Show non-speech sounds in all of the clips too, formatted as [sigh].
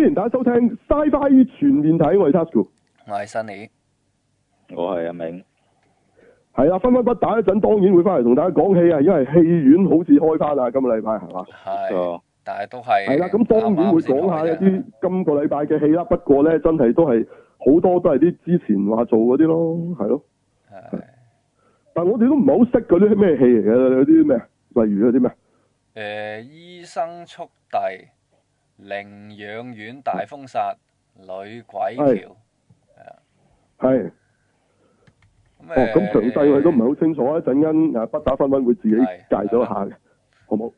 歡迎大家收聽《Sci-Fi 全面睇》，我係 Tasuku 我係 Sunny，我係阿銘，係啦、啊，分分不打一陣，當然會翻嚟同大家講戲啊，因為戲院好似開翻啦，今個禮拜係嘛？係，是呃、但係都係係啦，咁、啊、當然會講下一啲今個禮拜嘅戲啦。嗯、不過咧，真係都係好多都係啲之前話做嗰啲咯，係咯、啊，係是。但係我哋都唔係好識嗰啲咩戲嚟嘅，有啲咩？例如啲咩？誒、呃，醫生速遞。靈養院大瘋殺，女鬼橋，係啊，係、嗯、哦，咁詳細我都唔係好清楚，一陣間啊不打分分會自己介紹一下嘅，好冇？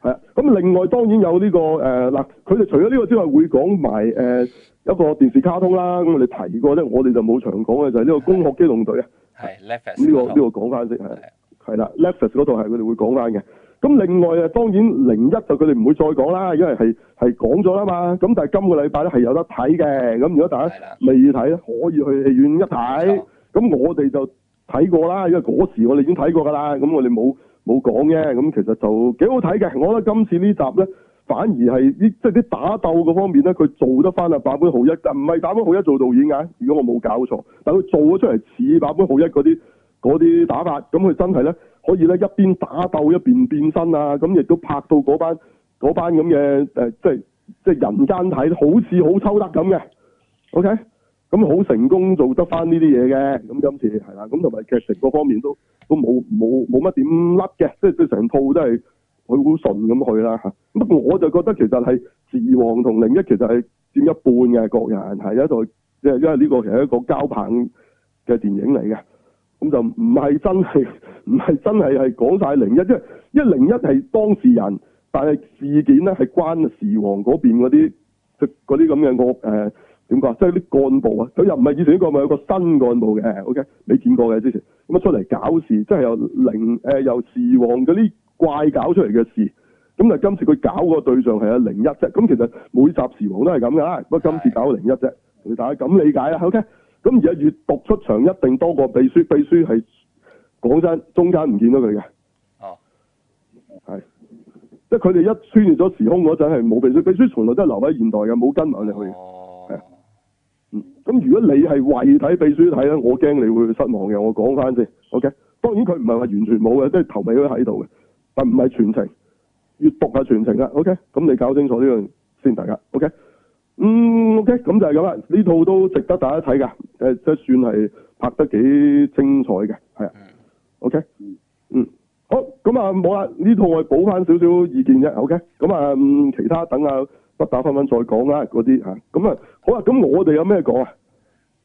係啊，咁另外當然有呢、這個誒，嗱、呃，佢哋除咗呢個之外，會講埋誒一個電視卡通啦。咁我哋提過咧，我哋就冇長講嘅，就係、是、呢個攻殼機動隊啊，係咁呢個呢、這個講翻先係，係啦，Lexus 嗰度係佢哋會講翻嘅。咁另外啊，當然零一就佢哋唔會再講啦，因為係係講咗啦嘛。咁但係今個禮拜咧係有得睇嘅。咁如果大家未睇咧，可以去戲院一睇。咁的我哋就睇過啦，因為嗰時我哋已經睇過噶啦。咁我哋冇冇講嘅。咁其實就幾好睇嘅。我覺得今次呢集咧，反而係即係啲打鬥嗰方面咧，佢做得翻啊，坂本浩一。唔係坂本浩一做導演啊。如果我冇搞錯，但佢做咗出嚟似坂本浩一嗰啲嗰啲打法，咁佢真係咧。所以咧，一邊打鬥一邊變身啊！咁亦都拍到嗰班嗰班咁嘅、呃、即係即係人間體，好似好抽得咁嘅。OK，咁好成功做得返呢啲嘢嘅。咁今次係啦，咁同埋劇情各方面都都冇冇冇乜點甩嘅，即係對成套都係佢好順咁去啦嚇。不過我就覺得其實係時王同零一其實係佔一半嘅，各人係一度，因為因為呢個其實係一個交棒嘅電影嚟嘅。咁就唔係真係，唔係真係係講晒零一，即係一零一係當事人，但係事件咧係關時王嗰邊嗰啲、呃，即嗰啲咁嘅個誒點講即係啲幹部啊，佢又唔係以前啲幹部，有個新幹部嘅，OK，你見過嘅之前，咁啊出嚟搞事，即係由零誒、呃、由時王嗰啲怪搞出嚟嘅事，咁就今次佢搞個對象係啊零一啫，咁其實每集時王都係咁嘅啊，不過今次搞零一啫，你大家咁理解啦，OK。咁而家閱讀出場一定多過秘書，秘書係講真，中間唔見到佢嘅。哦、啊，係，即係佢哋一穿越咗時空嗰陣係冇秘書，秘書從來都係留喺現代嘅，冇跟埋我哋去哦，係、啊，嗯，咁如果你係懷疑睇秘書睇咧，我驚你會失望嘅。我講翻先，OK。當然佢唔係話完全冇嘅，即係頭尾都喺度嘅，但唔係全程閱讀係全程啦。OK。咁你搞清楚呢樣先，大家 OK。嗯，OK，咁就係咁啦，呢套都值得大家睇噶，誒、呃，即係算係拍得幾精彩嘅，係啊、嗯，OK，嗯，好，咁啊，冇啦，呢套我補翻少少意見啫，OK，咁啊、嗯，其他等下不打分分再講啦，嗰啲吓，咁啊，好啦，咁我哋有咩講啊？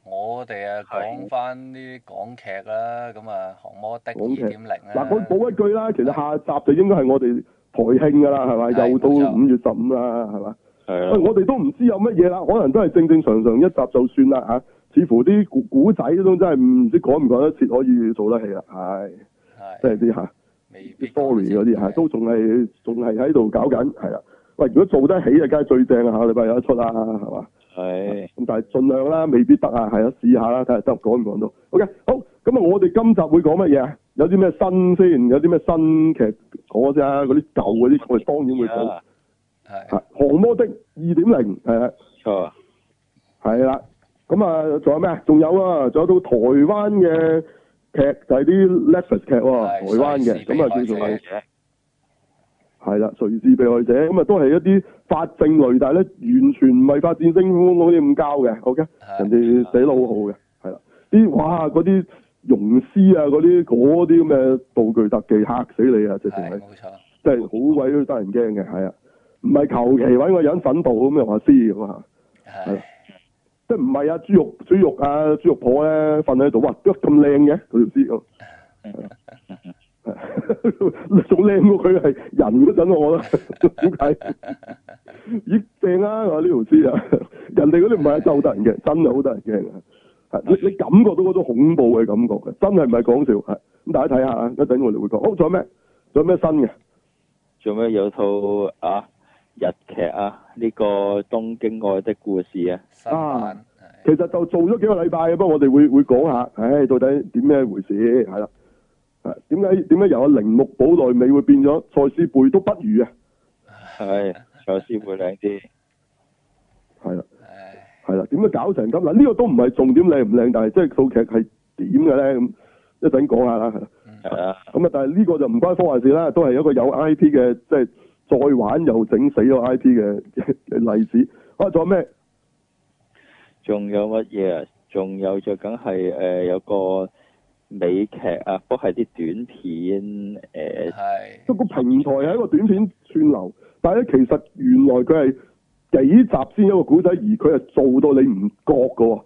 我哋啊，講翻啲港劇啦，咁啊，降魔的二點零啊，嗱，我補一句啦，嗯、其實下集就應該係我哋台慶噶啦，係咪？的又到五月十五啦，係嘛錯。係、哎、我哋都唔知有乜嘢啦，可能都係正正常常一集就算啦嚇。似乎啲古仔都真係唔知趕唔趕得切，可以做得起啦，係。係的。真係啲未啲 story 嗰啲嚇都仲係仲係喺度搞緊，係啦。喂，如果做得起啊，梗係最正啦嚇，下禮拜有得出啦，係嘛？係的。咁但係儘量啦，未必得啊，係啊，試下啦，睇下得趕唔趕到。OK，的好。咁啊，我哋今集會講乜嘢啊？有啲咩新先？有啲咩新劇講啊？啫，嗰啲舊嗰啲，嗯、我哋當然會講。嗯嗯係啊，降魔的二點零，係啊，錯，係啦。咁啊，仲、哦、有咩仲有啊，仲有套台灣嘅劇，就係啲 Netflix 劇喎，的台灣嘅咁啊，叫做係，係啦，誰是被害者咁啊、就是，都係一啲法證類，但係咧完全唔係法證星，咁啲咁交嘅 OK，的人哋死老號嘅係啦，啲哇嗰啲溶屍啊，嗰啲啲咁嘅道具特技吓死你啊！直情係冇錯，即是錯真係好鬼都得人驚嘅，係啊。唔係求其揾個人瞓度咁樣畫師咁啊，係即係唔係啊？豬肉豬肉啊！豬肉婆咧瞓喺度哇，點解都咁靚嘅呢條屍哦，仲靚過佢係人嗰陣我覺得點解？咦正啊！係呢條屍啊，人哋嗰啲唔係啊，夠得人驚，真係好得人驚啊！你你感覺到嗰種恐怖嘅感覺嘅，真係唔係講笑啊！咁大家睇下啊，一陣我哋會講，哦，仲有咩？仲有咩新嘅？仲有咩有套啊？日劇啊，呢、這個東京愛的故事啊，三、啊、其實就做咗幾個禮拜啊，不過我哋會會講下，唉、哎，到底點咩回事？係啦，啊，點解點解由阿鈴木保奈美會變咗蔡思貝都不如啊？係蔡思貝靚啲，係啦，係啦，點樣搞成咁？啦、這、呢個都唔係重點靚唔靚，但係即係套劇係點嘅咧？咁一陣講下啦，係啊，咁的啊，但係呢個就唔關科幻事啦，都係一個有 IP 嘅即係。就是再玩又整死咗 IP 嘅例子啊！仲有咩？仲有乜嘢啊？仲有就梗係誒，有個美劇啊，都係啲短片誒。係、呃。即個的平台係一個短片串流，但係其實原來佢係幾集先一個古仔，而佢係做到你唔覺噶。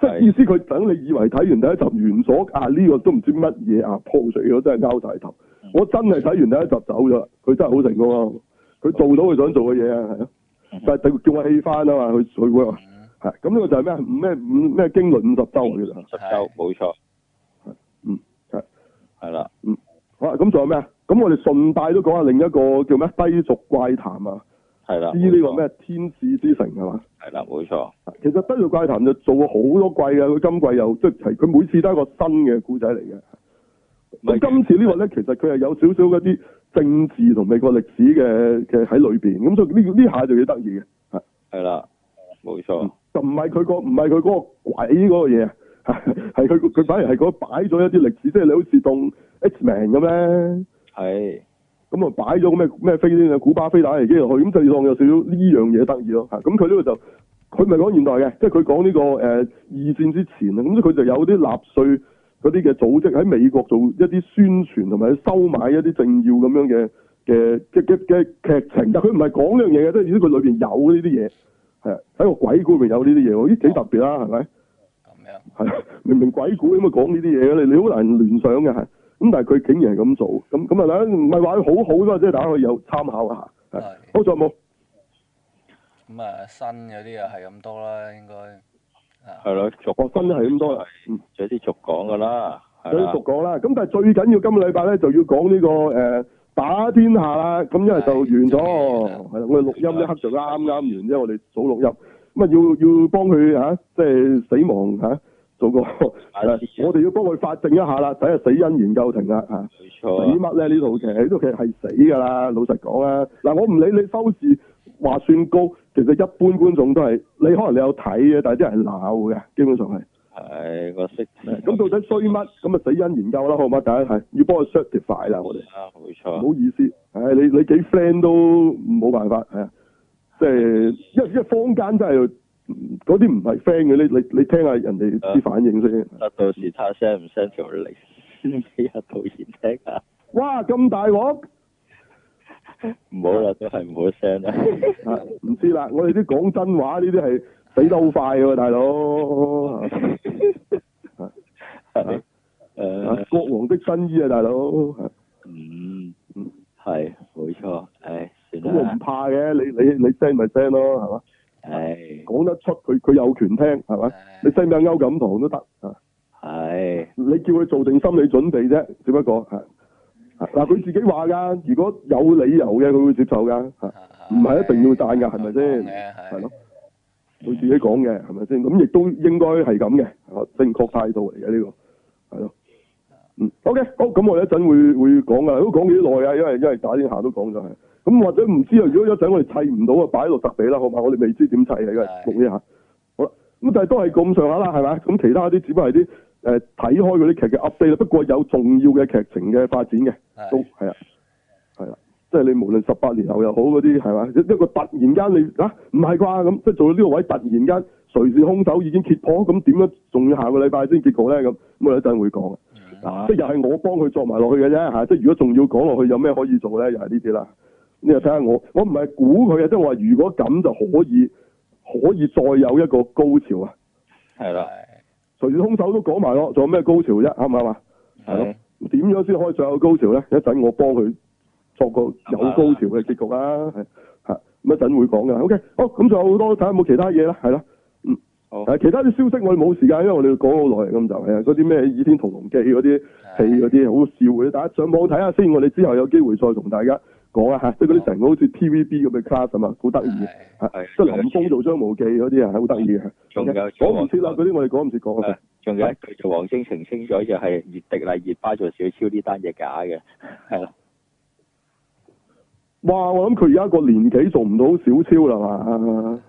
即、啊、的意思佢等你以為睇完第一集完咗啊？呢、這個都唔知乜嘢啊鋪水咗真係勾大頭。我真係睇完第一集走咗，佢真係好成功，佢做到佢想做嘅嘢啊，係 [laughs] 但係叫我氣翻啊嘛，佢佢佢，咁呢個就係咩五咩五咩驚悚五十州五十州，冇錯，錯是的嗯係啦，是是的嗯的好啊，咁仲有咩啊？咁我哋順帶都講下另一個叫咩低俗怪談啊，係啦的，知呢個咩錯天使之城係嘛？係啦，冇錯，沒錯，其實低俗怪談就做咗好多季嘅，佢今季又即係，佢、就是、每次都係一個新嘅故仔嚟嘅。咁今次這個呢個咧，其實佢係有少少嗰啲政治同美國歷史嘅嘅喺裏面。咁所以呢呢下就幾得意嘅，係係啦，冇錯。就唔係佢個唔係佢嗰個鬼嗰個嘢，係佢佢反而係佢擺咗一啲歷史，即係你好似當 Xman 咁咧。係。咁啊擺咗咩咩飛呢？古巴飛彈嚟嘅去，咁就當有少少呢樣嘢得意咯。咁佢呢個就佢唔係講現代嘅，即係佢講呢個誒、呃、二戰之前啊，咁佢就有啲納粹。嗰啲嘅組織喺美國做一啲宣傳，同埋收買一啲政要咁樣嘅嘅嘅嘅劇情。但佢唔係講呢樣嘢嘅，即係如果佢裏邊有呢啲嘢，係喺個鬼故入邊有呢啲嘢，咦？幾特別啦，係咪？係這樣 [laughs] 明明鬼故咁啊，講呢啲嘢你你好難聯想嘅係。咁但係佢竟然係咁做，咁咁啊，唔係話佢好好咯，即係大家可以有參考下。係好在冇。咁啊，新有啲又係咁多啦，應該。係咯，續個、哦、真係咁多，係有啲續講噶啦，有啲續講啦。咁但係最緊要今個禮拜咧就要講呢、這個誒、呃、打天下啦。咁因為就完咗，係啦，我哋錄音一刻、啊、就啱啱完啫。我哋早錄音，咁啊要要幫佢吓，即係死亡吓、啊，做個、啊、我哋要幫佢法證一下啦，睇下死因研究庭啦吓。冇錯、啊。啊、死乜咧？呢度其實呢度其實係死噶啦。老實講咧，嗱、啊，我唔理你收視。話算高，其實一般觀眾都係你可能你有睇嘅，但係啲人鬧嘅，基本上係。係我識。咁、嗯嗯、到底衰乜？咁、嗯、啊，死因研究啦，好唔好啊？大家係要幫佢 certify 啦，我哋。啊，冇錯。唔好意思，哎、你你幾 friend 都冇辦法，係 [laughs] 啊，即係一一坊間真係嗰啲唔係 friend 嘅，你你你聽下人哋啲反應先。得到時睇下 send 唔 send 條脷。今 [laughs] 日導演聽啊。哇，咁大鑊！唔 [laughs] 好啦，都係唔好聲啦、 [laughs] 啊。唔知啦，我哋啲講真話呢啲係死得好快噶喎、啊，大佬。誒，國王的新衣啊，大佬、嗯。嗯，係冇錯。誒，咁我唔怕嘅，你你你聲咪聲咯，係嘛？誒，講唉得出佢佢有權聽，係嘛？唉你聲咪阿歐錦棠都得。係唉。你叫佢做定心理準備啫，只不過係嗱佢、啊、自己話噶，如果有理由嘅，佢會接受噶嚇，唔係一定要戴噶，係咪先？係咯吧，佢自己講嘅，係咪先？咁亦都應該係咁嘅，正確態度嚟嘅呢個，係咯，嗯，OK，好，咁我一陣會會講噶，都講幾耐啊！因為因為打天下都講咗係，咁或者唔知啊，如果一陣我哋砌唔到啊，擺喺度特比啦，好嘛？我哋未知點砌你，因為焗呢下，是的 好啦，咁但係都係咁上下啦，係咪？咁其他啲只不過係啲。誒，睇開嗰啲劇嘅 update，不過有重要嘅劇情嘅發展嘅，的都係啊，係啦，即係你無論十八年後又好嗰啲，係嘛，一個突然間你啊，唔係啩咁，即係做到呢個位突然間誰是凶手已經揭破，咁點樣仲要下個禮拜先結果咧咁？咁我一陣會講，是的啊，即又係我幫佢作埋落去嘅啫吓，即係如果仲要講落去有咩可以做咧，又係呢啲啦。你又睇下我，我唔係估佢啊，即係我話如果咁就可以，可以再有一個高潮啊，係啦。隨時空手都講埋咯，仲有咩高潮啫？啱唔啱啊？係咯的，點樣先可以最後有高潮咧？一陣我幫佢作個有高潮嘅結局啦。係嚇的，咁一陣會講㗎 OK，好，咁仲有好多，睇下有冇其他嘢啦。係啦，嗯好，其他啲消息我哋冇時間，因為我哋要講好耐咁就係啊。嗰啲咩《倚天屠龍記》嗰啲戲嗰啲好笑嘅。大家上網睇下先。我哋之後有機會再同大家。講啊吓，即係嗰啲成個好似 T V B 咁嘅 class 咁啊嘛，好得意，係即係林峰做張無忌嗰啲啊，好得意啊。仲講唔切啊，嗰啲我哋講唔切講啊。仲有一句就黃星澄清咗就係迪麗熱巴做小超呢單嘢，假嘅，係啦。哇！我諗佢而家個年紀做唔到小超啦嘛。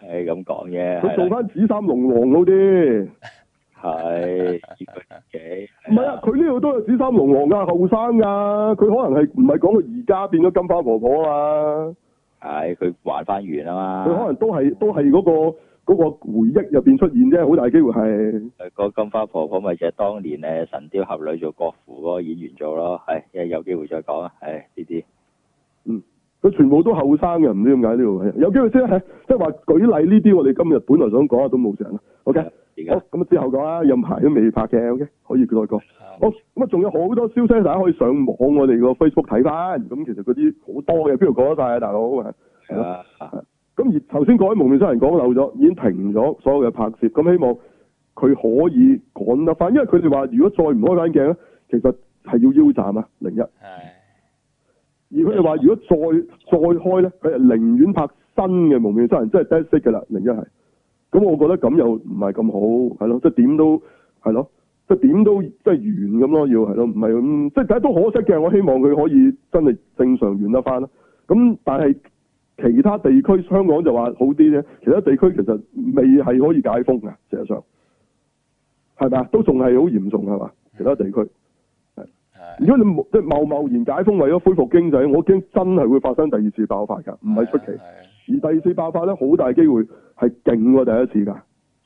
係咁講嘅，佢做翻紫衫龍王好啲。 [laughs] 係，唔係、 [laughs] okay, 啊！佢呢度都係紫衫龍王噶，後生噶，佢可能係唔係講佢而家變咗金花婆婆啊嘛？係啊，佢還完咗嘛？係，佢還翻完啊嘛？佢可能都係都係嗰個嗰個回憶入邊出現啫，好大機會係。誒，嗰個金花婆婆咪就係當年誒《神雕俠侶》做郭芙嗰個演員做咯，係，一有機會再講啊。係呢啲，呢啲嗯，佢全部都後生嘅，唔知點解呢度有機會先吓，即係話舉例呢啲，我哋今日本來想講下都冇成啦。OK。好，咁啊之後講啦，任排都未拍嘅，OK，可以再講。好，咁啊仲有好多消息，大家可以上網我哋個 Facebook 睇翻。咁其實嗰啲好多嘅，邊度講得晒啊，大佬咁係啦、嗯、而頭先位《蒙面商人》講漏咗，已經停咗所有嘅拍攝。咁希望佢可以趕得翻，因為佢哋話如果再唔開眼鏡咧，其實係要腰斬啊，零一。係、嗯。而佢哋話：如果再再開咧，佢啊寧願拍新嘅《蒙面商人》就是，真係 dead seat 嘅啦，零一係。咁我覺得咁又唔係咁好，係咯，即係點都係咯，即係點都即係完咁咯，要係咯，唔係咁，即係大家都可惜嘅。我希望佢可以真係正常完得翻啦。咁但係其他地區，香港就話好啲咧，其他地區其實未係可以解封嘅，事實上係咪啊？都仲係好嚴重係嘛？其他地區係、啊、如果你即係貿貿然解封，為咗恢復經濟，我驚真係會發生第二次爆發㗎，唔係出奇。而第二次爆發咧，好大機會係勁喎，第一次噶，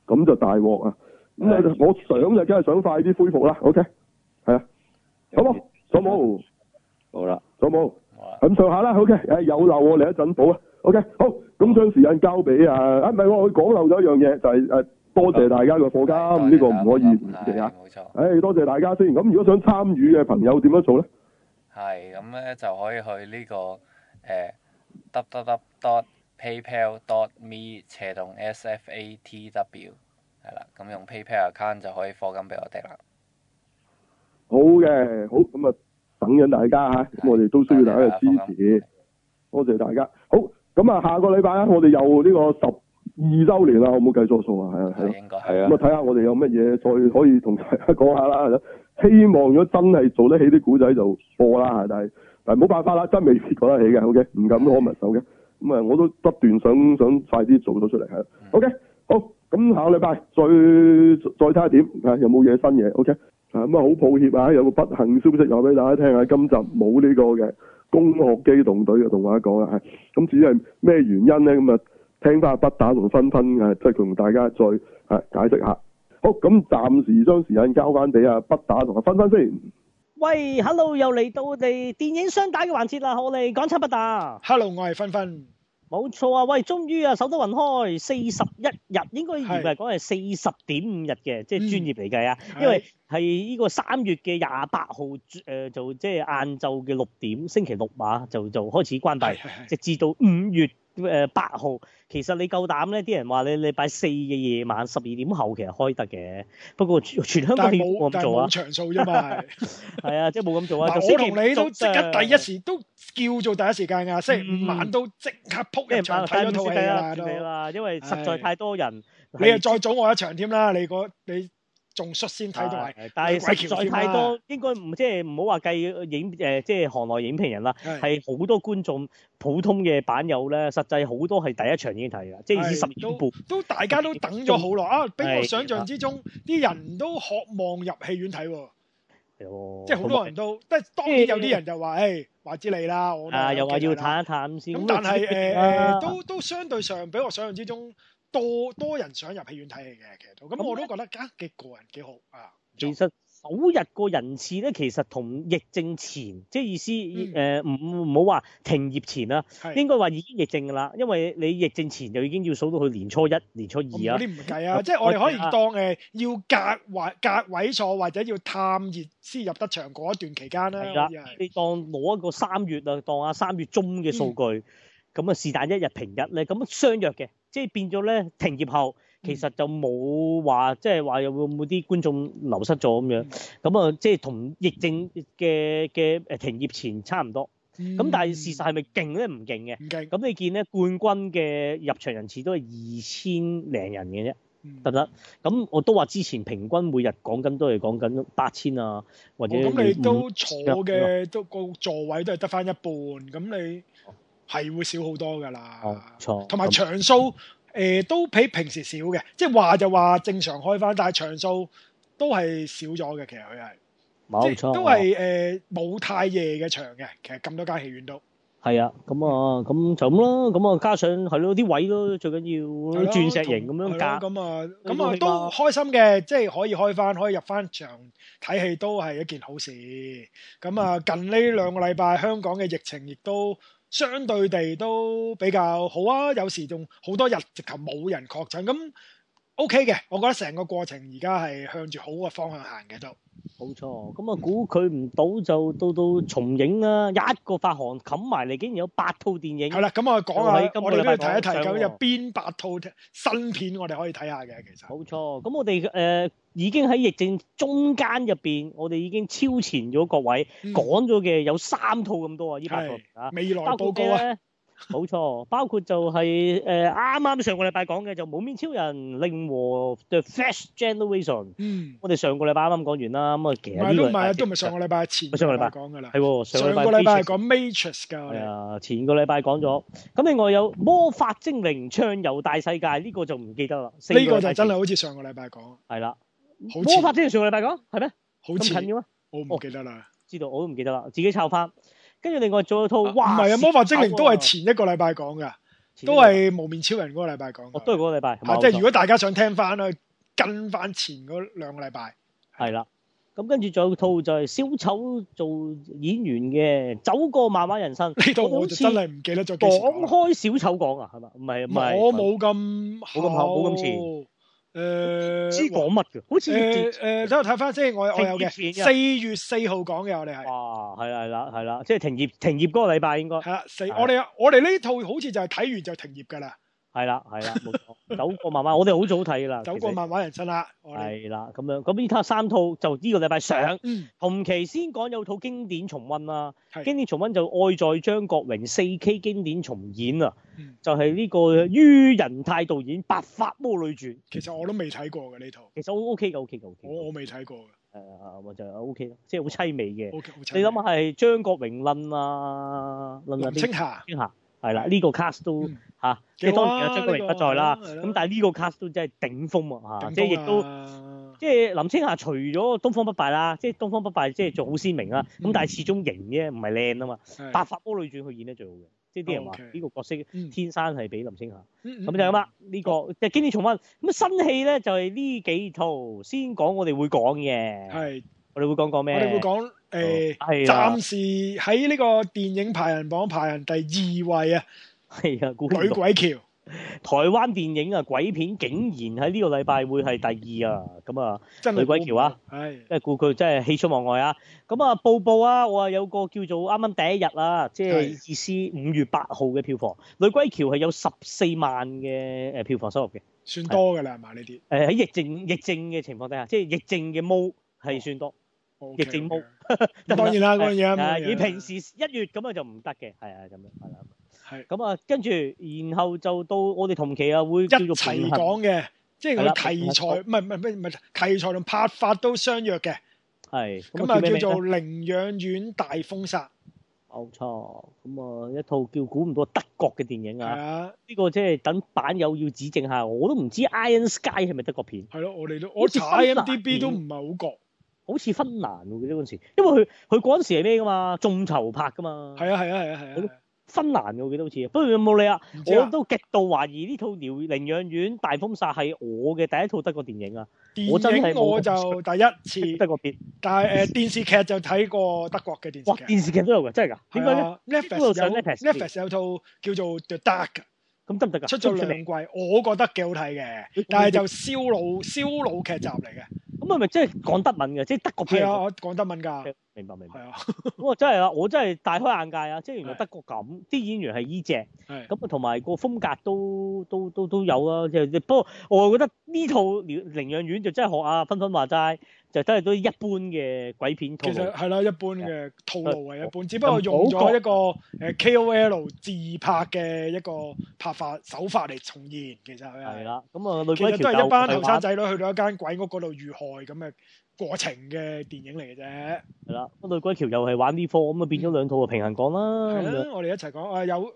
咁就大鑊啊！咁我，、哎、我想就梗係想快啲恢復啦、嗯。OK，係啊，好冇，好冇，好啦，好冇，咁了上下啦。OK，誒、嗯，有漏我嚟一陣補啊。OK，好，咁將時間交俾啊，啊唔係、啊啊啊、我佢講漏咗一樣嘢，就係、是、誒、啊、多謝大家嘅課金，呢個唔可以唔謝啊。冇錯，誒多謝大家先。咁、啊哎啊、如果想參與嘅朋友點樣做咧？係咁咧就可以去呢、這個誒 dot d PayPal dot me 斜洞 S F A T W 係啦，咁用 PayPal account 就可以課金俾我哋啦。好嘅，好咁啊，等緊大家嚇，的咁我哋都需要大家嘅支持。謝謝多謝大家，好咁啊，下個禮拜啊，我哋又呢個十二週年啦，我冇計錯數啊？係啊，係應該係啊的，咁啊睇下我哋有乜嘢再可以同大家講一下啦。希望如果真係做得起啲古仔就播啦嚇，但係但係冇辦法啦，真未講得起嘅。好嘅，唔敢攞命手嘅。咁啊！我都不斷想想快啲做到出嚟，係、嗯。O、okay, K，好，咁下個禮拜再再睇下點，有冇嘢新嘢。O K，咁啊好抱歉啊，有個不幸消息話俾大家聽啊，今集冇呢個嘅《工學機動隊》嘅動畫講啦，咁、啊、至於係咩原因咧？咁啊，聽翻阿不打同分分、啊、即係同大家再啊解釋下。好，咁暫時將時間交翻俾啊不打同阿分分先。喂，Hello，又嚟到我哋電影雙打嘅環節啦，我哋港產不打。Hello，我係分分。冇錯啊，喂，終於啊，守得雲開，四十一日應該唔係講係四十點五日嘅，即係是專業嚟計啊，嗯、因為係呢個三月嘅廿八號，誒、呃，就即係晏晝嘅六點，星期六啊，就就開始關閉，是是是直至到五月。誒、呃、八號，其實你夠膽咧？啲人話你，你禮拜四嘅夜晚十二點後其實開得嘅。不過全香港冇咁沒做啊！場數啫嘛，係啊，即係冇咁做啊！ [laughs] 就我同你都即刻第一時的都叫做第一時間㗎、啊，的星期五晚都即刻撲入場睇咗套戲你啦，因為實在太多人。的你又再早我一場添啦！你、那個、你。仲率先睇到埋，但係實在太多，應該唔即係唔好話計影誒，即係行內影評人啦，係好多觀眾普通嘅版友咧，實際好多係第一場已經睇噶，即係二十二部都大家都等咗好耐啊，比我想象之中，啲人都渴望入戲院睇喎，即係好多人都，即係當然有啲人就話誒話之你啦，啊又話要嘆一嘆先，咁但係誒都都相對上比我想象之中。多多人想入戲院睇戲嘅，其實都咁我都覺得、嗯、啊，幾個人幾好啊，其。其實首日個人次咧，其實同疫症前即係意思誒，唔唔好話停業前啦、啊，的應該話已經疫症㗎啦。因為你疫症前就已經要數到佢年初一年初二啊。呢啲唔計啊，啊即係我哋可以當誒要隔或、啊、隔位坐或者要探熱先入得場嗰一段期間啦。係啊，的你當攞一個三月啊，當下三月中嘅數據咁啊，是但、嗯、一日平日咧，咁相約嘅。即係變咗咧，停業後其實就冇話，即係話有冇啲觀眾流失咗咁樣。咁啊、嗯，即係同疫症嘅嘅誒停業前差唔多。咁、嗯、但係事實係咪勁咧？唔勁嘅。唔勁。咁你見咧，冠軍嘅入場人次都係二千零人嘅啫，得唔得？咁我都話之前平均每日講緊都係講緊八千啊，或者五。咁、嗯、你都坐嘅都個座位都係得翻一半，咁你？係會少好多噶啦，錯，同埋場數誒都比平時少嘅，即係話就話正常開翻，但係場數都係少咗嘅。其實佢係冇錯，都係誒冇太夜嘅場嘅。其實咁多間戲院都係啊，咁啊咁就咁咯。咁啊加上係咯，啲位都最緊要鑽石型咁樣隔，咁啊咁啊都開心嘅，即係可以開翻，可以入翻場睇戲都係一件好事。咁啊近呢兩個禮拜香港嘅疫情亦都。相對地都比較好啊，有時仲好多日直頭冇人確診，咁 OK 嘅，我覺得成個過程而家係向住好嘅方向行嘅就。冇錯，咁啊，估佢唔到就到到重映啦，啊，一個發行冚埋嚟，竟然有八套電影。係啦，咁我講下，我哋可以提一提究竟有邊八套新片我哋可以睇下嘅，其實。冇錯，咁我哋誒、呃、已經喺疫症中間入邊，我哋已經超前咗各位講咗嘅有三套咁多啊，呢八套未來報告冇錯，包括就係誒啱啱上個禮拜講嘅就蒙面超人、令和 The First Generation，嗯，我哋上個禮拜啱啱講完啦，咁啊，頸都唔係，都唔係上個禮拜前，上個禮拜講噶啦，係喎，上個禮拜講 Matrix 㗎，係啊，前個禮拜講咗，咁另外有魔法精靈暢遊大世界呢個就唔記得啦，呢個就真係好似上個禮拜講，係啦，魔法精靈上個禮拜講係咩？好近嘅咩？我唔記得啦，知道我都唔記得啦，自己抄翻。跟住另外做咗套，哇，唔係啊，魔法精靈都係前一個禮拜講噶，都係無面超人嗰個禮拜講。都係嗰個禮拜，啊，即係如果大家想聽翻去，跟翻前嗰兩個禮拜。係啦，咁跟住仲有套就係小丑做演員嘅，走過漫漫人生。呢套我，我，我就真係唔記得咗。講開小丑講啊，係嘛？唔係唔係，我冇咁冇咁前。誒，嗯、唔知講乜嘅？呃、好似誒、呃呃、等我睇翻先，我我有嘅四、啊、月四號講嘅，我哋係，啊係啦係啦係啦，即係停業停業嗰個禮拜應該係啦，四我哋是的 我哋呢套好似就係睇完就停業噶啦。係啦，係啦，冇錯。九個漫畫，我哋好早睇啦。九個漫畫人信啦。係啦，咁樣咁呢家三套就呢個禮拜上，同期先講有套經典重温啦。經典重温就愛在張國榮四 K 經典重演啊，就係呢個于仁泰導演《白髮魔女傳》。其實我都未睇過嘅呢套。其實好 OK 噶，OK 噶，OK。我我未睇過嘅。係我就 OK 咯，即係好凄美嘅。OK，你諗下係張國榮掄啊，林青霞。係啦，呢個 cast 都嚇，即係當然啦，張國榮不在啦。咁但係呢個 cast 都真係頂峰啊嚇，即係亦都，即係林青霞除咗《東方不敗》啦，即係《東方不敗》即係仲好鮮明啊。咁但係始終型啫，唔係靚啊嘛。白髮魔女傳佢演得最好嘅，即係啲人話呢個角色天生係畀林青霞。咁就咁啦，呢個即係經典重温。咁新戲咧就係呢幾套先講，我哋會講嘅。係。我哋會講講咩？我哋會講誒，暫時喺呢個電影排行榜排行第二位啊！係啊，女鬼橋，台灣電影啊，鬼片竟然喺呢個禮拜會係第二啊！咁啊，女鬼橋啊，係，即係顧佢真係喜出望外啊！咁啊，報報啊，我啊有個叫做啱啱第一日啊，即係意思五月八號嘅票房，女鬼橋係有十四萬嘅誒票房收入嘅，算多噶啦係嘛呢啲？誒，喺疫症疫症嘅情況底下，即係疫症嘅毛係算多。疫政冇，okay, okay. [laughs] 當然啦嗰樣嘢。誒，以平時一月咁啊就唔得嘅，係啊咁樣係啦。係咁啊，嗯、是跟住然後就到我哋同期啊會一齊講嘅，即係佢題材唔係唔係咩唔係題材同拍法都相約嘅。係咁啊，叫，叫做《靈養院大瘋殺》。冇錯，咁啊一套叫《估唔到德國嘅電影》啊。係啊的，呢個即係等版友要指正下，我都唔知 Iron Sky 係咪德國片。係咯，我哋都我查 IMDb 都唔係好覺。好似芬蘭喎，記得嗰時，因為佢佢嗰陣時係咩噶嘛，眾籌拍噶嘛。係啊係啊係啊係啊！芬蘭喎，記得好似，不過有冇理啊？我都極度懷疑呢套《靈養院大瘋殺》係我嘅第一套德國電影啊！電影我就第一次德國片，但係誒電視劇就睇過德國嘅電視劇。電視劇都有嘅，真係㗎？點解咧？Netflix 有 Netflix 有套叫做《The Dark》咁得唔得㗎？出咗兩季，我覺得幾好睇嘅，但係就燒腦燒腦劇集嚟嘅。咁、就是、啊，咪即係講德文嘅，即係德國片。係啊，講德文㗎。明白明白。係啊。 [laughs] 真係啦，我真係大開眼界啊！即係原來德國咁啲是演員係依只，咁啊同埋個風格都都都都有啦、啊。即、就、係、是、不過我覺得呢套《靈養院》就真係學阿、啊、芬芬話齋。就真係都係一般嘅鬼片套路，套路其實係啦，一般嘅套路係一般，的只不過用咗一個誒 KOL 自拍嘅一個拍法手法嚟重現，其實係啦。咁啊，女鬼橋都係一班後生仔女去到一間鬼屋嗰度遇害咁嘅過程嘅電影嚟嘅啫。係啦，女鬼橋又係玩呢科，咁啊變咗兩套嘅、嗯、平衡講啦。係啦，我哋一齊講啊有。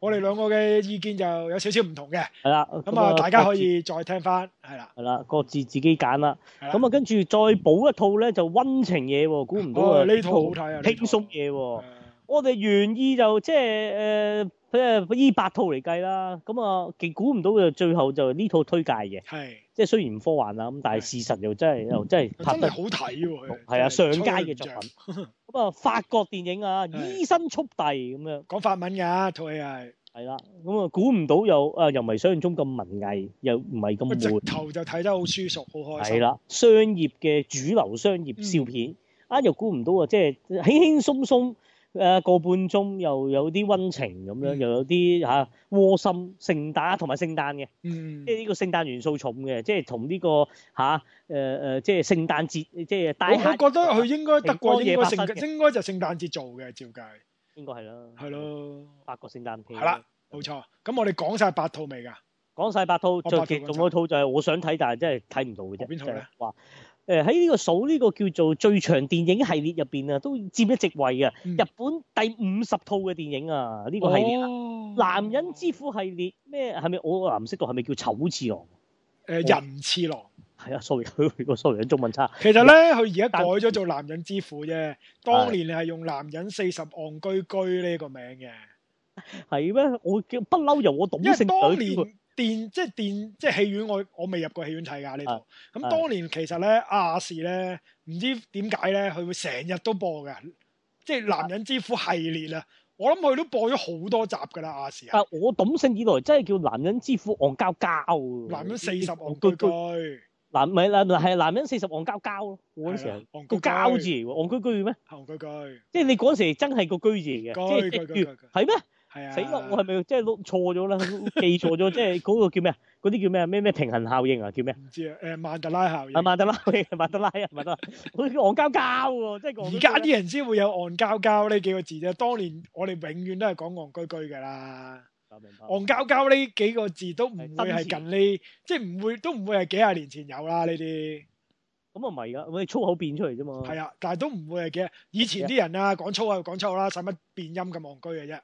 我哋兩個嘅意見就有少少唔同嘅，係啦，咁啊大家可以再聽翻，係啦，係啦，各自自己揀啦，咁啊跟住再補一套咧就溫情嘢，估唔到、哦、啊，呢套，好睇啊，輕鬆嘢，我哋原意就即係誒，誒、就、依、是呃、八套嚟計啦，咁啊極估唔到嘅最後就呢套推介嘅，係。即係雖然唔科幻啦，咁但係事實又真係、嗯、又真係拍得好睇喎、啊，係啊、嗯、上佳嘅作品。咁啊 [laughs] 法國電影啊《是的醫生速遞》咁樣講法文㗎套戲係係啦。咁啊估唔到又啊又唔係想象中咁文藝，又唔係咁悶。直頭就睇得好舒服，好開心。係啦，商業嘅主流商業笑片、嗯、啊，又估唔到啊，即係輕輕鬆鬆。誒個半鐘又有啲溫情咁樣、嗯、又有啲嚇、啊、窩心聖誕同埋聖誕嘅、嗯、即係呢個聖誕元素重嘅，即係同呢個嚇誒誒，即係聖誕節，即係。我覺得佢應該得過嘢，拍新嘅，應該就聖誕節做嘅，照計應該係咯。係咯了，八個聖誕。係啦，冇錯。咁我哋講晒八套未㗎？講晒八套，八套最結仲有套就係我想睇，但係真係睇唔到嘅啫。邊套？誒喺呢個數呢、呢個叫做最長電影系列入邊啊，都佔一席位嘅。嗯、日本第五十套嘅電影啊，呢、呢個系列啊，哦、《男人之父》系列咩係咪？係咪我唔識讀係咪叫丑次郎？誒寅次郎係、哦、啊，sorry，sorry，中文差。其實咧，佢而家改咗做《男人之父》啫是。當年係用《男人四十戇居居》呢個名嘅。係咩？我叫不嬲，由我懂性字。電即係電即係戲院，我我未入過戲院睇㗎呢度。咁當年其實咧亞視咧，唔知點解咧，佢會成日都播㗎，即係《男人之苦》系列啦。我諗佢都播咗好多集㗎啦亞視。啊！我懂性以來真係叫《男人之苦》。戇鳩鳩。男人四十戇居居。男咪男係男人四十戇鳩鳩咯。嗰陣時戇鳩鳩個鳩字，戇居居咩？戇居居。即係你嗰陣時真係個居字嘅。居居居。係咩？係啊！死咯！我係咪即係錄錯咗啦？記錯咗，即係嗰個叫咩啊？嗰啲叫咩咩咩平衡效應啊？叫咩？唔知啊。誒、呃，曼德拉效應。阿曼德拉咩？曼德拉啊，曼德拉。佢戇鳩鳩喎，即係而家啲人先會有戇鳩鳩呢幾個字啫。當年我哋永遠都係講戇居居噶啦。明白。戇鳩鳩呢幾個字都唔會係近呢，即係唔會都唔會係幾廿年前有啦呢啲。咁啊，唔係噶，我哋粗口變出嚟啫嘛。係啊，但係都唔會係嘅。以前啲人啊，講粗啊，講粗口啦，使乜變音咁戇居嘅啫。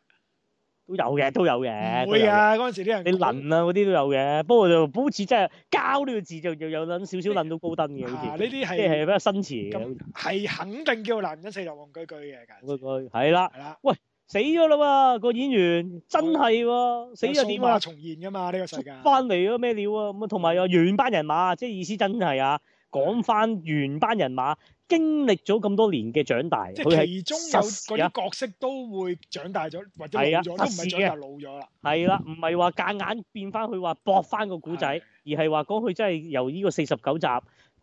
都有嘅，都有嘅，唔會啊！嗰陣時啲人，你論啊嗰啲都有嘅，啊，不過就好似真係交呢個字就又有諗少少論到高登嘅，好似呢啲係比較新詞？係肯定叫男人四就戇居居嘅，戇係啦係啦。喂，死咗啦喎！個演員真係喎，死咗點啊？啊死啊重現㗎嘛？呢、呢個世界翻嚟咗咩料啊？咁啊，同埋有原班人馬，即係意思真係啊！講翻原班人馬經歷咗咁多年嘅長大，即係其中有啲角色都會長大咗，或者老咗都唔係嘅老咗啦。係啦的，唔係話夾硬變翻佢話駁翻個古仔，的而係話講佢真係由呢個四十九集，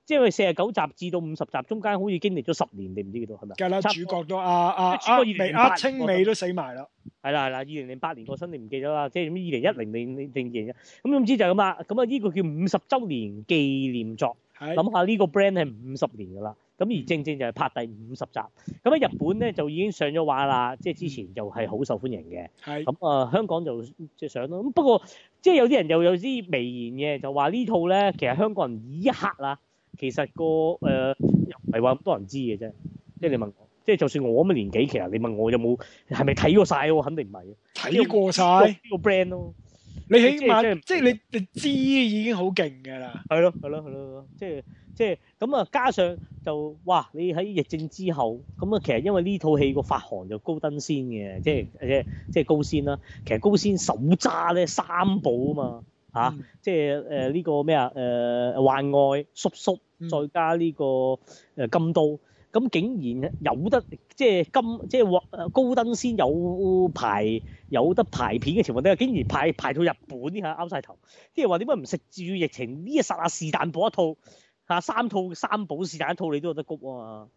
即係四十九集至到五十集中間，好似經歷咗十年，你唔知幾度係咪？梗係主角都阿阿阿阿清美都死埋啦。係啦係啦，二零零八年過身，你唔記得啦。即係二零一零年定二零一，咁總之就係咁啦。咁啊，呢個叫五十周年紀念作。諗下呢個 brand 係五十年㗎啦，咁而正正就係拍第五十集。咁喺日本咧就已經上咗畫啦，即係之前就係好受歡迎嘅。咁啊是的、嗯呃、香港就即係上咯。咁不過即係有啲人又有啲微言嘅，就話呢套咧其實香港人以一客啊，其實個誒又唔係話咁多人知嘅啫。即係你問我，即係就算我咁嘅年紀，其實你問我有冇係咪睇過晒？我肯定唔係。睇過晒。呢個 brand 咯。你起碼即係是你即是你知已經好勁嘅啦，係咯，係咯，係咯，即係即係咁啊！加上就哇，你喺疫症之後咁啊，其實因為呢套戲個發行就高登先嘅，嗯，即係即係即係高先啦。其實高先手揸咧三部嘛啊嘛嚇，嗯、即係誒呢個咩啊誒幻愛叔叔，再加呢個誒金刀。嗯咁竟然有得即係今即係話高登先有排有得排片嘅情況底下，竟然排排到日本嚇，拗晒頭，即係話點解唔食住疫情呢一剎下是但播一套三套三部是但一套你都有得谷啊嘛？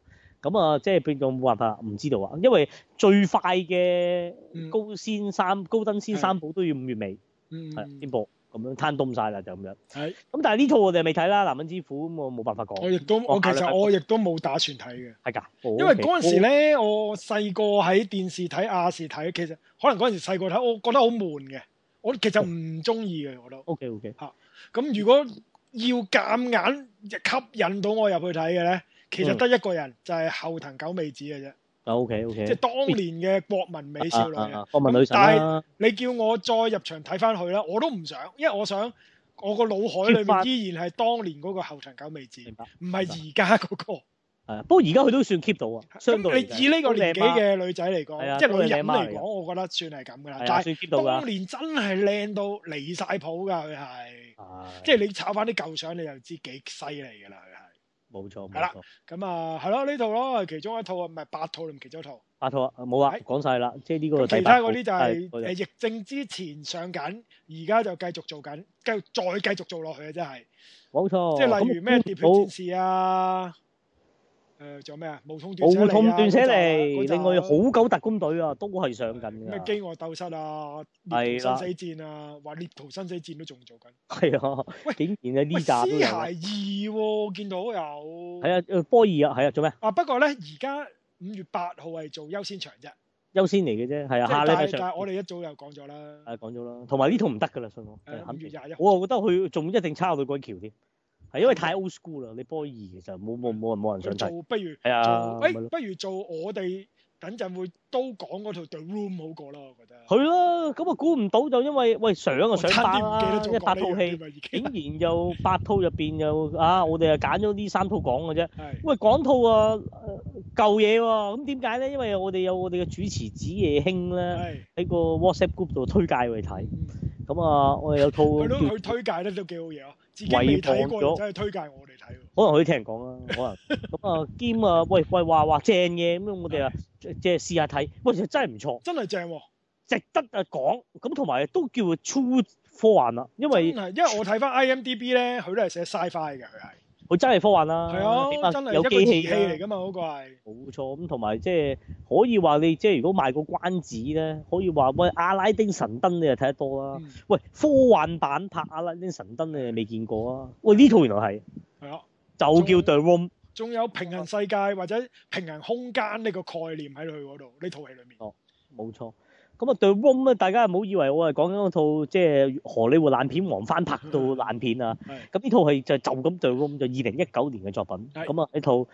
咁啊，即係變咗冇辦法，唔知道啊，因為最快嘅高先三、嗯、高登先三部都要五月尾，係先播。咁樣攤凍晒啦，就咁樣。係咁是、嗯，但係呢套我哋未睇啦，《男人之苦》嗯、我冇辦法講。我亦都、哦、我其實我亦都冇打算睇嘅。係㗎的，因為嗰陣時咧，我細個喺電視睇亞視睇，其實可能嗰陣時細個睇，我覺得好悶嘅，我其實唔中意嘅，的我都。O K O K 嚇咁，如果要夾硬吸引到我入去睇嘅咧，其實得一個人就係、是、後藤久美子嘅啫。啊 OK OK，即係當年嘅國民美少女啊，啊，啊，國民女神啊，但係你叫我再入場睇翻佢啦，我都唔想，因為我想我個腦海裏面依然係當年嗰個後塵久未見，唔係而家嗰個。係啊，不過而家佢都算 keep 到啊，相對你以呢個年紀嘅女仔嚟講，即係女人嚟講，我覺得算係咁噶啦。係。但當年真係靚到離晒譜㗎，佢係。媽媽，即係你炒翻啲舊相，你又知幾犀利㗎啦。冇錯，係啦，咁啊，係咯，呢套咯，其中一套，啊，唔係八套定其中一套？八套啊，冇啊，講晒啦，即係呢個其他嗰啲就係誒，疫症之前上緊，而家就繼續做緊，繼續再繼續做落去錯啊！真係冇錯，即係例如咩碟片戰士啊。誒，仲有咩啊？無痛斷捨離，無痛斷捨離。另外，好鳩特工隊啊，都係上緊㗎。咩飢餓鬥室啊？係啦。生死戰啊，或獵逃生死戰都仲做緊。係啊，喂，點解呢扎都？屍骸二喎，見到有。係啊，誒波二啊，係啊，做咩？啊不過咧，而家五月八號係做優先場啫。優先嚟嘅啫，係啊。即係但係，我哋一早又講咗啦。係講咗啦，同埋呢套唔得㗎啦，信我。五月廿一啊。我啊覺得佢仲一定差到女鬼橋添。因為太 old school 啦，你播二其實冇冇冇人冇人想睇。不如做，不如做我哋等陣會都講嗰套《The Room》好過啦，我覺得。係咯，咁啊估唔到就因為喂上啊上班，啦，一百套戲，竟然又八套入邊又啊，我哋啊揀咗呢三套講嘅啫。喂，講套啊舊嘢喎，咁點解咧？因為我哋有我哋嘅主持子夜興啦，喺個 WhatsApp group 度推介我睇。咁啊，我哋有套。佢推介得都幾好嘢啊！遺忘咗，真係推介我哋睇，可能佢聽人講啦，可能咁啊兼啊，喂喂話話，正嘢咁樣，我哋啊即係試下睇，喂其實真係唔錯，真係正喎、哦，值得啊講，咁同埋都叫做 true 科幻啦，因為真係，因為我睇翻 IMDB 咧，佢都係寫 sci-fi 嘅，佢係。佢真係科幻啦，係啊，啊機啊真係、啊那個，有機器嚟噶嘛，嗰個係。冇錯，咁同埋即係可以話你，即係如果賣個關子咧，可以話喂阿拉丁神燈你就睇得多啦，嗯、喂科幻版拍阿拉丁神燈你未見過啊？喂呢套原來係，係啊，就叫 The Room。仲有平行世界或者平行空間呢個概念喺佢嗰度呢套戲裏面。這個、裡面哦，冇錯。咁啊，對 room 啊，大家唔好以為我係講緊嗰套即係荷里活爛片王翻拍到爛片啊就就。咁呢套係就就咁對 room 就二零一九年嘅作品。咁啊，呢套誒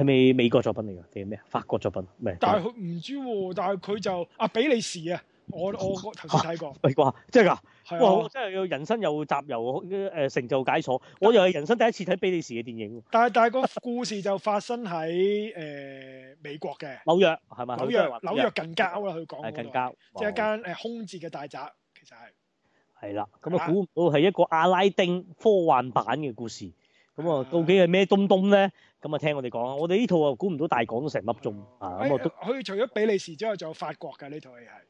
係咪美國作品嚟㗎？定咩啊？法國作品咩咩、啊？唔係。但係佢唔知喎，但係佢就阿比利時啊，我我我頭先睇過。係啩？真係㗎？哇！真係要人生又集又誒成就解鎖，我又係人生第一次睇比利時嘅電影。但係但係個故事就發生喺誒美國嘅紐約係嘛？紐約紐約近郊啦，佢講係近郊，即係一間誒空置嘅大宅其實係係啦。咁啊，估唔到係一個阿拉丁科幻版嘅故事。咁啊，究竟係咩東東咧？咁啊，聽我哋講啊。我哋呢套啊，估唔到大講咗成粒鐘啊。咁我都佢除咗比利時之外，仲有法國嘅呢套戲係。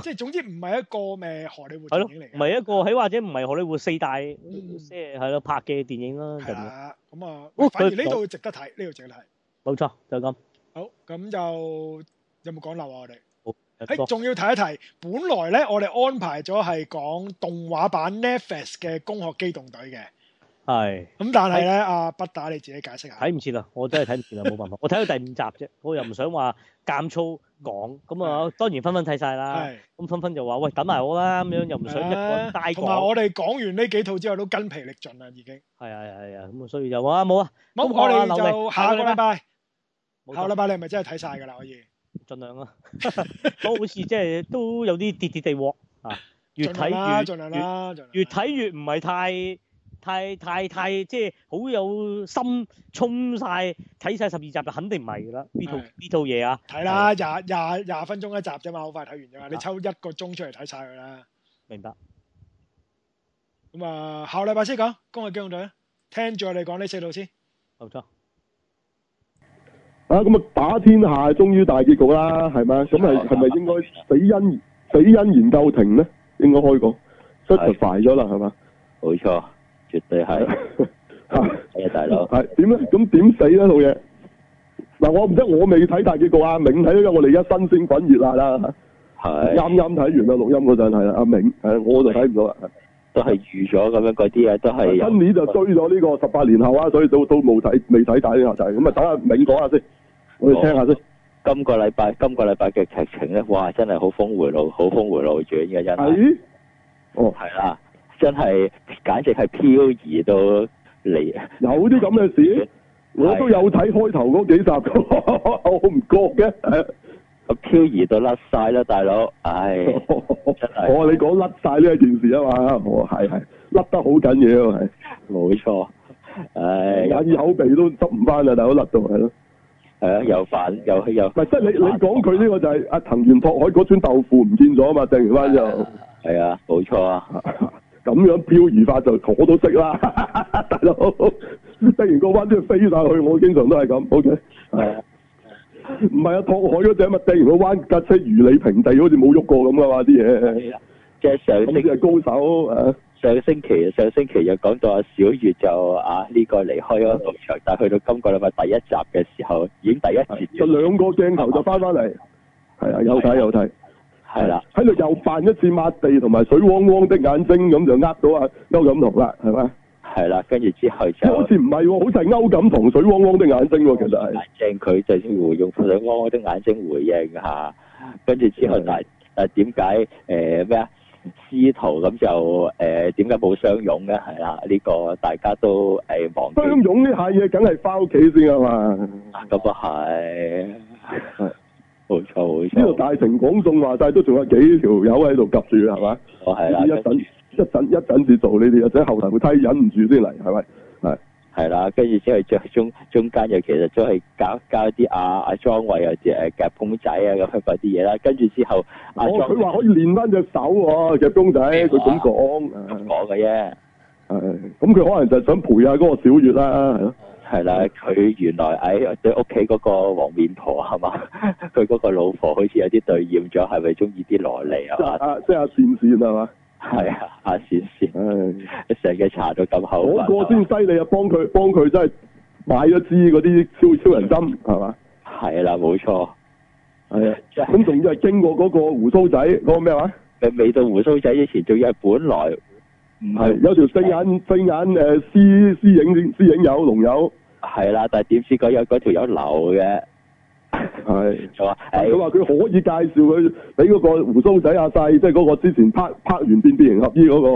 即係總之唔係一個咩荷里活電影嚟，唔係一個喺或者唔係荷里活四大即係係咯拍嘅電影啦。係啦，咁啊反而呢度值得睇，呢度值得睇。冇錯就咁。好，咁就有冇講漏啊？我哋好誒仲要提一提，本來咧我哋安排咗係講動畫版《Netflix》嘅攻殼機動隊嘅。係，咁但係咧，阿北打你自己解釋下，睇唔切啦，我真係睇唔切啦，冇辦法，我睇到第五集啫，我又唔想話咁粗講，咁啊，當然紛紛睇晒啦，咁紛紛就話喂等埋我啦，咁樣又唔想一個人帶過。同埋我哋講完呢幾套之後都筋疲力盡啦，已經。係啊係啊，咁所以就話冇啊，咁我哋就下個禮拜，下個禮拜你咪真係睇晒噶啦，可以？盡量咯，都好似即係都有啲跌跌地喎，啊，越睇越，越睇越唔係太。太太太即係好有心，沖晒，睇晒十二集就肯定唔係噶啦。呢套呢套嘢啊，係啦，廿廿廿分鐘一集啫嘛，好快睇完啫嘛。你抽一個鐘出嚟睇晒佢啦。明白。咁啊，下個禮拜先講，恭喜姜隊。聽住你講呢四套先。冇錯。啊，咁啊，打天下終於大結局啦，係咪？咁係係咪應該死因死因研究庭咧？應該開講。速度快咗啦，係嘛？冇錯。絕對係，係， [laughs] 大佬，係點咧？咁點死咧老爺？嗱、那個啊，我唔知我，我未睇大結局，阿銘睇咗，因為我哋而家新鮮滾熱辣啦，係的，啱啱睇完啦，錄音嗰陣係啦，阿、啊、銘，誒，我就睇唔到啦，都係預咗咁樣，嗰啲的啊都係，今年就追咗呢個十八年後啊，所以都都冇睇，未睇大呢個啊，就係咁啊，等阿銘講下先，我哋聽下先、哦。今個禮拜，今個禮拜嘅劇情咧，哇，真係好峰回路，好峰回路轉嘅一，的的哦，係啦。真係簡直係漂移到嚟，有啲咁嘅事？ [laughs] 我都有睇開頭嗰幾集， [laughs] 我唔覺嘅。咁 [laughs] 漂 [laughs] 移到甩晒啦，大佬，唉，我話你講甩晒呢一件事啊嘛，係係甩得好緊要，冇錯，唉錯，眼耳、哎、口鼻都執唔翻啦，大佬甩到係咯，係啊，有粉有有，唔係即係你你講佢呢個就係阿藤原拓海嗰樽豆腐唔見咗啊嘛，掟完翻就係啊，冇錯啊。咁樣漂移法就我都識啦，大佬。掟完個彎都要飛晒去，我經常都係咁。O、OK, K 的。係啊。唔係啊，拓海嗰隻咪掟完個彎，架車如履平地，好似冇喐過咁噶嘛啲嘢。係啊，即係上星期嘅高手啊。上星期啊上星期，上星期又講到阿小月就啊呢、這個離開咗賭場，的但係去到今個禮拜第一集嘅時候，已經第一節、啊、就兩個鏡頭就翻翻嚟。係啊，有睇有睇。的係啦，喺度的又扮一次抹地同埋水汪汪的眼睛咁就呃到啊歐錦棠啦，係咪？係啦，跟住之後即好似唔係喎，好似歐錦棠水汪汪的眼睛喎、啊，其實係眼睛佢就先用水汪汪的眼睛回應下，跟住之後但誒點解誒咩啊師徒咁就誒點解冇相擁咧？係啦，呢、這個大家都誒、欸、忘相擁呢下嘢，梗係翻屋企先啊嘛，咁啊係。冇錯，呢度大庭廣眾話晒，都仲有幾條友喺度夾住，係咪？哦，係啦、啊，一陣一陣、啊、一陣至做你哋，或者後頭會睇忍唔住先嚟，係咪？係係啦，跟住之後、啊就是，中中間又其實都係搞搞啲阿阿莊偉又啲誒夾公仔啊咁樣嗰啲嘢啦，跟住之後，我佢話可以練翻隻手喎、啊，夾公仔，佢咁講，我嘅啫。係咁、啊，佢、啊、可能就係想陪下嗰個小月啦，係咯、啊。係啦，佢原來誒對屋企嗰個黃面婆係咪？佢嗰 [laughs] 個老婆好似有啲對厭咗，係咪鍾意啲蘿莉啊？即係阿善善係咪？係呀，阿善善，成日查到咁口。我過先犀利啊！幫佢幫佢真係買咗支嗰啲超超人針係咪？係啦，冇錯。係、哎、啊，咁仲要係經過嗰個鬍鬚仔嗰、嗰個咩話？未到鬍鬚仔以前，仲要係本來。唔係有條四眼四眼，誒私私影私影友龍友係啦，啊，但係點知嗰有嗰條友流嘅，佢話佢可以介紹佢俾嗰個胡鬍鬚仔阿細，即係嗰個之前拍拍完變變形俠醫嗰、那個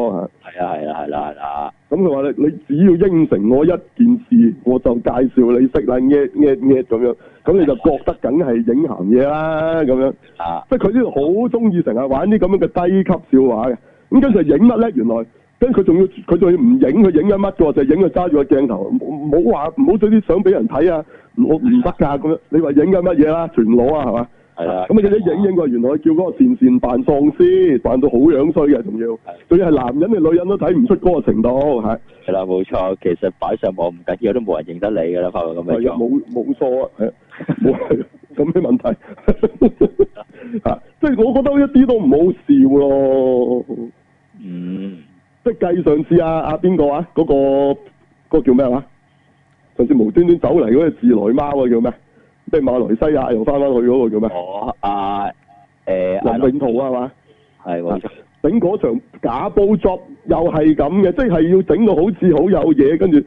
係啊，係啦、係啦、係啦，咁佢話你你只要應承我一件事，我就介紹你識啦。嘅、欸。捏捏咁樣，咁、嗯、你就覺得梗係影咸嘢啦咁樣啊，即係佢呢度好中意成日玩啲咁樣嘅低級笑話嘅，咁跟住影乜咧？原來跟佢仲要，佢仲要唔影佢影緊乜嘅就影佢揸住個鏡頭，唔好話唔好對啲相俾人睇啊！我唔得噶咁樣。你話影緊乜嘢啦？全裸啊，係嘛的？係啊。咁你有影影過，原來叫嗰個善善扮喪屍，扮到好樣衰嘅，仲的要，仲要係男人定女人都睇唔出嗰個程度。係。係啦，冇錯。其實擺上網唔緊要，都冇人認得你噶啦，發咁樣。係冇冇錯啊。係。冇。咁咩問題？即係我覺得一啲都唔好笑咯。嗯。即計上次啊啊邊個啊？嗰、嗰個嗰、嗰個叫咩話、啊？上次無端端走嚟嗰隻自來貓、啊、叫咩？咩馬來西亞又翻翻去嗰個叫咩？哦啊誒林永圖啊嘛，係 I know.，整嗰、啊、場假煲粥又係咁嘅，即係要整到好似好有嘢，跟住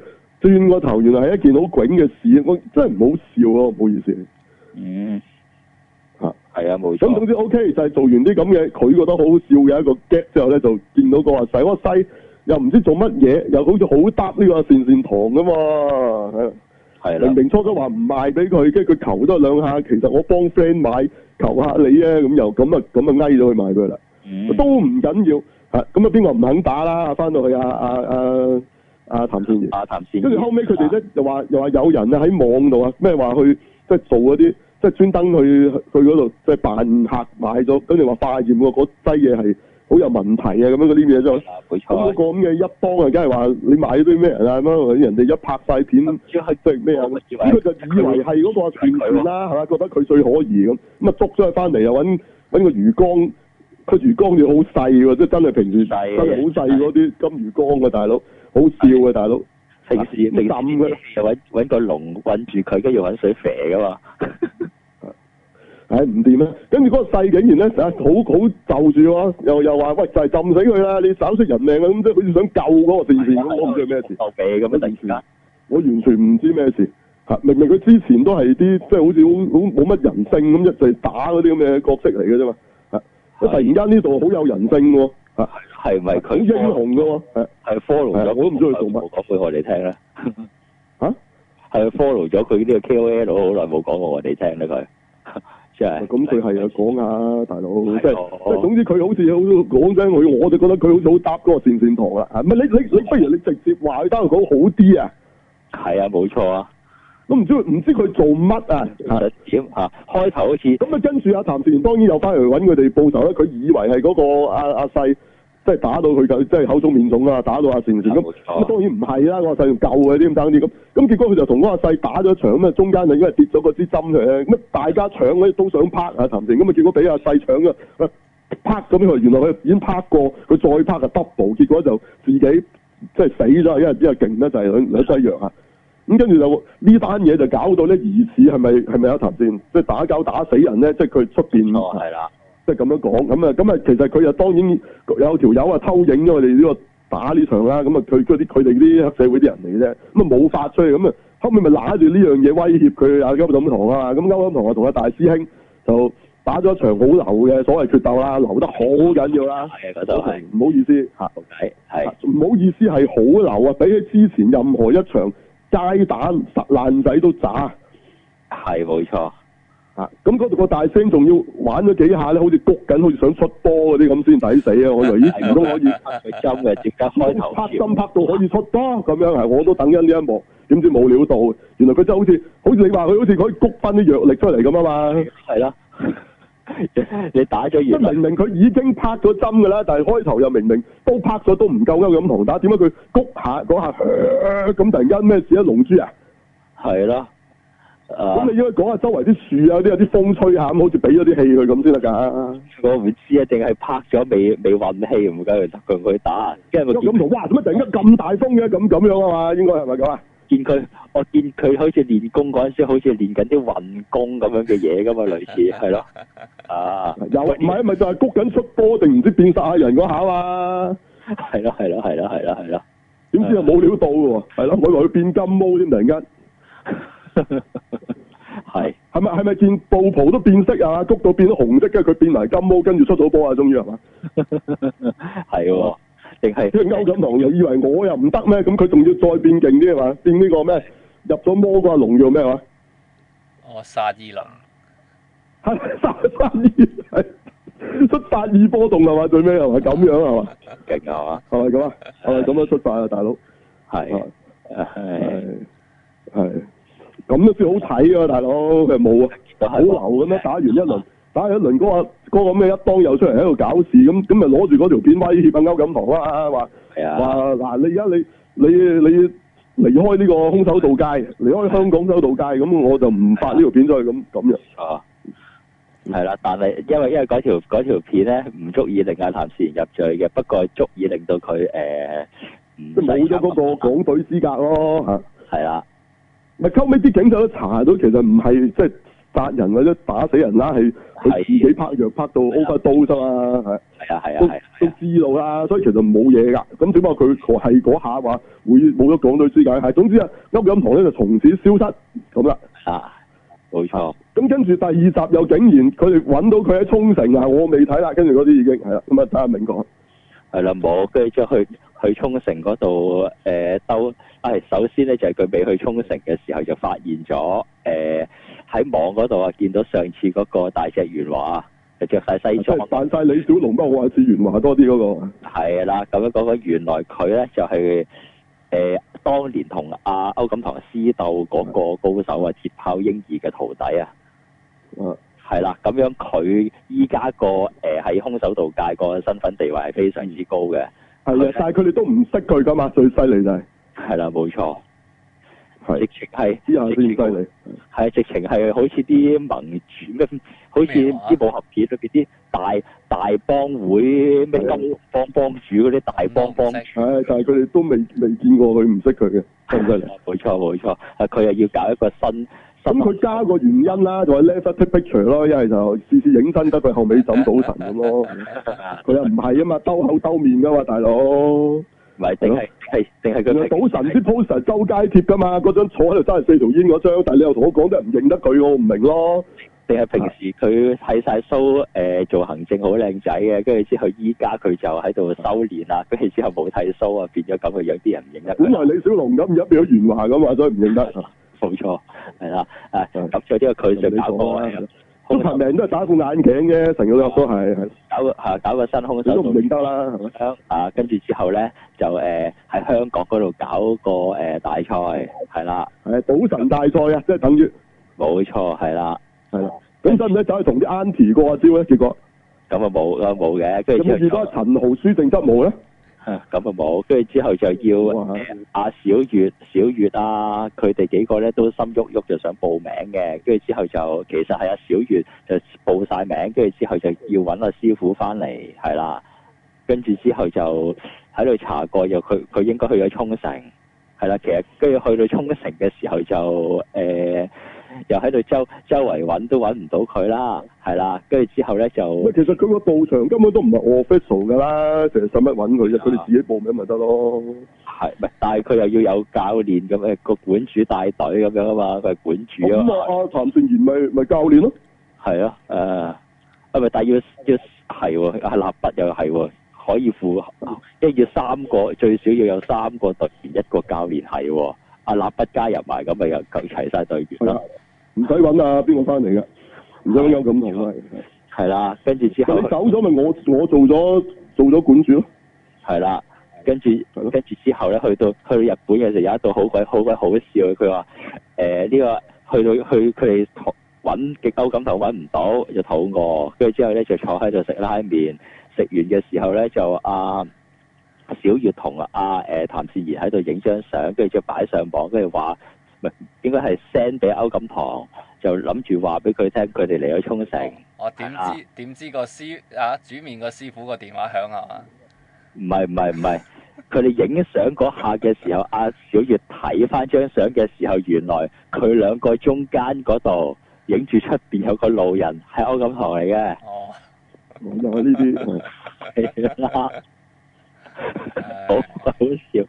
轉個頭，原來係一件好囧嘅事。我真係唔好笑囉，唔好意思。嗯。Mm. 係啊，冇。咁總之 OK，就係做完啲咁嘅，佢覺得好好笑嘅一個 get 之後咧，就見到個話細，哇細，又唔知做乜嘢，又好似好搭呢個善善堂噶嘛，係啦。係啦。明明初初話唔賣俾佢，跟住佢求咗兩下，其實我幫 friend 買，求下你啊，咁又咁啊，咁啊，拉咗去賣佢啦。都唔緊要嚇，咁啊邊個唔肯打啦？翻到去阿阿阿阿譚先生。阿譚先生。跟住後尾，佢哋咧，就話又話有人啊喺網度啊，咩話去即係做嗰啲。即係專登去去嗰度，即係扮客買咗，跟住話化驗喎，嗰劑嘢係好有問題啊！咁樣嗰啲嘢就咁嗰個咁嘅一幫人，梗係話你買啲咩人啊？咁樣人哋一拍晒片，即係咩啊？佢就以為係嗰個啊團團啦，係嘛？覺得佢最可疑咁，咁啊捉咗佢翻嚟又搵揾個魚缸，佢魚缸又好細喎，即係真係平時真係好細嗰啲金魚缸啊，大佬好笑啊，大佬平時揼㗎，就揾揾個籠困住佢，跟住揾水蛇㗎嘛。係唔掂啦？跟住嗰個細警員咧，成日好好就住喎、啊，又又話喂就係、是、浸死佢啦，你搞出人命啊！咁即係好似想救嗰個電視咁，我唔知咩事。咁啊？突然間，我完全唔知咩事。吓，明明佢之前都係啲即係好似好好冇乜人性咁一,一直打嗰啲咁嘅角色嚟嘅啫嘛。的但突然間呢度好有人性喎。 [laughs] 啊，係咪佢英雄噶？係係 follow 咗，我都唔知佢做乜。我講俾我哋聽啦。吓，係 follow 咗佢呢個 K O L 好耐冇講過我哋聽咧，佢。咁佢係啊，講啊，大佬，即係即係總之，佢好似好講聲佢，的我就覺得佢好似好搭嗰個善善堂啦。係咪的？你你你，不如你直接話佢單元劇好啲啊？係啊，冇錯啊。都唔知佢唔知佢做乜啊？點啊,啊,啊？開頭咁、嗯、啊，跟住阿譚詠麟當然又翻嚟揾佢哋報仇啦。佢以為係嗰、那個阿阿細。啊啊西即係打到佢就，即係口腫面腫啊！打到阿成成咁，當、嗯、當然唔係啦，我細用救嘅啲咁爭啲咁，咁結果佢就同嗰個細打咗場咁，中間就因為跌咗個支針去。咁大家搶嗰都想拍啊，岑成咁啊，結果俾阿細搶啊，拍咗咁，佢原來佢已經拍過，佢再拍就 double，結果就自己即係死咗，因為因為勁呢，就喺、是、喺西洋啊，咁跟住就呢單嘢就搞到咧疑似係咪係咪阿岑先？即係打交打死人咧？即係佢出邊啦。即係咁樣講，咁啊，咁啊，其實佢啊，當然有條友啊偷影咗我哋呢個打呢場啦，咁啊，佢嗰啲佢哋啲黑社會啲人嚟嘅啫，咁啊冇發出嚟，咁啊後面咪拿住呢樣嘢威脅佢啊邱錦棠啊，咁邱錦棠啊同阿大師兄就打咗場好流嘅所謂決鬥啦，流得好緊要啦，係啊，覺得係，唔好意思嚇，係，係，唔好意思係好流啊，比起之前任何一場街打殺爛仔都渣，係冇錯。啊！咁嗰度個大聲，仲要玩咗幾下咧，好似谷緊，好似想出波嗰啲咁先抵死啊！我以為都可以、啊啊、拍個針嘅，直接開頭拍針拍到可以出波咁樣，係我都等緊呢一幕，點知冇料到，原來佢真係好似，好似你話佢好似可以谷翻啲藥力出嚟咁啊嘛？係啦、啊，你打咗嘢，即係明明佢已經拍咗針噶啦，但係開頭又明明都拍咗都唔夠咁同打，點解佢谷下嗰下咁突然間咩事啊？龍珠啊？係啦、啊。咁、啊、你應該講下周圍啲樹啊，啲有啲風吹下，好似俾咗啲氣佢咁先得噶。我唔知啊，淨係拍咗未？未運氣，唔夠佢佢打。即有咁同，哇！點解突然間咁大風嘅？咁咁樣啊嘛，應該係咪咁啊？是是樣見佢，我見佢好似練功嗰陣時，好似練緊啲運功咁樣嘅嘢噶嘛， [laughs] 類似係咯。啊，有唔係咪就係谷緊出波定唔知變晒人嗰下嘛？係啦係啦係啦係咯係咯，點、啊、知啊冇料到係咯，我以為佢變金毛添，突然間。 [laughs] 係，係咪係咪見布袍都變色啊？谷到變咗紅色，跟住佢變埋金毛，跟住出咗波啊！終於係嘛？係， [laughs] 定係。歐錦棠又以為我又唔得咩？咁佢仲要再變勁啲係嘛？變呢個咩？入咗魔啩？農藥咩話？哦，沙爾，係沙爾，係出沙爾波動係嘛？最尾係嘛？咁樣係嘛？勁係嘛？係咪咁啊？係咪咁樣出發啊，大佬？係，係，係。係。咁都算好睇啊大佬，佢冇啊，是好流咁咧，的打完一輪、啊、打完一輪，嗰、嗰個、嗰個咩一幫又出嚟喺度搞事，咁咁咪攞住嗰條片威脅，歐錦棠啦，話話嗱你而家你你你離開呢個空手道界，離的開香港空手道界，咁的我就唔發呢條片出去咁咁的樣啊，係啦，但係因為因為嗰條條片咧，唔足以令阿譚善人入罪嘅，不過足以令到佢誒，即冇咗嗰個港隊資格咯，係啦。咪後尾啲警察都查到，其實唔係即係殺人或者打死人啦，係佢自己拍藥拍到 overdose 咋嘛？係啊係啊，都知道啦，所以其實冇嘢噶。咁點解佢係嗰下話會冇咗港隊資格？係總之啊，歐陽棠咧就從此消失咁啦。啊，冇錯。咁跟住第二集又竟然佢哋揾到佢喺沖繩啊！我未睇啦，跟住嗰啲已經係啦。咁啊，睇下明講。係啦，冇跟住出去去沖繩嗰度，兜、呃，首先咧就係佢未去沖繩嘅時候就發現咗，誒、呃、喺網嗰度啊見到上次嗰個大隻元華，就着晒西裝，扮晒李小龍都還是元華多啲嗰、那個？係啦，咁樣講講，原來佢咧就係、是呃、當年同阿歐錦棠私鬥嗰個高手啊，鐵炮嬰兒嘅徒弟啊，嗯的，係啦，咁樣佢依家個喺、呃、空手道界個身份地位係非常之高嘅。係啊，但係佢哋都唔識佢噶嘛，最犀利就係。係啦，冇錯。係直情係之後先犀利。係直情係好似啲盟主咩，好似唔知武俠片入邊啲大大幫會咩金幫幫主嗰啲大幫幫主，但係佢哋都未未見過佢，唔識佢嘅，真犀利。冇錯冇錯，啊，佢又要搞一個新。咁佢加個原因啦，就係 left out picture 咯，一係就次次影新得佢後尾怎賭神咁咯。佢又唔係啊嘛，兜口兜面噶、啊、嘛，大佬。唔係，定係係定係佢賭神啲 poster 周街貼噶嘛，嗰張坐喺度揸住四條煙嗰張，但係你又同我講都唔認得佢，我唔明咯。定係平時佢睇晒剃曬須，誒、呃、做行政好靚仔嘅，跟住之後依家佢就喺度修練啦，跟住之後冇睇 s 剃須啊，變咗咁，佢有啲人唔認得。本來李小龍咁入面嘅原畫咁啊，所以唔認得。冇錯，係啦，誒揼錯呢個佢就搞錯啦。都明都係打副眼鏡嘅，成個都係，搞個嚇，搞個新空，都唔認得啦，係咪？啊，跟住之後咧，就喺香港嗰度搞個大賽，係啦，係賭神大賽啊，即係等於冇錯，係啦，係啦，咁使唔使走去同啲 Auntie 過招咧？結果咁啊冇啦，冇嘅，跟住而陳豪輸定執冇咧。啊，咁啊冇，跟住之後就要阿哇、呃、小月、小月啊，佢哋幾個呢都心喐喐就想報名嘅，跟住之後就其實係阿小月就報晒名，跟住之後就要揾阿師傅返嚟，係啦，跟住之後就喺度查過，又佢佢應該去咗沖繩，係啦，其實跟住去到沖繩嘅時候就、呃又喺度周周圍揾都揾唔到佢啦，係啦，跟住之後咧就其實佢個道場根本都唔係 official 㗎啦，成日使乜揾佢啫？佢哋的自己報名咪得咯。係，唔係？但係佢又要有教練咁嘅個館主帶隊咁樣啊嘛，佢係館主啊。咁啊，譚正賢咪咪教練咯。係啊，誒、呃，啊咪但係要要係喎，阿立筆又係喎，可以符合。即係、嗯、要三個最少要有三個隊員，一個教練係喎，阿、啊、立筆加入埋咁咪又夠齊晒隊員啦。唔使揾啊，邊個翻嚟嘅？唔使揾歐錦棠啊！係啦的，跟住之後。但你走咗，咪我我做咗做咗管主咯。係啦，跟住跟住之後咧，去到去到日本嘅時候，有一度好鬼好鬼好笑的。佢話誒呢個去到去佢搵極歐錦棠搵唔到，就肚餓。跟住之後咧，就坐喺度食拉麵。食完嘅時候咧，就阿、啊、小月同啊，阿誒譚善言喺度影張相，跟住就擺上網，跟住話。應該係 send 俾歐錦棠，就諗住話俾佢聽，佢哋嚟咗沖繩。我點知、啊、點知個師啊煮麪個師傅個電話響係嘛？唔係唔係唔係，佢哋影相嗰下嘅時候，阿、啊、小月睇翻張相嘅時候，原來佢兩個中間嗰度影住出邊有個路人係歐錦棠嚟嘅。哦，我呢啲係啦。 [laughs] [laughs] 好好笑，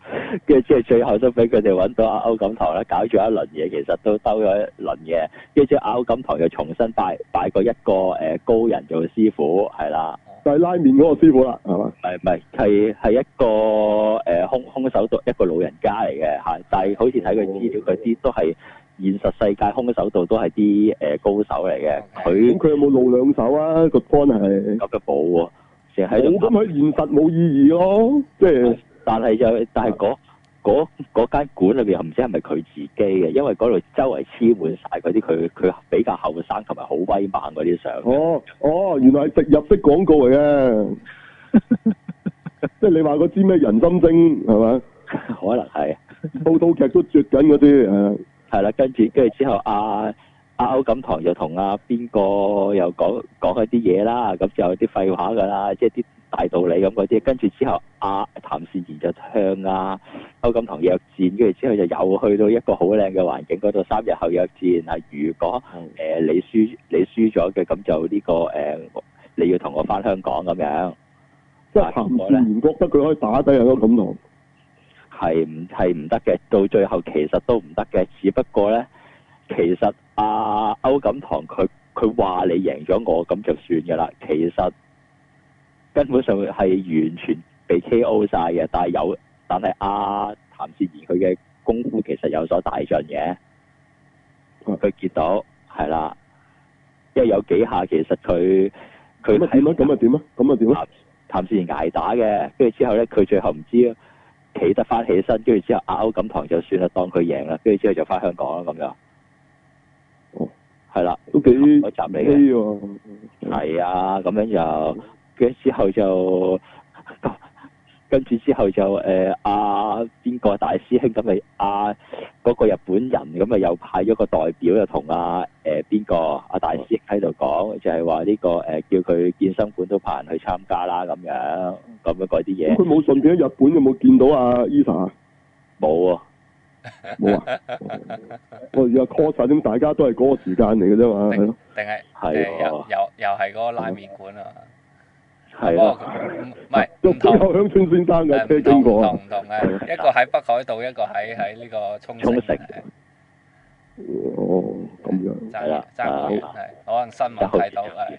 跟住之後最後都俾佢哋揾到阿歐錦棠咧，搞咗一輪嘢，其實都兜咗一輪嘢。跟住歐錦棠又重新拜拜過一個誒高人做師傅，係啦，就係拉麪嗰個師傅啦。係嘛？唔係唔係，係係一個誒、呃、空空手道一個老人家嚟嘅嚇，但係好似睇佢資料，佢啲都係現實世界空手道都係啲誒高手嚟嘅。佢佢 Okay. 他有冇露兩手啊？個 pon 係交得保喎。冇咁喺現實冇意義咯，即係，但係就但係嗰嗰嗰間館裏邊又唔知係咪佢自己嘅，因為嗰度周圍黐滿晒嗰啲，佢佢比較後生同埋好威猛嗰啲相。哦哦，原來係植入式廣告嚟嘅，即 [laughs] 係 [laughs] 你話嗰支咩人心聲係嘛？是 [laughs] 可能係是，套 [laughs] 套 [laughs] 劇都著緊嗰啲係啦，係啦，跟住跟住之後啊。阿歐錦棠就同啊邊個又講講一啲嘢啦，咁就有啲廢話噶啦，即係啲大道理咁嗰啲。跟住之後阿譚、啊、善賢就向歐錦棠約戰，跟住之後就又去到一個好靚嘅環境嗰度，三日後約戰。係、啊、如果誒、呃、你輸你輸咗嘅，咁就呢、這個誒、呃、你要同我返香港咁樣。即係譚善賢覺得佢可以打低阿歐錦棠，係唔係唔得嘅？到最後其實都唔得嘅，只不過咧，其實。阿歐錦棠佢佢話你贏咗我咁就算噶啦，其實根本上係完全被 KO 晒嘅。但係有，但係阿譚志賢佢嘅功夫其實有所大進嘅。佢見、嗯、到係啦，因為有幾下其實佢佢點啊？咁啊點啊？咁啊點啊？譚志賢捱打嘅，跟住之後咧，佢最後唔知啊，企得翻起身，跟住之後阿歐錦棠就算啦，當佢贏啦，跟住之後就翻香港啦咁樣。係啦，都幾集你嘅，係啊，咁樣就，後就跟住之後就，跟住之後就，誒，阿邊個大師兄咁咪，啊，嗰、那個日本人咁咪又派咗個代表，又同啊，誒、呃，邊個，阿、啊、大師兄喺度講，就係話呢個，誒，叫佢健身館都派人去參加啦，咁樣，咁樣嗰啲嘢。佢冇順便喺日本有冇見到啊 e 阿伊藤？冇啊。冇啊！我而家 call 晒，咁，大家都係嗰個時間嚟嘅啫嘛，係咯？定係係又又係嗰個拉麵館啊？係啊，唔係唔同鄉村先生嘅，即係中國唔同嘅，一個喺北海道，一個喺喺呢個沖繩。哦，咁樣係啦，啊，可能新聞睇到係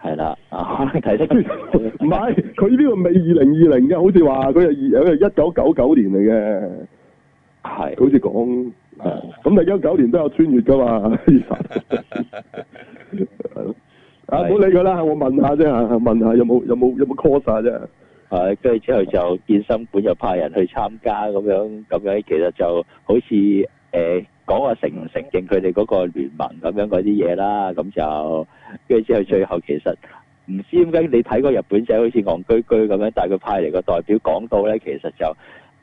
係啦，啊，睇得唔係？佢呢個未二零二零嘅，好似話佢係二，一九九九年嚟嘅。係，好似講啊，咁而一九年都有穿越噶嘛，二 [laughs] 嗯、是啊，唔好理佢啦，我問下啫，問下有冇有冇有冇 course 啫，係、啊，跟住、啊、之後就健身館又派人去參加咁樣，咁樣其實就好似誒講話承唔承認佢哋嗰個聯盟咁樣嗰啲嘢啦，咁就，跟住之後最後其實唔知點解你睇過日本仔好似戇居居咁樣，但係佢派嚟個代表講到咧，其實就。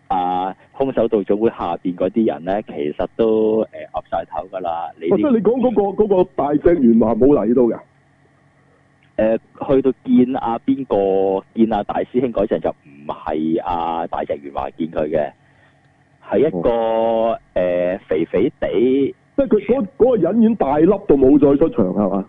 啊！空手道總會下邊嗰啲人咧，其實都誒噏晒、呃、頭噶啦。點解你講嗰、啊那個個大隻元華冇嚟到嘅？誒、呃，去到見阿、啊、邊個，見阿、啊、大師兄嗰陣，就唔係阿大隻元華見佢嘅，係一個誒、哦呃、肥肥地。即係佢嗰個隱大粒就冇再出場，係嘛？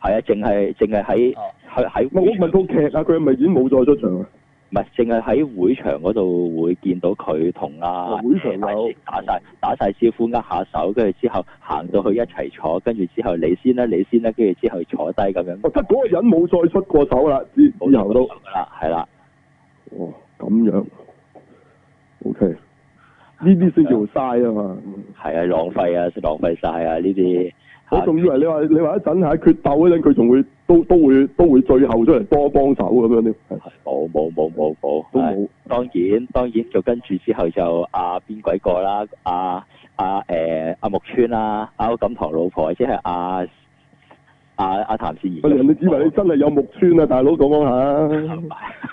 係啊，淨係淨係喺喺喺。我問套劇啊，佢係咪已經冇再出場啊？嗯唔係淨係喺會場嗰度會見到佢同阿會場佬打晒，打晒招呼，握下手，跟住之後行到去一齊坐，跟住之後你先啦、啊，你先啦、啊，跟住之後坐低咁樣。哦，即嗰個人冇再出過手啦，之後都啦，係啦。哦，咁樣。O K，呢啲先做晒啊嘛。係啊，浪費啊，浪費晒啊，呢啲。啊、我仲以為你話你話一陣喺決鬥嗰陣佢仲會都都會都會最後出嚟幫幫手咁樣添。係冇冇冇冇冇，都冇。當然，當然，就跟住之後就阿邊、啊、鬼過啦，阿阿阿木村啦，阿錦棠老婆，即係阿阿阿譚善言。我哋以為你真係有木村啊， [laughs] 大佬咁樣嚇。唔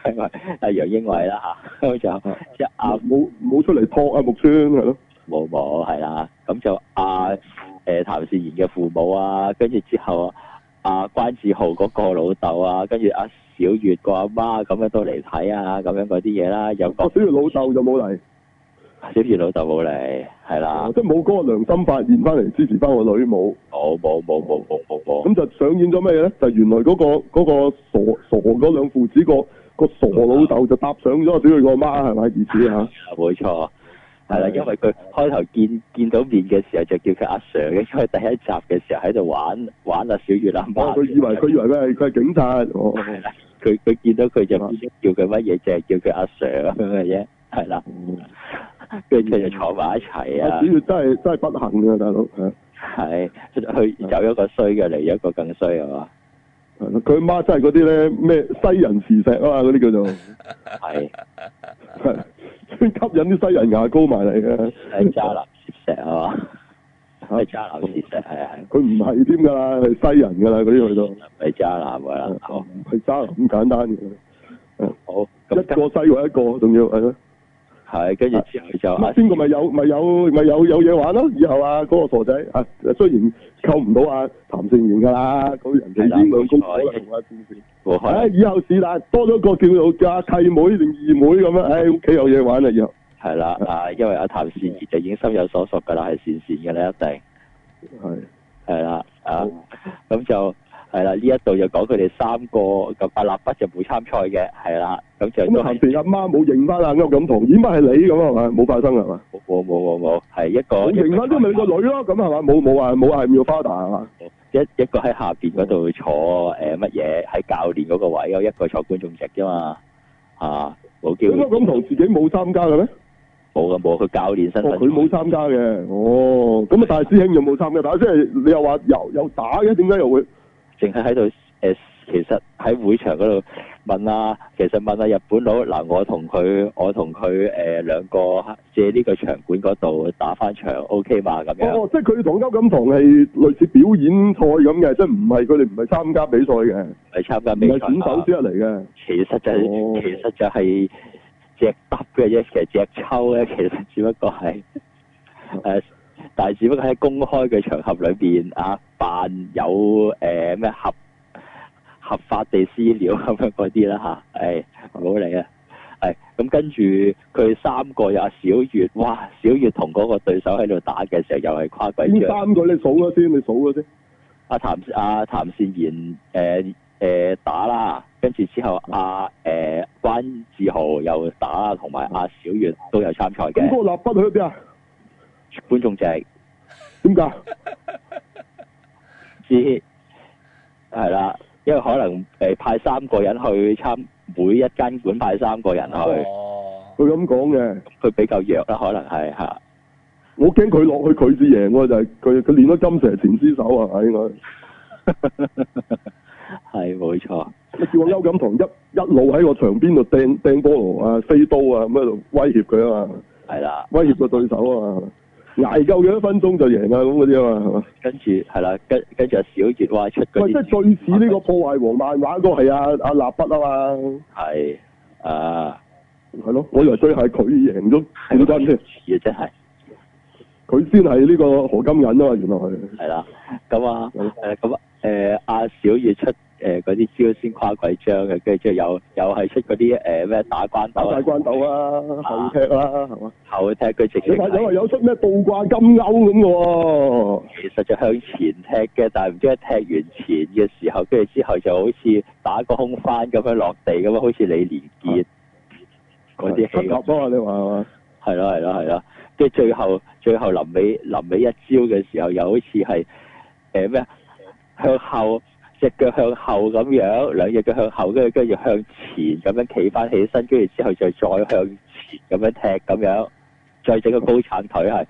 係阿楊英偉啦嚇，啊啊、就即係阿冇冇出嚟拖阿木村係咯。冇冇係啦，咁就阿。啊誒，譚、呃、善言嘅父母啊，跟住之後阿、啊、關志豪嗰個老豆啊，跟住阿小月個阿媽咁樣都嚟睇啊，咁樣嗰啲嘢啦，有、啊。小月老豆就冇嚟？小月老豆冇嚟，係啦、啊。啊、即係冇個良心發現翻嚟支持翻個女母。哦，冇冇冇冇冇冇。咁、嗯、就上演咗咩嘢咧？就是、原來嗰、那個嗰、那個傻傻嗰兩父子個個傻老豆就搭上咗小月個阿媽，係咪意思啊？冇錯。係啦，因為佢開頭見見到面嘅時候就叫佢阿 Sir 嘅，因為第一集嘅時候喺度玩玩阿小月阿媽，我佢、啊、以為佢以為咧佢係警察，係啦，佢佢見到佢就叫佢乜嘢，就係、是、叫佢阿 Sir 咁嘅啫，係啦，佢哋就坐埋一齊啊，小月真係真係不幸嘅大佬，係，佢有一個衰嘅嚟，一個更衰係嘛，佢阿媽真係嗰啲咧咩西人視石啊嘛，嗰啲叫做係。的吸引啲西人牙膏埋嚟嘅，係渣男攝石啊嘛？係渣男攝石係啊，佢唔係添噶啦，係、啊啊啊、西人噶啦嗰啲去到，係、啊、渣男㗎啦，哦係渣男咁簡單嘅，嗯、啊啊啊啊、好一個西位一個，仲要係咯。啊係，跟住之後就，先邊個咪有咪有咪有有嘢玩咯？以後啊，嗰個傻仔啊，雖然溝唔到啊，譚善言噶啦，佢已經兩公婆啦，善善。好開。誒，以後是但多咗一個叫做阿契妹定二妹咁樣，誒，屋企有嘢玩啦，以後。係啦，啊，因為阿譚善言就已經心有所屬噶啦，係善善嘅咧，一定。係。係啦，啊，咁就。係啦，呢一度就講佢哋三個個伯納比就冇參賽嘅，係啦，咁就咁後面阿媽冇認翻啊，咁咁同，咦點解係你咁啊？咪冇發生啊？冇冇冇冇，係一個冇認翻，即係咪個女咯？咁係嘛？冇冇話冇係要花旦係嘛？一一個喺下邊嗰度坐，誒乜嘢喺教練嗰個位，有一個坐觀眾席啫嘛，吓冇叫咁咁同自己冇參加嘅咩？冇啊冇，佢教練身份佢冇參加嘅，哦，咁啊的、哦、大師兄又冇參加，但係即係你又話又又打嘅，點解又會？淨係喺度誒，其實喺會場嗰度問啊，其實問下、啊、日本佬嗱、啊，我同佢，我同佢誒，兩、呃、個借呢個場館嗰度打翻場，OK 嘛咁樣。哦，即係佢同邱錦堂係類似表演賽咁嘅，即係唔係佢哋唔係參加比賽嘅，唔係參加比賽，係選手之一嚟嘅、就是哦。其實就其實就係只得嘅啫，其實隻抽咧，其實只不過係誒。呃但係只不過喺公開嘅場合裏邊，阿、啊、扮有誒咩、呃、合合法地私了咁樣嗰啲啦吓，係唔好理啊。係、哎、咁、哎嗯、跟住佢三個有阿小月，哇！小月同嗰個對手喺度打嘅時候，又係跨鬼。三個你數一先，你數一先。阿、啊、譚阿、啊、譚善言誒誒打啦，跟住之後阿、啊、誒、呃、關志豪又打，同埋阿小月都有參賽嘅。咁個立斌去邊啊？觀眾席，點解？知係啦，因為可能誒派三個人去參每一間館派三個人去，佢咁講嘅，佢、哦、比較弱啦，可能係吓。是我驚佢落去佢先贏喎，就係佢佢練咗金蛇纏絲手啊，係嘛？係冇錯，你叫我歐錦棠一一路喺我場邊度掟掟波羅啊飛刀啊咁喺度威脅佢啊嘛，係啦，威脅個的對手啊嘛。 [laughs] 挨夠幾多分鐘就贏啊，咁嗰啲啊嘛，係嘛？跟住係啦，跟跟住阿小杰話出即係最似呢個破壞王漫畫嗰個係阿阿立筆啊嘛，係啊，係咯、啊的啊，我以為最係佢贏咗，點解先？似真係，佢先係呢個何金銀啊嘛，原來係啦，咁、嗯嗯、啊，誒咁啊，誒、啊、阿、啊啊、小杰出。誒，嗰啲招先誇鬼張嘅，跟住之後又又係出嗰啲誒咩打關斗打關斗啊，啊後踢啦係嘛？嗎後踢佢直接你睇有出咩倒掛金鈎咁、啊、其實就向前踢嘅，但係唔知係踢完前嘅時候，跟住之後就好似打個空翻咁樣落地咁啊，好似李連杰嗰啲戲你啊，係咯係咯係咯，跟住最後最後臨尾臨尾一招嘅時候，又好似係誒咩向後。隻腳向後咁樣，兩隻腳向後，跟住跟住向前咁樣企翻起身，跟住之後就再向前咁樣踢咁樣，再整個高鏟腿係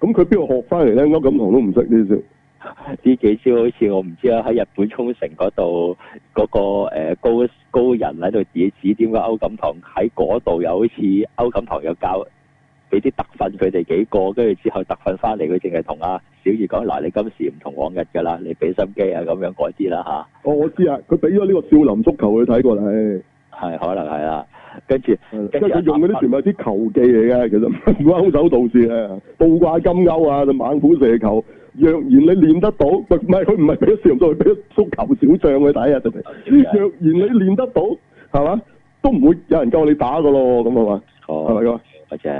咁。佢邊度學翻嚟咧？歐錦棠都唔識呢招，呢幾招好似我唔知啦。喺日本沖繩嗰度，嗰、嗰個誒、呃、高高人喺度自己指點個歐錦棠，喺嗰度又好似歐錦棠又教。俾啲特訓佢哋幾個，跟住之後特訓翻嚟，佢淨係同阿小月講：嗱，你今時唔同往日㗎啦，你俾心機啊，咁樣改啲啦嚇。哦，我知啊，佢俾咗呢個少林足球佢睇過啦，係，可能係啦，跟住，跟住佢用嗰啲全部係啲球技嚟嘅，的其實唔關空手道事嘅，倒的掛金鈎啊，就猛虎射球，若然你練得到，唔係佢唔係俾少林足球，俾足球小將佢睇啊，的若然你練得到，係嘛，都唔會有人夠你打嘅咯，咁啊嘛，係咪？哦。或者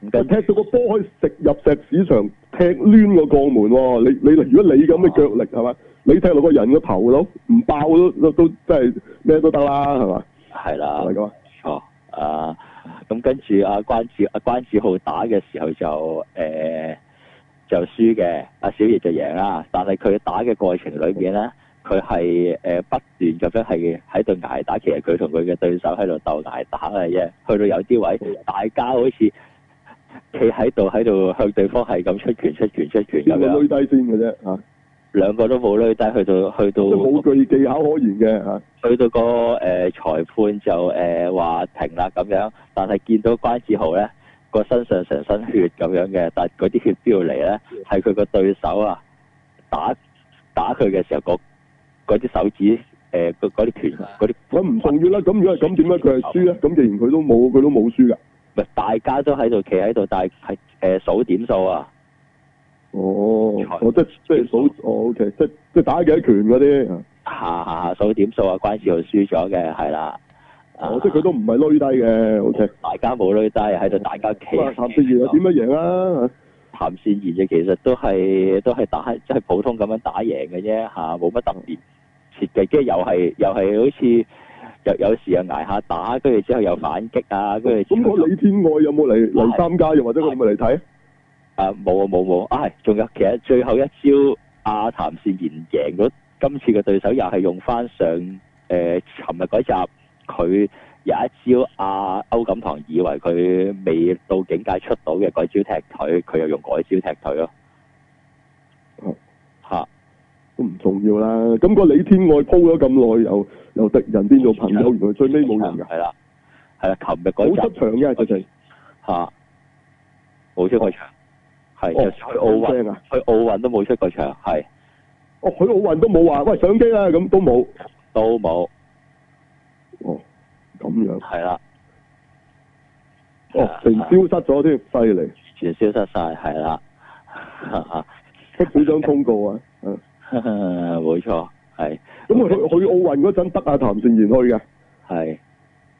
唔佢踢到個波可以食入石市場踢攣個過門喎，你你如果你咁嘅腳力係嘛、啊，你踢落個人個頭都唔爆都都真係咩都得啦係嘛？係啦咁啊啊，咁、啊、跟住阿、啊、關智阿關智浩打嘅時候就誒、呃、就輸嘅，阿小葉就贏啦，但係佢打嘅過程裏邊咧。佢係誒不斷咁樣係喺度挨打，其實佢同佢嘅對手喺度鬥挨打嘅啫。去到有啲位，嗯、大家好似企喺度，喺度向對方係咁出拳、出拳、出拳咁樣。冇攰低先嘅啫，嚇、啊、兩個都冇攰低，去到去到。都冇具技巧可言嘅。啊、去到、嗰個誒、呃、裁判就誒話、呃、停啦咁樣，但係見到關志豪咧個身上成身血咁樣嘅，但嗰啲血飆嚟咧係佢個對手啊打打佢嘅時候個。嗰啲手指，誒、呃，嗰啲拳，嗰啲，咁唔重要啦。咁、啊、如果係咁，點解佢係輸咧？咁既然佢都冇，佢都冇輸㗎。大家都喺度企喺度，但係係數點數啊。哦、喔，即即係數，OK，即即係打幾拳嗰啲。嚇嚇、啊啊、數點數啊！關兆雄輸咗嘅，係啦。我即佢都唔係累低嘅，O K。大家冇累低，喺度、啊、大家企、啊。譚善言又點樣贏啊？譚善言嘅其實都係都係打即係普通咁樣打贏嘅啫嚇，冇乜特別。設計，跟住又係又係好似有有時又捱下打，跟住之後又反擊啊！跟住咁嗰李天愛有冇嚟嚟參加，又或者佢有冇嚟睇？啊，冇啊冇冇，唉，仲有，哎、有其實最後一招，阿、啊、譚善言贏咗今次嘅對手又係用上，又係用翻上誒，尋日嗰集佢有一招，阿歐錦棠以為佢未到境界出到嘅嗰招踢腿，佢又用嗰招踢腿咯。都唔重要啦，咁個李天外鋪咗咁耐，又由敵人變做朋友，原來最尾冇人噶。係啦，係啦，琴日嗰集冇出場一佢就吓，冇出過場，係去奧運啊？去奧運都冇出過場。係哦，去奧運都冇話喂相機啊，咁都冇，都冇哦，咁樣係啦，哦，全消失咗啲犀利，全消失晒，係啦，吓，幾張通告啊？冇錯，係咁佢去奧運嗰陣得阿譚善言去嘅。係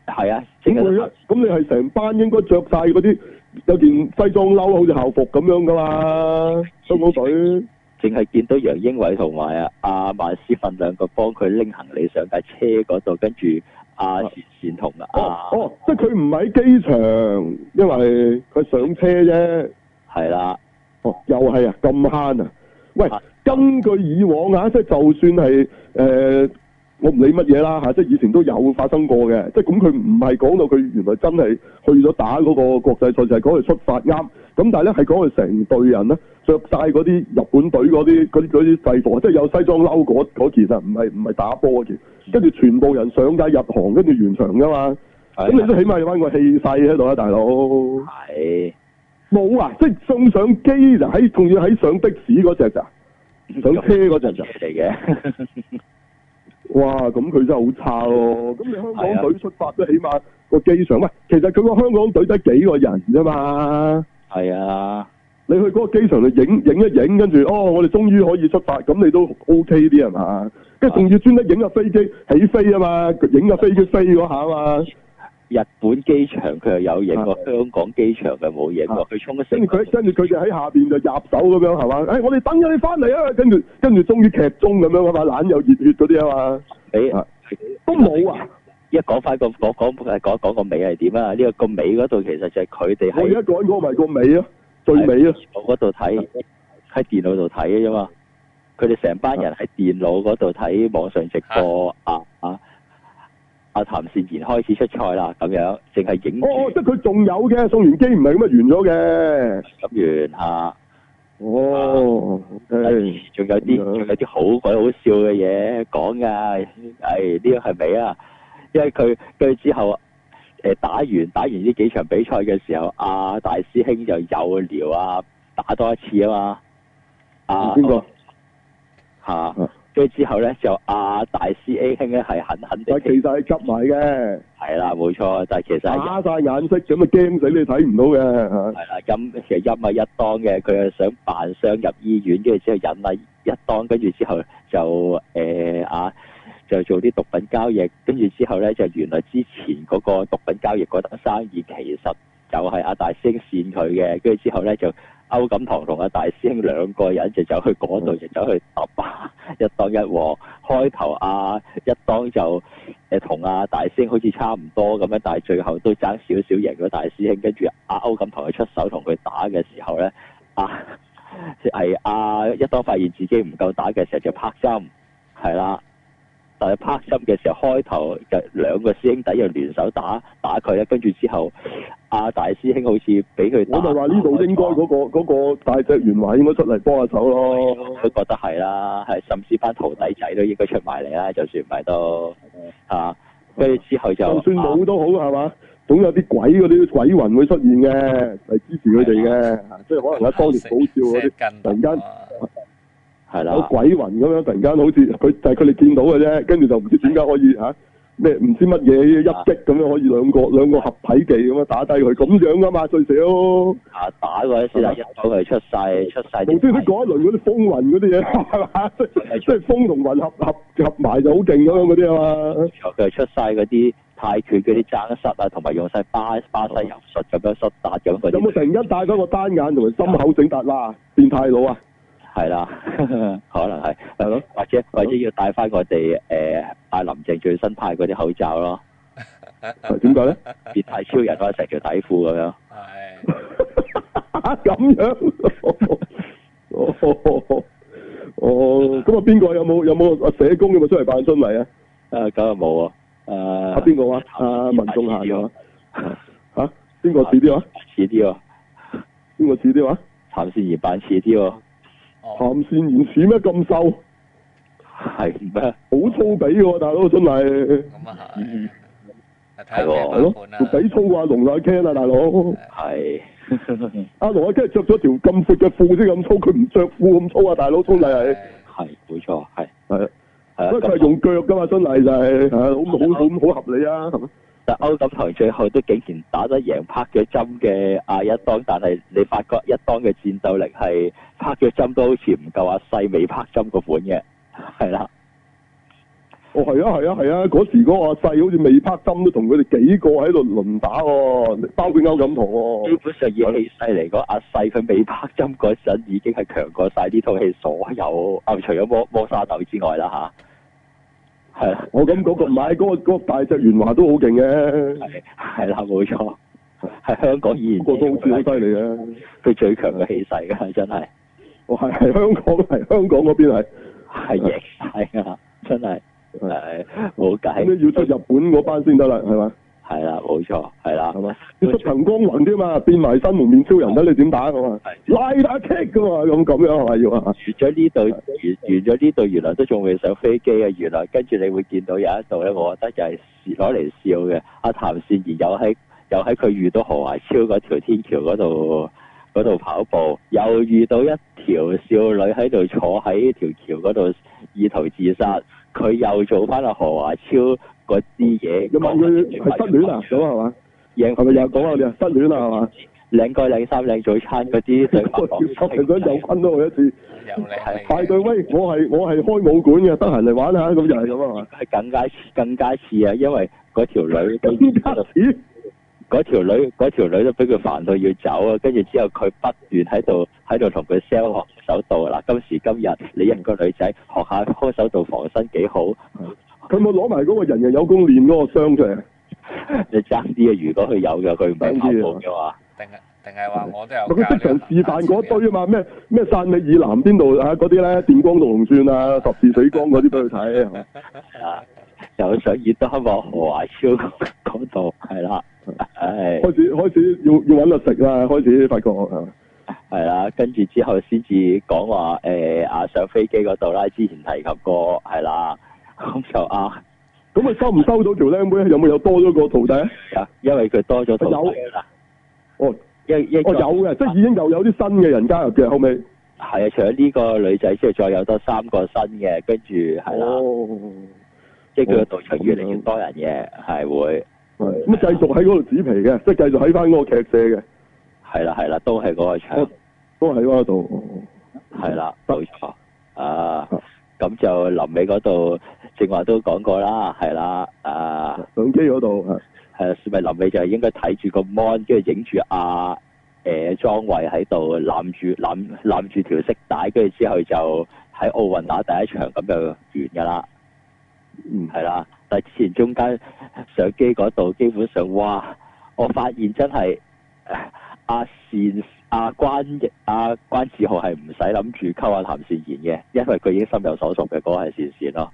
係啊，咁佢咁你係成班應該着晒嗰啲，有件西裝褸，好似校服咁樣噶嘛，香港隊淨係見到楊英偉同埋阿阿馬思訓兩個幫佢拎行李上架車嗰度，跟住阿善同啊，哦哦，即係佢唔喺機場，因為佢上車啫。係啦，哦又係啊，咁慳、哦、啊，啊，喂。啊根據以往即係就算係誒、呃，我唔理乜嘢啦嚇，即係以前都有發生過嘅，即係咁佢唔係講到佢原來真係去咗打嗰個國際賽事，就係講佢出發啱。咁但係咧係講佢成隊人咧着晒嗰啲日本隊嗰啲嗰啲嗰啲制服，即係有西裝褸嗰嗰件啊，唔係唔係打波嗰件。跟住全部人上街入行，跟住完場㗎嘛。咁的你都起碼有翻個氣勢喺度啊大佬。冇的啊！即係送上機就喺，仲要喺上的士嗰隻咋？上車嗰陣就嚟嘅，哇！咁佢真係好差咯、啊。咁你香港隊出發都是、啊、起碼個機場喂，其實佢個香港隊得幾個人啫嘛。係是啊，你去嗰個機場度影影一影，跟住哦，我哋終於可以出發，咁你都 O K 啲係嘛？跟住仲要專登影架飛機起飛啊嘛，影架飛機飛嗰下啊嘛。日本機場佢又有影過，的香港機場就冇影過。佢的衝一先，佢，跟住佢就喺下面就入手咁樣係嘛？我哋等咗你翻嚟的啊！跟住，跟住終於劇終咁樣，嗰班懶又熱血嗰啲啊嘛。誒，都冇啊！一講翻個尾，講誒講一講個尾係點啊？呢個個尾嗰度其實就係佢哋。我的而家講嗰個咪個尾啊，最尾啊。我嗰度睇喺電腦度睇啫嘛，佢哋成班人喺電腦嗰度睇網上直播啊的啊！啊阿譚、啊、善賢開始出賽啦，咁樣淨係影住。哦，即係佢仲有嘅，宋元基唔係咁乜完咗嘅。咁完吓？啊、哦，仲、okay，有啲，仲有啲好鬼好笑嘅嘢講噶，係呢個係咪啊？因為佢佢之後誒打完打完呢幾場比賽嘅時候，阿、啊、大師兄就有聊啊，打多一次啊嘛。阿邊個？吓？跟住之後咧，就阿大師 A 兄咧係狠狠地，其實係執埋嘅，係啦，冇錯，但係其實加晒眼色，咁啊驚死你睇唔到嘅，係啦，咁其實陰啊一當嘅，佢係想扮傷入醫院，跟住之後引啊一當，跟住之後就誒、呃、啊，就做啲毒品交易，跟住之後咧就原來之前嗰個毒品交易嗰單生意其實就係阿大師兄線佢嘅，跟住之後咧就。歐錦棠同阿大師兄兩個人就走去嗰度，就走去揼啊！一當一和，開頭阿、啊、一當就誒同阿大師兄好似差唔多咁樣，但係最後都爭少少贏咗大師兄。跟住阿歐錦棠去出手同佢打嘅時候咧，啊，係啊一當發現自己唔夠打嘅時候就拍針，係啦、啊。但係拍音嘅時候，開頭嘅兩個師兄弟又聯手打打佢咧，跟住之後，阿大師兄好似俾佢。我咪話呢度應該嗰個大隻元華應該出嚟幫下手咯。佢覺得係啦，係，甚至班徒弟仔都應該出埋嚟啦，就算唔係都嚇。跟住之後就。就算冇都好係嘛，總有啲鬼嗰啲鬼魂會出現嘅，嚟支持佢哋嘅，即係可能一幫住保照嗰啲，突然間。係啦，有鬼魂咁樣，突然間好似佢就係佢哋見到嘅啫，跟住就唔知點解可以嚇咩唔知乜嘢一擊咁樣可以兩個兩個合體技咁樣打低佢咁樣噶嘛最少。啊打過一次，啦，一手佢出世。出世，總之佢講一輪嗰啲風雲嗰啲嘢，係嘛？即係風同雲合合合埋就好勁咁樣嗰啲啊嘛。佢出曬嗰啲泰拳嗰啲爭失啊，同埋用晒巴巴西柔術咁樣失打咁。有冇突然間戴嗰個單眼同埋心口整凸啦？變態佬啊！係啦，可能係係咯，或者或者要帶翻我哋誒阿林鄭最新派嗰啲口罩咯。點解咧？變態超人嗰陣着住底褲咁樣。係。咁樣。哦咁、哦哦哦、啊，邊個有冇有冇社工有冇出嚟扮春泥啊？啊，咁啊冇啊。啊，邊個話？啊，民眾下嘅。吓？邊個似啲啊？似啲啊？邊個似啲話？譚善言扮似啲哦。咸線原始咩？咁瘦係咩？嗎好粗鄙喎，大佬真係咁啊係係喎，大佬條底粗啊，龍啊謙啊，龍啊 Ken，大佬係阿龍啊謙着咗條咁闊嘅褲先咁粗，佢唔着褲咁粗啊，大佬，粗麗係係冇錯，係係係，不過佢係用腳噶嘛，真麗就係、是、啊，好好，對好？好好合理啊？但歐錦棠最後都竟然打得贏拍咗針嘅阿一當，但係你發覺一當嘅戰鬥力係拍咗針都好似唔夠阿細未拍針嘅款嘅，係啦。哦，係啊，係啊，係啊！嗰、啊、時嗰個阿細好似未拍針都同佢哋幾個喺度輪打、啊，包括歐錦棠、啊。基本上以氣勢嚟講，阿細佢未拍針嗰陣已經係強過晒呢套戲所有，啊、除咗摸摸，摸沙豆之外啦、啊，係我咁嗰個買嗰個嗰大隻元華都好勁嘅，係啦冇錯，係香港以前，個都好似好犀利，佢最強嘅氣勢嘅真係，我係香港係香港嗰邊係係贏係啊真係，誒冇計，咁你要出日本嗰班先得啦係咪？係啦，冇錯，係啦，咁錯啊，要光環添嘛，變埋新蒙面超人啦，的你點打咁啊？的拉打踢噶嘛，咁咁樣係咪要啊？完咗呢度，完完咗呢度，原來都仲未上飛機啊！原來跟住你會見到有一度咧，我覺得就係攞嚟笑嘅。阿的、啊、譚善言又喺又喺佢遇到何華超嗰條天橋嗰度嗰度跑步，又遇到一條少女喺度坐喺條橋嗰度意圖自殺，佢又做翻阿何華超。嗰啲嘢，咁啊佢失戀啊，咁啊嘛，又係咪又講啊？你：是啊「失戀啦、啊，係嘛？領個領衫、領早餐嗰啲，想 [laughs] 又分咯。我一次，派對威，我係我係開武館嘅，得閒嚟玩一下咁就係咁啊嘛，係更加更加似啊，因為嗰條女，嗰 [laughs] 咦條女，嗰條女都俾佢煩到要走啊，跟住之後佢不斷喺度喺度同佢 sell 學手道啊，今時今日你一個女仔學下開手道防身幾好。嗯佢冇攞埋嗰個人人有功練嗰個箱出嚟，你揸啲啊！如果佢有嘅，佢唔知。定係定係話我都有。佢即場示範嗰堆啊嘛？咩咩汕尾以南邊度啊？嗰啲咧電光毒龍鑽啊，十字水光嗰啲都要睇。 [laughs] 啊！又想熱得黑幕何華超嗰度，係啦 [laughs] [laughs] 係。 [laughs] 開始開始要要揾粒食啦！開始發覺，係、啊、啦，跟住之後先至講話誒啊！上飛機嗰度啦，之前提及過，係啦。咁就啊，咁佢收唔收到條靚妹？有冇有多咗個徒弟啊？啊，因為佢多咗，有哦，一哦有嘅，即係已經又有啲新嘅人加入嘅，後尾係啊，除咗呢個女仔之外，再有多三個新嘅，跟住係啦，即係個道場越嚟越多人嘅，係會咁啊，繼續喺嗰度紙皮嘅，即係繼續喺翻嗰個劇社嘅，係啦係啦，都係嗰個場，都喺嗰度，係啦，冇錯啊。咁就林尾嗰度，正話都講過啦，係啦，啊，相機嗰度係，係咪的的林尾就係應該睇住個 mon，跟住影住阿誒莊偉喺度攬住攬住條色帶，跟住之後就喺奧運打第一場咁就完噶啦。嗯，係啦，但係之前中間相機嗰度基本上，哇，我發現真係阿善。阿、啊、關亦阿、啊、關志豪係唔使諗住溝阿譚善言嘅，因為佢已經心有所屬嘅，嗰、那個係善善咯。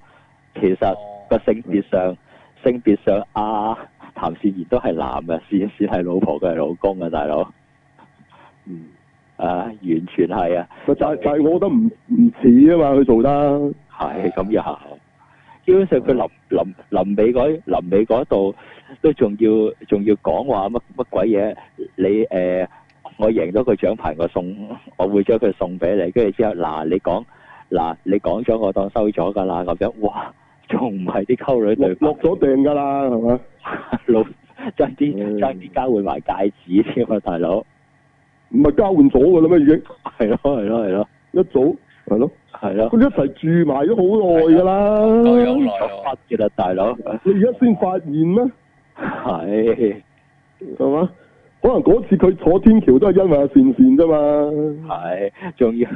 其實、那個性別上性別上阿譚、啊、善言都係男嘅，善善係老婆，佢係老公啊，大佬。嗯，啊，完全係啊，就係就我覺得唔唔似啊嘛，佢做得係咁又，基本上佢臨臨臨尾嗰臨尾嗰度都仲要仲要講話乜乜鬼嘢，你誒。呃我贏咗佢獎牌，我送，我會將佢送俾你。跟住之後，嗱、啊，你講，嗱、啊，你講咗，我當收咗噶啦咁樣。嘩，仲唔係啲溝女嚟？落咗訂噶啦，係咪？ [laughs] 老，即係啲，唉即係啲交換埋戒指添啊，大佬。唔係交換咗㗎喇咩？已經係咯，係咯，係咯，一早，係咯，係啦的。佢的一齊住埋咗好耐㗎喇，啦，好耐。發嘅啦，大佬， [laughs] 你而家先發現咩？係唉，係嘛的？可能嗰次佢坐天橋都係因為阿善善啫嘛、哎，係，仲要，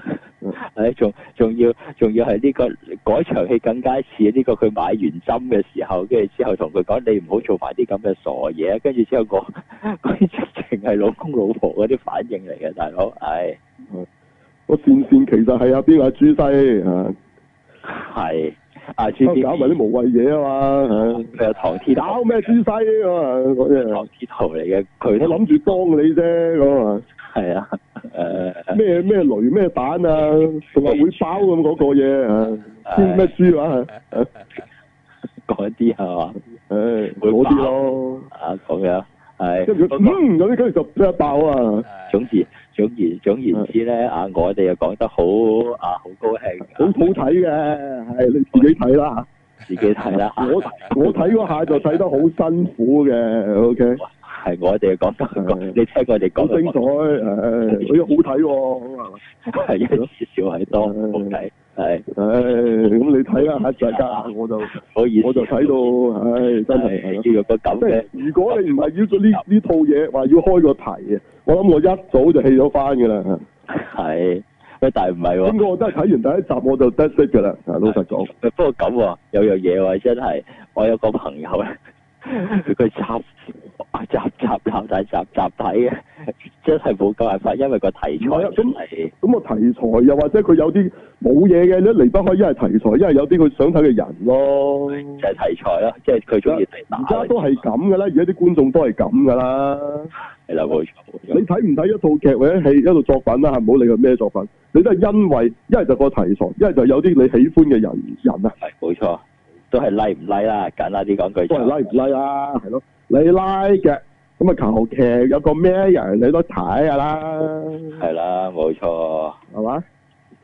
誒仲仲要仲要係呢個改場戲更加似呢個佢買完針嘅時候，跟住之後同佢講你唔好做埋啲咁嘅傻嘢，跟住之後講嗰啲直情係老公老婆嗰啲反應嚟嘅，大佬，唉、哎，我、哎、善善其實係阿邊個阿朱西係。哎哎下次搞埋啲無謂嘢啊嘛，佢有唐天，搞咩朱西咁啊？嗰啲唐鐵頭嚟嘅，佢都諗住幫你啫，咁啊。係啊，誒咩咩雷咩蛋啊，仲話會包咁嗰個嘢啊？咩朱啊？講一啲係嘛？誒，會好啲咯。啊，咁樣係。嗯，嗰啲跟住就即爆啊！總之。總言總言之咧，啊，我哋又講得好啊，好高興，好好睇嘅，係你自己睇啦吓，自己睇啦。我我睇嗰下就睇得好辛苦嘅，OK。係我哋講得，你聽我哋講。好精彩，係，好睇喎，係咯，係少係多，好睇。係，唉是，咁、哎、你睇啦，大家我就， [laughs] 我意我就睇到，唉、哎，是真係是，係呢個感嘅。如果你唔係要做呢呢 [laughs] 套嘢，話要開個題我諗我一早就棄咗翻噶啦。係，但係唔係喎。應該我真係睇完第一集，我就得識噶啦，是老實講。不過咁、啊，有樣嘢話，真係，我有個朋友、啊佢雜啊雜雜流，但係睇嘅，真係冇辦法，因為個題材咁咪咁個題材又或者佢有啲冇嘢嘅你都離不開一係題材，一係有啲佢想睇嘅人咯、嗯就是，即係題材啦，即係佢中意睇，而家都係咁嘅啦，而家啲觀眾都係咁噶啦，係啦冇錯，你睇唔睇一套劇或者戲，一套作品啦，係唔理佢咩作品，你都係因為一係就個題材，一係就有啲你喜歡嘅人人啊，係冇錯。都係拉唔拉啦，簡單啲講句。都係拉唔拉啦，係咯。你拉嘅咁啊，求其，有個咩人你都睇下、啊、啦。係啦，冇錯吧。係嘛？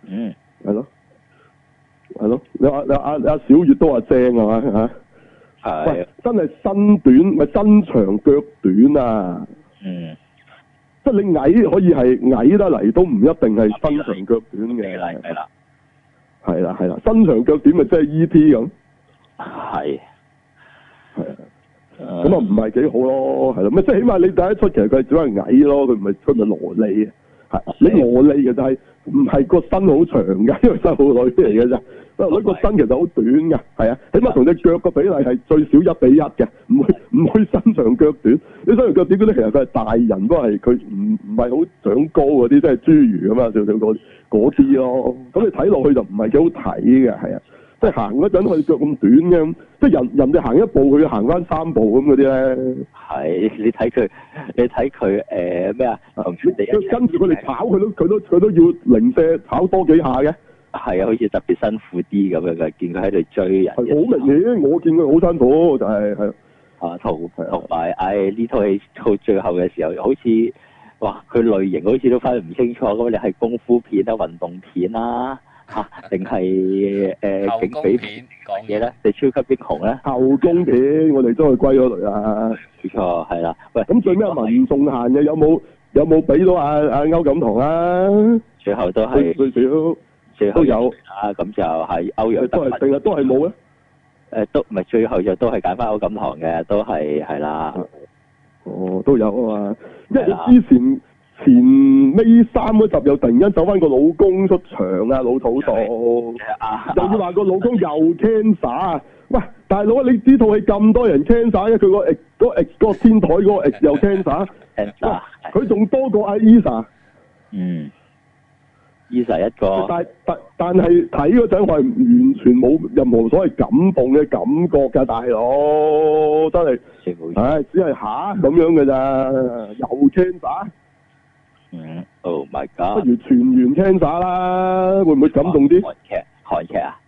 嗯，係咯，係咯。你話你阿阿、啊啊、小月都話正啊嘛吓？係是的。真係身短咪身長腳短啊。嗯。即係你矮可以係矮得嚟，都唔一定係身長腳短嘅。係啦，啦，係啦，係啦，身長腳短咪即係 E T 咁。係，係啊，咁啊唔係幾好咯，係咯，咁即係起碼你第一出其實佢係只係矮咯，佢唔係出咪蘿莉啊，係你蘿莉嘅就係唔係個身好長嘅，因為細個女嚟嘅啫，嗱女個身其實好短噶，係啊，起碼同隻腳個比例係最少一比一嘅，唔會唔會身長腳短，你身長腳短啲其實佢係大人，都係佢唔唔係好長高嗰啲，即係侏儒啊嘛，少少嗰嗰啲咯，咁你睇落去就唔係幾好睇嘅，係啊。即係行嗰陣，佢腳咁短嘅，即係人人哋行一步，佢要行翻三步咁嗰啲咧。係，你睇佢，你睇佢，誒咩啊？他們他跟住佢哋跑，佢都佢都佢都要零舍跑多幾下嘅。係啊，好似特別辛苦啲咁樣嘅，見佢喺度追人。好明顯，我見佢好辛苦，就係、係、係。啊，同同埋，唉，呢、哎、套戲到最後嘅時候，好似哇，佢類型好似都分唔清楚咁，你係功夫片啊，運動片啊。吓，定係誒，警匪片講嘢咧，你超級英雄咧？舊公片我哋都係歸咗嚟啦，冇錯係啦。喂，咁最尾民眾限又嘅，有冇有冇俾到阿阿歐錦棠啊？最後都係最後都有啊。咁就係歐都係成都係冇啊。誒，都唔係最後就都係揀翻歐錦棠嘅，都係係啦。哦，都有啊嘛，因為之前。前尾三嗰集又突然間走翻個老公出場啊，老土度， [laughs] 又要話個老公又 cancer 啊！ [laughs] 喂，大佬，你知道戲咁多人 cancer 啊？佢，嗰個誒，嗰個誒，嗰個天台嗰個誒又 cancer，佢仲多過阿 e s a 嗯 e s a 一個，但但但係睇嗰陣我係完全冇任何所謂感動嘅感覺噶，大佬真係，唉、 [laughs] 哎，只係吓咁樣噶咋，又 cancer。嗯，哦，mm, oh my god、不如全員聽晒啦，會唔會感動啲？韓劇，韓劇啊，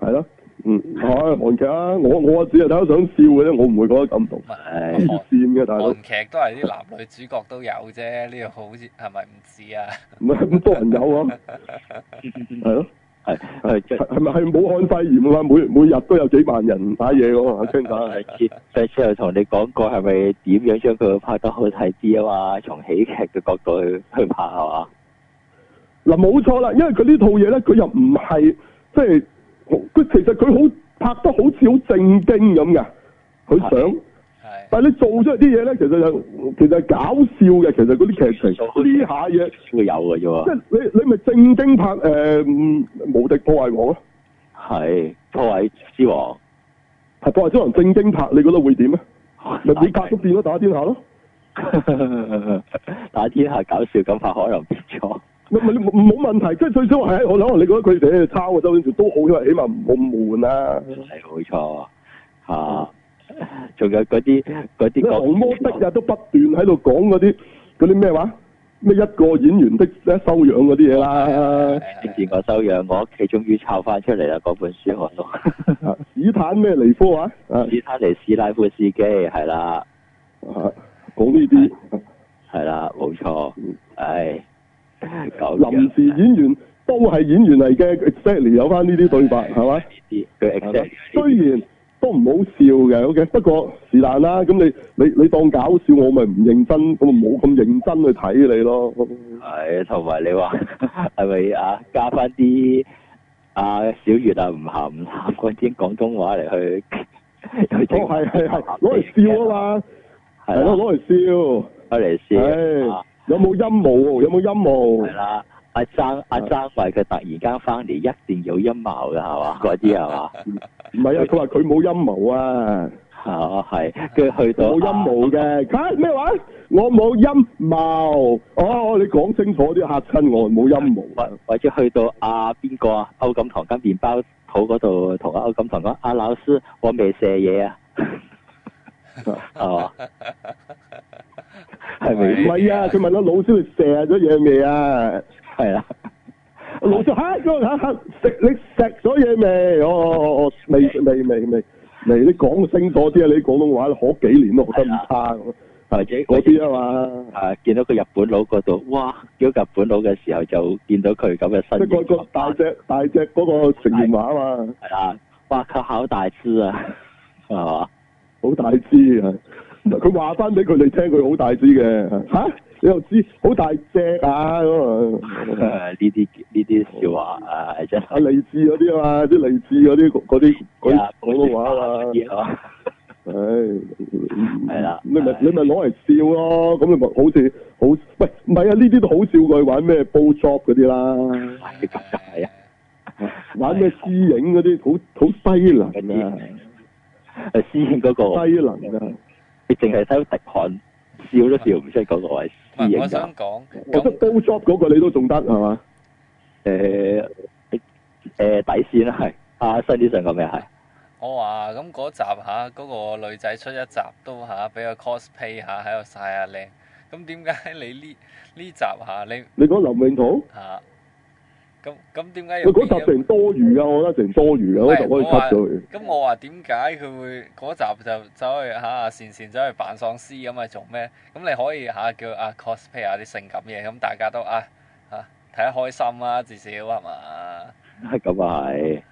係咯，嗯，哎、韓劇啊，我我只係睇到想笑嘅啫，我唔會覺得感動，好是還賤嘅。但係韓劇都係啲男女主角都有啫，呢個 [laughs] 好似係咪唔知啊？唔係咁多人有啊，係咯 [laughs] 係係咪係武漢肺炎啊？每每日都有幾萬人打嘢噶、啊， [laughs] 聽講係先。上次又同你講過，係咪點樣將佢拍得好睇啲啊？嘛，從喜劇嘅角度去去拍係嘛？嗱，冇錯啦，因為佢呢套嘢咧，佢又唔係即係，佢其實佢好拍得好似好正經咁噶，佢想。但係你做出嚟啲嘢咧，其實就其實搞笑嘅。其實嗰啲劇情這東西，呢下嘢都會有嘅啫。即係你你咪正經拍誒、呃《無敵破壞我咯。係破壞之王。破壞之王正經拍，你覺得會點咧？咪是你拍都變咗打天下咯。 [laughs] 打天下搞笑咁拍可能變咗。唔 [laughs] 冇問題，即係最少係我諗，你覺得佢哋抄嘅周星馳都好，因為起碼唔好悶啊。係冇錯仲有嗰啲嗰啲，降魔的啊都不斷喺度講嗰啲啲咩話？咩、啊、一個演員的修養嗰啲嘢啦。自我修養，我屋企終於抄翻出嚟啦，嗰本書我都。是是是史坦咩尼科啊？史、啊、坦尼斯拉夫斯基係啦，講呢啲係啦，冇錯、啊，係。臨時演員的都係演員嚟嘅，Exactly 有翻呢啲對白係咪？呢啲佢 Exactly 雖然。都唔好笑嘅，OK，不過是但啦。咁你你你當搞笑，我咪唔認真，我咪冇咁認真去睇你咯。係，同埋你話係咪啊？加翻啲啊小月啊唔含吳含唔鹹唔淡啲廣東話嚟去，攞嚟、哦、笑啊嘛，係攞攞嚟笑，攞嚟笑，有冇陰毛？有冇陰毛？係啦。阿生阿生，話佢突然間翻嚟，一定要有陰謀嘅係嘛？嗰啲係嘛？唔係、 [laughs] 嗯、啊！佢話佢冇陰謀啊！哦、啊，係佢去到冇陰謀嘅。佢咩、啊、話？我冇陰謀。哦，你講清楚啲吓親我陰謀，冇陰謀。或者去到阿邊個啊？歐錦棠跟麵包舖嗰度，同阿歐錦棠講：阿老師，我未射嘢啊？係嘛？係咪？唔係啊！佢問阿老師：你射咗嘢未啊？係啦，老就食你食咗嘢未？哦哦哦，未未未未未，你講清楚啲啊！你廣東話好幾年都好得唔差，大姐，嗰啲啊嘛，係見到佢日本佬嗰度，哇！見到日本佬嘅時候就見到佢咁嘅身，即個大隻大隻嗰個成年話啊嘛，係啊，哇！佢好大隻啊，係嘛，好大隻啊！佢話翻俾佢哋聽，佢好大隻嘅吓。你又知好大隻啊，咁呢啲呢啲笑話啊，即係啊勵志嗰啲啊嘛，啲勵志嗰啲嗰啲佢嗰個話啊。係。係啦。你咪你咪攞嚟笑咯，咁咪好似好喂，唔係啊？呢啲都好笑，佢玩咩波抓嗰啲啦。係啊係啊。玩咩私影嗰啲，好好低能啊！係私影嗰個。低能㗎。你淨係睇到敵漢。笑都笑唔出，嗰個係私隱嘅。我想講，咁高 job 嗰個你都仲得係嘛？誒誒底線係啊，質地上咁又係。我話咁嗰集嚇，嗰個女仔出一集都嚇，俾個 cosplay 嚇喺度曬下靚。咁點解你呢呢集嚇你？你講劉永圖嚇？咁咁點解？嗰集成多餘啊！我覺得成多餘啊！嗰集、欸、可以 cut 咗佢。咁我話點解佢會嗰集就走去嚇、啊、善善走去扮喪屍咁啊？做咩？咁你可以嚇、啊、叫啊 cosplay 下啲性感嘢，咁大家都啊嚇睇、啊、得開心啦、啊，至少係嘛？係咁、 [laughs] 嗯嗯、啊！係、啊。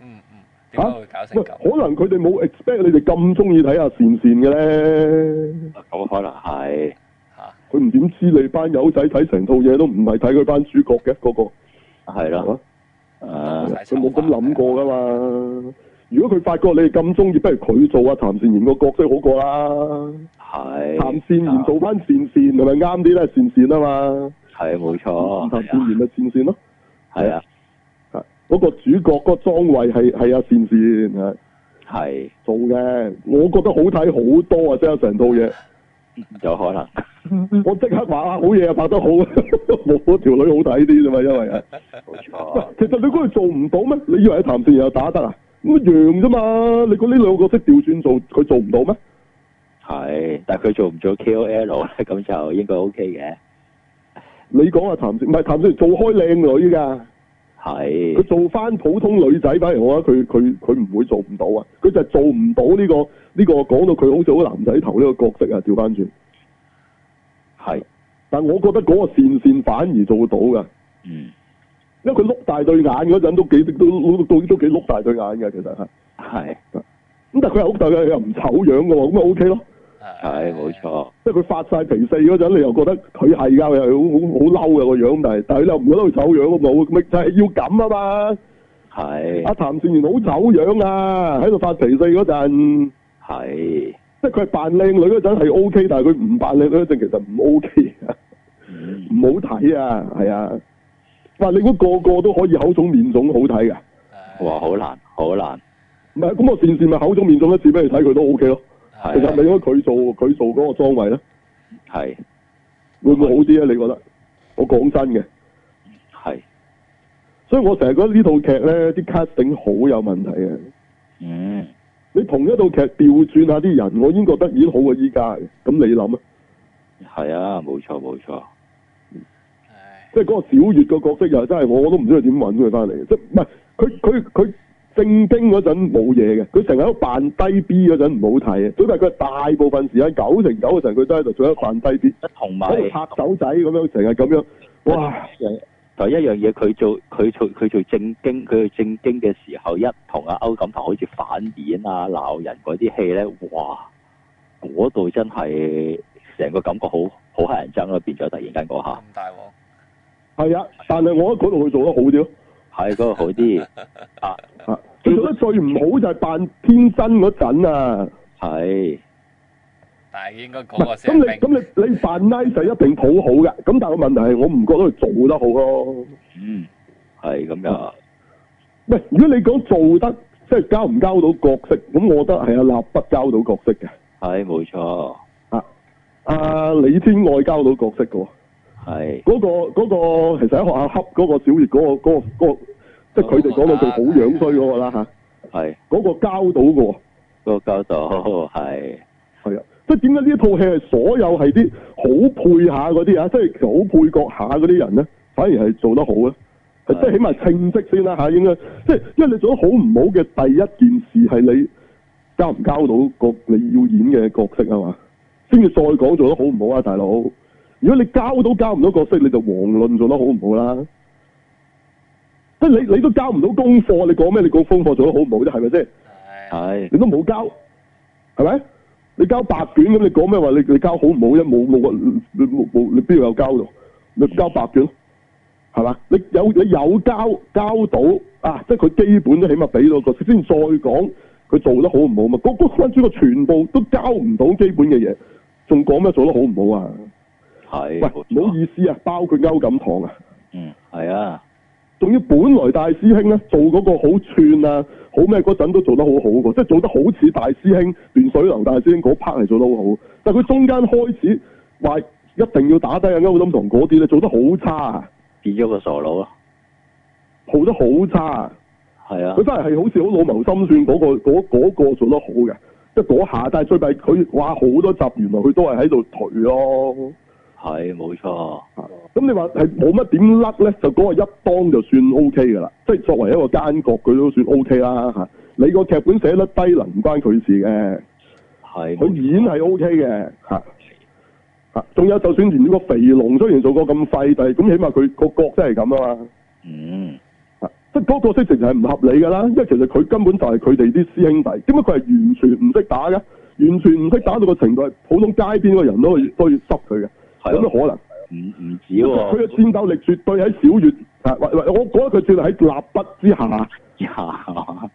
嗯嗯。點解會搞成咁？唔係，可能佢哋冇 expect 你哋咁中意睇下善善嘅咧。咁可能係嚇。佢唔點知你班友仔睇成套嘢都唔係睇佢班主角嘅嗰個。係啦，是吧啊！佢冇咁諗過噶嘛？是的如果佢發覺你哋咁中意，不如佢做啊譚善言個角色好過啦。係譚的善言做翻善善，係咪啱啲咧？善善啊嘛，係冇錯。譚善言咪善善咯，係啊的，嗰的個主角嗰個裝位係係阿善善啊，係做嘅，是的我覺得好睇好多啊！即係成套嘢。有可能， [laughs] 我即刻話好嘢啊，拍得好， [laughs] 我我條女好睇啲啫嘛，因為啊， [laughs] [laughs] 其實你估佢做唔到咩？你以為阿譚善儀又打得啊？咁一樣啫嘛，你估呢兩個角色調轉做，佢做唔到咩？係，但係佢做唔做 K O L 咧，咁就應該 O K 嘅。 [laughs] 你講話譚善，唔係譚善做開靚女噶。係，佢是做翻普通女仔，反而我覺得佢佢佢唔會做唔到啊！佢就係做唔到呢個呢個講到佢好似好男仔頭呢個角色啊！調翻轉，係是，但係我覺得嗰個線線反而做到噶，嗯，因為佢碌大對眼嗰陣都幾都都都幾碌大對眼㗎。其實係，係，咁但係佢又碌大嘅又唔醜樣㗎喎，咁咪 O K 咯。係，冇錯、哎。沒錯即係佢發晒脾氣嗰陣，你又覺得佢係噶，又好好好嬲嘅個樣，但係但係你又唔覺得佢醜樣，冇咪就係、是、要咁啊嘛。係是。阿譚、啊、善言好醜樣啊！喺度發脾氣嗰陣。係是。即係佢扮靚女嗰陣係 O K，但係佢唔扮靚女嗰陣其實唔 O K，唔好睇啊，係啊。嗱，你估個個都可以口腫面腫好睇噶？哎、哇，好難，好難。唔係，咁我善善咪口腫面腫一次俾你睇佢都 O、OK、K 咯。其實你應該佢、啊、做佢做嗰個裝位咧，係是會唔會好啲咧？你覺得？我講真嘅，係是。所以我成日覺得這劇，呢套劇咧，啲 casting 好有問題嘅。嗯。你同一套劇調轉下啲人，我已經覺得已經現在好過依家。咁你諗啊？係啊，冇錯冇錯。即係嗰個小月個角色又真係，我都唔知佢點搵佢翻嚟。即係唔係？佢佢佢。他他正經嗰陣冇嘢嘅，佢成日都扮低 B 嗰陣唔好睇啊！總之佢大部分時間九成九嘅時候，佢都喺度做一扮低 B，同埋有拍手仔咁樣成日咁樣。哇！啊、就係、一樣嘢，佢做佢做佢做，做正經，佢正經嘅時候，一同阿歐錦棠好似反面啊鬧人嗰啲戲咧，哇！嗰度真係成個感覺好好乞人憎咯，變咗突然間嗰下。咁大喎？係啊，但係我覺得嗰度佢做得好啲咯。係嗰、 [laughs] 啊嗰個好啲啊！啊佢做得最唔好就係扮天真嗰陣啊！係，但係應該講咁你咁你你扮 Nice 一定好好嘅。咁但係問題係我唔覺得佢做得好咯。嗯，係咁樣、啊。喂、啊，如果你講做得即係交唔交到角色，咁我覺得係阿立不交到角色嘅。係冇錯。啊，阿李天愛交到角色嘅喎。係是。嗰、嗰個嗰、嗰個、其實喺學校恰嗰、嗰個小月嗰個嗰嗰個。嗰個嗰個即係佢哋嗰個做好樣衰嗰個啦嚇，係嗰、啊、個交到嘅喎，嗰個交到係係啊！即係點解呢一套戲係所有係啲好配下嗰啲啊，即係好配角下嗰啲人咧，反而係做得好咧？即係的起碼稱職先啦嚇，應該即係因為你做得好唔好嘅第一件事係你交唔交到個你要演嘅角色係嘛？先至再講做得好唔好啊，大佬！如果你交到交唔到角色，你就遑論做得好唔好啦。即係你，你都交唔到功課，你講咩？你講功課做得好唔好啫？係咪先？係的。你都冇交，係咪？你交白卷咁，你講咩話？你你交好唔好啫？冇冇個冇冇，你邊度有交到？你交白卷，係嘛？你有你有交交到啊！即係佢基本都起碼俾到個先，再講佢做得好唔好嘛？嗰嗰班豬哥全部都交唔到基本嘅嘢，仲講咩做得好唔好啊？係的。喂，唔錯好意思啊，包括歐錦棠啊。嗯，係啊。仲要本來大師兄咧，做嗰個好串啊，好咩嗰陣都做得好好嘅，即係做得好似大師兄斷水流大師兄嗰 part 係做得好好，但係佢中間開始話一定要打低阿歐金同嗰啲咧，做得好差啊，變咗個傻佬，得的好得好差啊，係啊，佢真係係好似好老謀深算嗰、嗰個嗰、嗰個、做得好嘅，即係嗰下，但係最弊佢話好多集原來佢都係喺度頹咯。係冇錯，咁、啊、你話係冇乜點甩呢？就嗰個一當就算 O K 噶啦。即係作為一個奸角，佢都算 O、OK、K 啦。吓、啊，你個劇本寫得低能，能唔關佢事嘅。係佢是演係 O K 嘅。吓、啊、仲、啊、有就算連個肥龍雖然做過咁廢，咁起碼佢個角色係咁啊。嗯，即係嗰個角色其實係唔合理噶啦，因為其實佢根本就係佢哋啲師兄弟，點解佢係完全唔識打嘅？完全唔識打到個程度，係普通街邊個人都可以、嗯、都可以塞佢嘅。係有咩可能？唔唔止喎、啊，佢嘅戰鬥力絕對喺小月啊！或或，我講佢絕對喺立筆之下之下。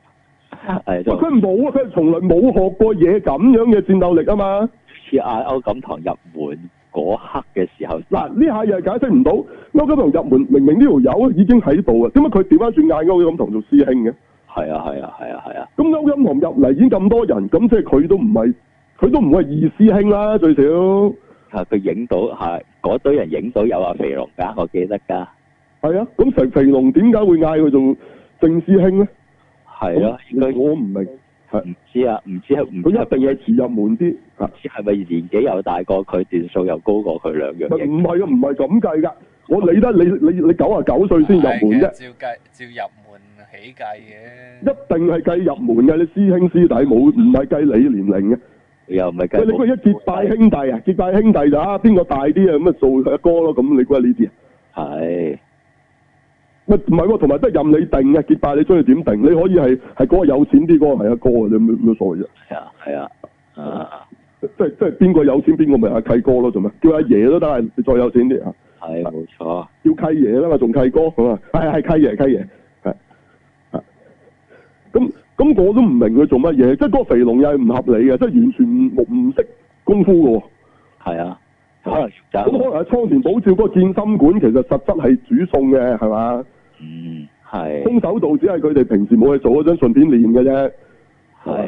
佢冇啊！佢係從來冇學過嘢咁樣嘅戰鬥力啊！嘛，似阿歐錦棠入門嗰刻嘅時候，嗱呢下又係解釋唔到。歐錦棠入門，明明呢條友已經喺度啊，點解佢點解轉嗌歐錦棠做師兄嘅？係啊係啊係啊係啊！咁歐錦棠入嚟已經咁多人，咁即係佢都唔係，佢都唔係二師兄啦，最少。係佢影到，係、啊、嗰堆人影到有阿、啊、肥龍噶，我記得噶。係啊，咁成肥龍點解會嗌佢做正師兄咧？係咯，我我唔明，係唔知啊，唔知係唔？佢一定係遲入門啲？係咪年紀又大過佢，段數又高過佢兩樣？唔係啊，唔係咁計噶，我理得你你你九啊九歲先入門啫，哎。照計照入門起計嘅，一定係計入門嘅，你師兄師弟冇唔係計你年齡嘅。又咪？喂，你一結拜兄弟啊？結拜兄弟咋？邊個大啲啊？咁咪做阿哥咯？咁你估下呢啲啊？係。咪唔係喎？同埋都係任你定啊。結拜你中意點定？你可以係係嗰個有錢啲，嗰個係阿哥，哥，你冇冇所謂啫？係啊，係啊，啊啊即係即係邊個有錢邊個咪阿契哥咯？做咩？叫阿爺都得啊！你再有錢啲啊？係，冇錯。叫契爺啦嘛，仲契哥咁啊？係契爺，契爺。啊，咁、啊。咁我都唔明佢做乜嘢，即係個肥龍又係唔合理嘅，即係完全唔唔識功夫嘅喎。係啊，啊就可能就咁可能喺倉田保照嗰個健身館，其實實質係煮餸嘅，係咪？嗯，係、啊。空手道只係佢哋平時冇去做嗰張順便練嘅啫。係、啊。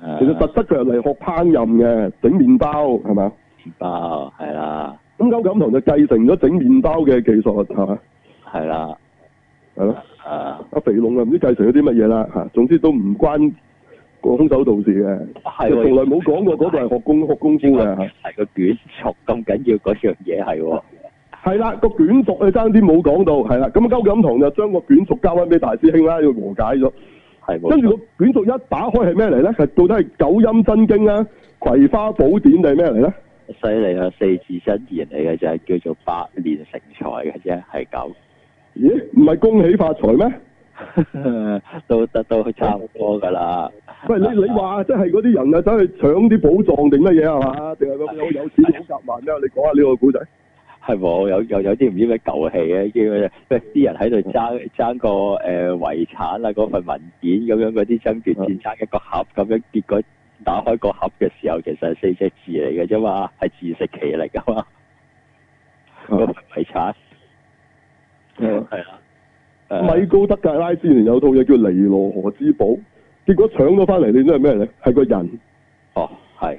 啊、其實實質佢係嚟學烹飪嘅，整麵包係咪？麵包係啦。咁九錦堂就繼承咗整麵包嘅技術係嘛？係啦。係咯，阿肥龍啊，唔知繼承咗啲乜嘢啦吓，總之都唔關空手道士嘅，就從的來冇講過嗰個係學功學功夫嘅，係個卷軸咁緊要嗰樣嘢。係，係啦個卷軸啊，差啲冇講到，係啦，咁啊鳩錦堂就將個卷軸交翻俾大師兄啦，要和解咗，係，跟住個卷軸一打開係咩嚟咧？係到底係九陰真經啊、葵花寶典定係咩嚟咧？犀利啊，四字真言嚟嘅就係叫做百年成才嘅啫，係咁。咦，唔係恭喜發財咩 [laughs] ？都都都差唔多噶啦。嗯、喂，你你話即係嗰啲人啊，走去搶啲寶藏定乜嘢啊？嘛，定係的有有錢幾十萬咧？你講下呢個古仔。係喎，有有有啲唔知咩舊戲嘅，叫咩、嗯？啲人喺度爭爭個誒、呃、遺產啊，嗰份文件咁樣嗰啲爭奪戰爭、嗯、一個盒咁樣，結果打開個盒嘅時候，其實係四隻字嚟嘅啫嘛，係自食其力噶、啊、嘛。遺產、嗯。係啊，是啊，米高德格拉斯之前有套嘢叫《尼羅河之寶》，結果搶咗翻嚟，你都係咩咧？係個人哦，係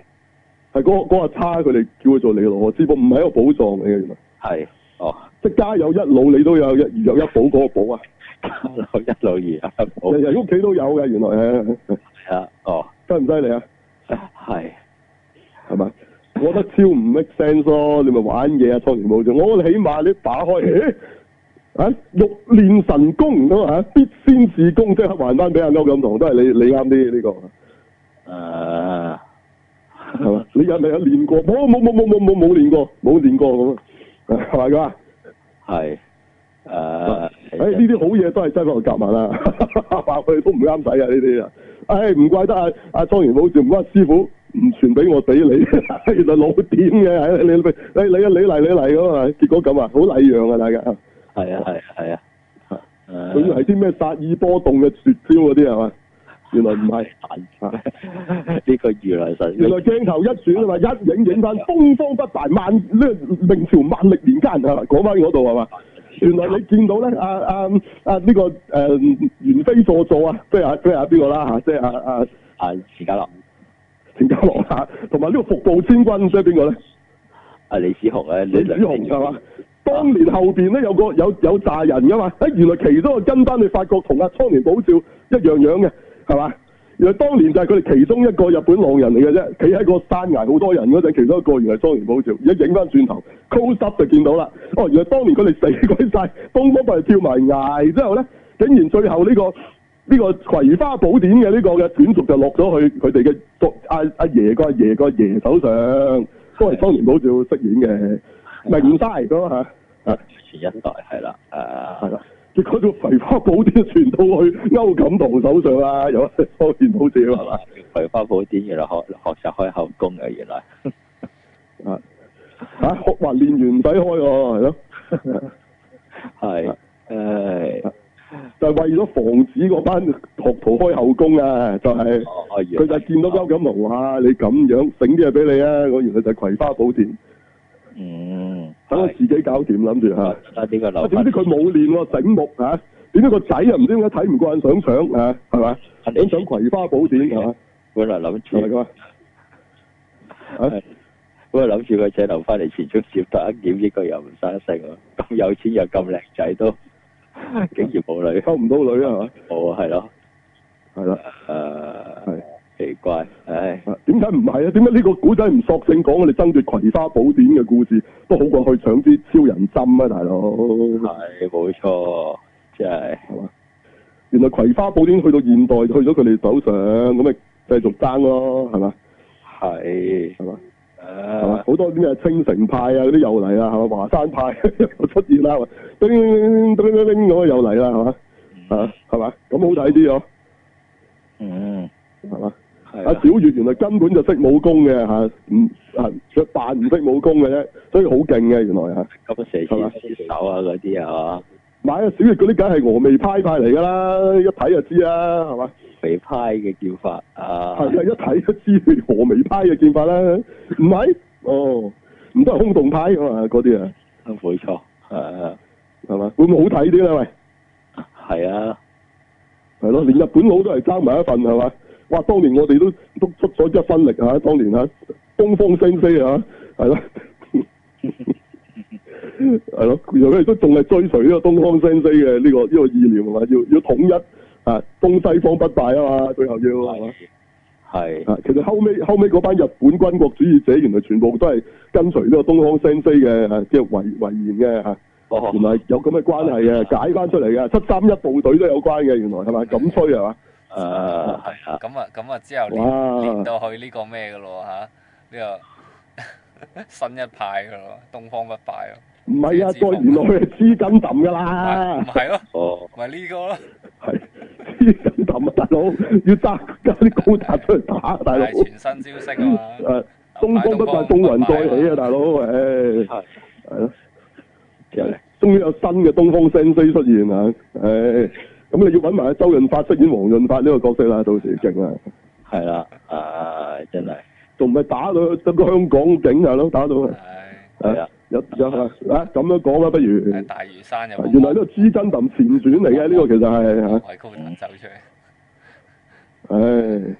係嗰嗰個差，佢哋叫佢做尼羅河之寶，唔係一個寶藏嚟嘅。原來係哦，即係家有一老，你都有一有一寶嗰個寶啊， [laughs] 寶家有一老二有屋企都有嘅原來係啊，哦，犀唔犀利啊？係係咪？我覺得超唔 make sense 咯、哦，你咪玩嘢啊！《蒼穹冇藏》，我起碼你打開，啊！欲練神功，唔、啊、必先自宮，即刻還翻俾阿歐錦堂，都係你你啱啲呢個。誒、uh.，係嘛？你係咪有練過？冇冇冇冇冇冇冇練過，冇練過咁啊？係嘛？係。誒暈爾，誒呢啲好嘢都係西方夾硬啊，話佢都唔啱使啊呢啲啊。誒、哎、唔、啊啊啊啊哎、怪得阿阿莊元武師，唔怪，怪師傅唔傳俾我俾你，原、啊、來老點嘅。你你啊你嚟你嚟咁啊，結果咁啊，好禮讓啊大家。係啊係啊係啊，仲係啲咩殺意波動嘅絕招嗰啲係嘛？原來唔係，呢 [laughs] 個原來係原來鏡頭一轉啊嘛， [laughs] 一影影翻東方不敗萬呢明朝萬曆年間啊，講翻嗰度係嘛？原來你見到咧啊啊啊呢個誒玄飛坐坐啊，即係即係邊個啦吓？即係啊助助啊啊錢、啊啊啊、嘉樂，錢嘉樂吓，同埋呢個服部千軍即係邊個咧？啊李子雄啊，李子雄係嘛？李當年後邊咧有個有有炸人噶嘛？哎，原來其中一個跟班你發覺同阿倉田保昭一樣樣嘅，係嘛？原來當年就係佢哋其中一個日本浪人嚟嘅啫，企喺個山崖好多人嗰陣，其中一個原係倉田保昭。而家影翻轉頭 close up 就見到啦。哦，原來當年佢哋死鬼晒，東哥佢哋跳埋崖之後咧，竟然最後呢、這個呢、這個葵花寶典嘅呢個嘅卷軸就落咗去佢哋嘅阿阿爺個爺個爺手上，都係倉田保昭飾演嘅，咪唔晒都吓。啊、前一代係啦，誒，係、啊、啦，結果到葵花寶典傳到去歐錦棠手上啦、啊，又方便到死，啊嘛！葵花寶典原來學學習開後宮啊，原來啊，啊學話練完唔使開喎、啊，係咯，係的，誒、啊，就係為咗防止嗰班學徒開後宮啊，就係、是啊，佢就係、是啊、見到歐錦棠啊，啊你咁樣，整啲嘢俾你啊，我原來就係葵花寶典。嗯，等我自己搞掂，諗住吓。啊，點解留低？啊，點知佢冇練喎，醒目啊，點解個仔又唔知點解睇唔慣，想搶吓，係嘛？寧願搶葵花寶典，係嘛？本來諗住。係嘛？啊，本來諗住個仔留翻嚟，始終接得一點，應該又唔生性咯。咁有錢又咁靚仔，都竟然冇女，溝唔到女係嘛？哦，係咯，係咯，誒，係。奇怪，唉，點解唔係啊？點解呢個古仔唔索性講我哋爭住《葵花寶典》嘅故事，都好過去搶啲超人針啊，大佬。係，冇錯，即係，係嘛？原來《葵花寶典》去到現代，去咗佢哋手上，咁咪繼續爭咯，啊，係嘛？係，係嘛？係嘛？好多啲咩青城派啊，嗰啲又嚟啦，係嘛？華山派 [laughs] 又出現啦，叮叮叮叮叮咁又嚟啦，係嘛？吓，係嘛？咁好睇啲嗬？嗯，係嘛？阿、啊啊、小月原來根本就識武功嘅吓，唔啊佢扮唔識武功嘅啫，所以好勁嘅原來吓。咁、啊、射手啊嗰啲係嘛？買阿、啊啊、小月嗰啲梗係峨眉派派嚟噶啦，一睇就知啦，係嘛？肥派嘅劍法啊？係啊，一睇就知峨眉派嘅劍法啦。唔係，哦，唔得係空洞派啊嘛，嗰啲啊。冇錯，係啊，係嘛？會唔會好睇啲啊？係咪？係啊，係咯，連日本佬都係爭埋一份，係嘛？哇！當年我哋都都出咗一分力嚇、啊，當年嚇、啊、東方西西嚇，係、啊、咯，係咯，原來佢哋都仲係追隨呢個東方西西嘅呢個呢、呢個意念係嘛？要要統一啊，東西方不敗啊嘛，最後要係啊，其實後尾後尾嗰班日本軍國主義者原來全部都係跟隨呢個東方西西嘅，即係遺遺言嘅嚇，哦、原來有咁嘅關係嘅，的解翻出嚟嘅七三一部隊都有關嘅，原來係咪？咁衰係嘛？的誒，係啊，咁啊，咁啊，之後練到去呢個咩嘅咯吓，呢個新一派嘅咯，東方不敗啊，唔係啊，再原來係資金抌噶啦，係咯，哦，咪呢個咯，係資金抌啊，大佬要加啲高塔出嚟打，大佬，係全新消息啦，誒，東方不敗風雲再起啊，大佬，誒，係，係咯，終於有新嘅東方聲 e 出現啊，誒。咁你要揾埋周潤發飾演黃潤發呢個角色啦，到時勁啊係啦，誒，真係，仲唔係打到得個香港警係咯，打到，係啊，有有啊，咁樣講啦，不如，大嶼山又，原來呢個《金尊前傳》嚟嘅呢個其實係吓，位高人走嘅，唉，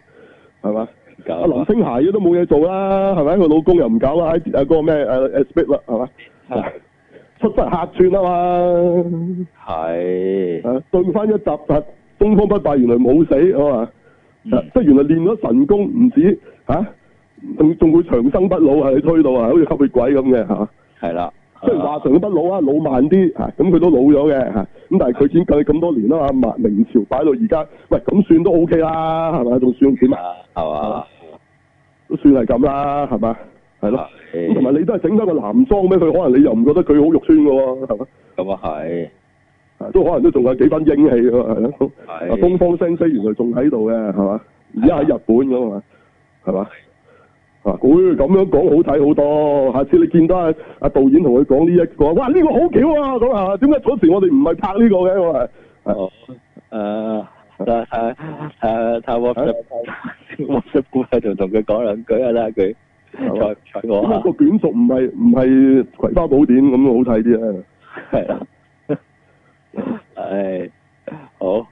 係嘛，阿林青霞都冇嘢做啦，係咪？佢老公又唔搞啦，阿個咩誒 s p i t l y 係嘛？出晒客串啊嘛，係是啊，對翻一集，集，東方不敗原來冇死啊嘛，即、嗯、原來練咗神功唔止仲仲、啊、會長生不老係你推到啊，好似吸血鬼咁嘅嚇。係、啊、啦，雖然話長生不老啊，老慢啲咁佢都老咗嘅咁但係佢先計咁多年啊嘛，明朝擺到而家，喂咁算都 O K 啦，係咪？仲算幾慢，係嘛，都算係咁啦，係嘛。係啦，咁同埋你都係整返個男裝俾佢，可能你又唔覺得佢好肉酸噶喎，係嘛？咁啊係，都 [music] 可能都仲有幾分英氣啊，係咯。係。東 [music] 的方聲聲原來仲喺度嘅，係嘛的？而家喺日本噶嘛，係嘛？吓的，咁、哎、樣講好睇好多。下次你見到阿阿、啊、導演同佢講呢一個，哇，呢、這個好巧啊！咁、哦、啊，點解嗰時我哋唔係拍呢個嘅？我 [noise] 係樂。哦。誒。啊啊啊！泰沃泰沃的同佢講兩句啊，兩句、啊。彩彩我，個卷軸唔係唔係葵花寶典咁好睇啲啊？係啦，係好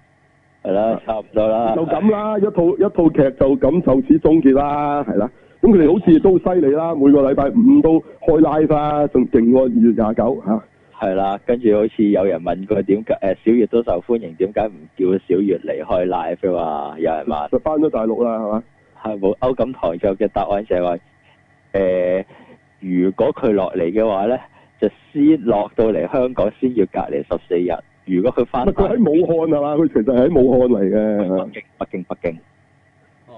係啦，差唔多啦。就咁啦，一套一套劇就咁就此終結啦，係啦、啊。咁佢哋好似都好犀利啦，每個禮拜五都開 live 啊，仲勁喎二月廿九吓。係啦、啊，跟住好似有人問佢點解誒，小月都受歡迎，點解唔叫小月嚟開 live 啊？有人話。就翻咗大陸啦，係嘛？係冇歐錦棠就嘅答案，謝位。誒、呃，如果佢落嚟嘅話咧，就先落到嚟香港先要隔離十四日。如果佢翻，佢喺武漢啊嘛，佢其實係喺武漢嚟嘅。北京，的北京，北京，北京。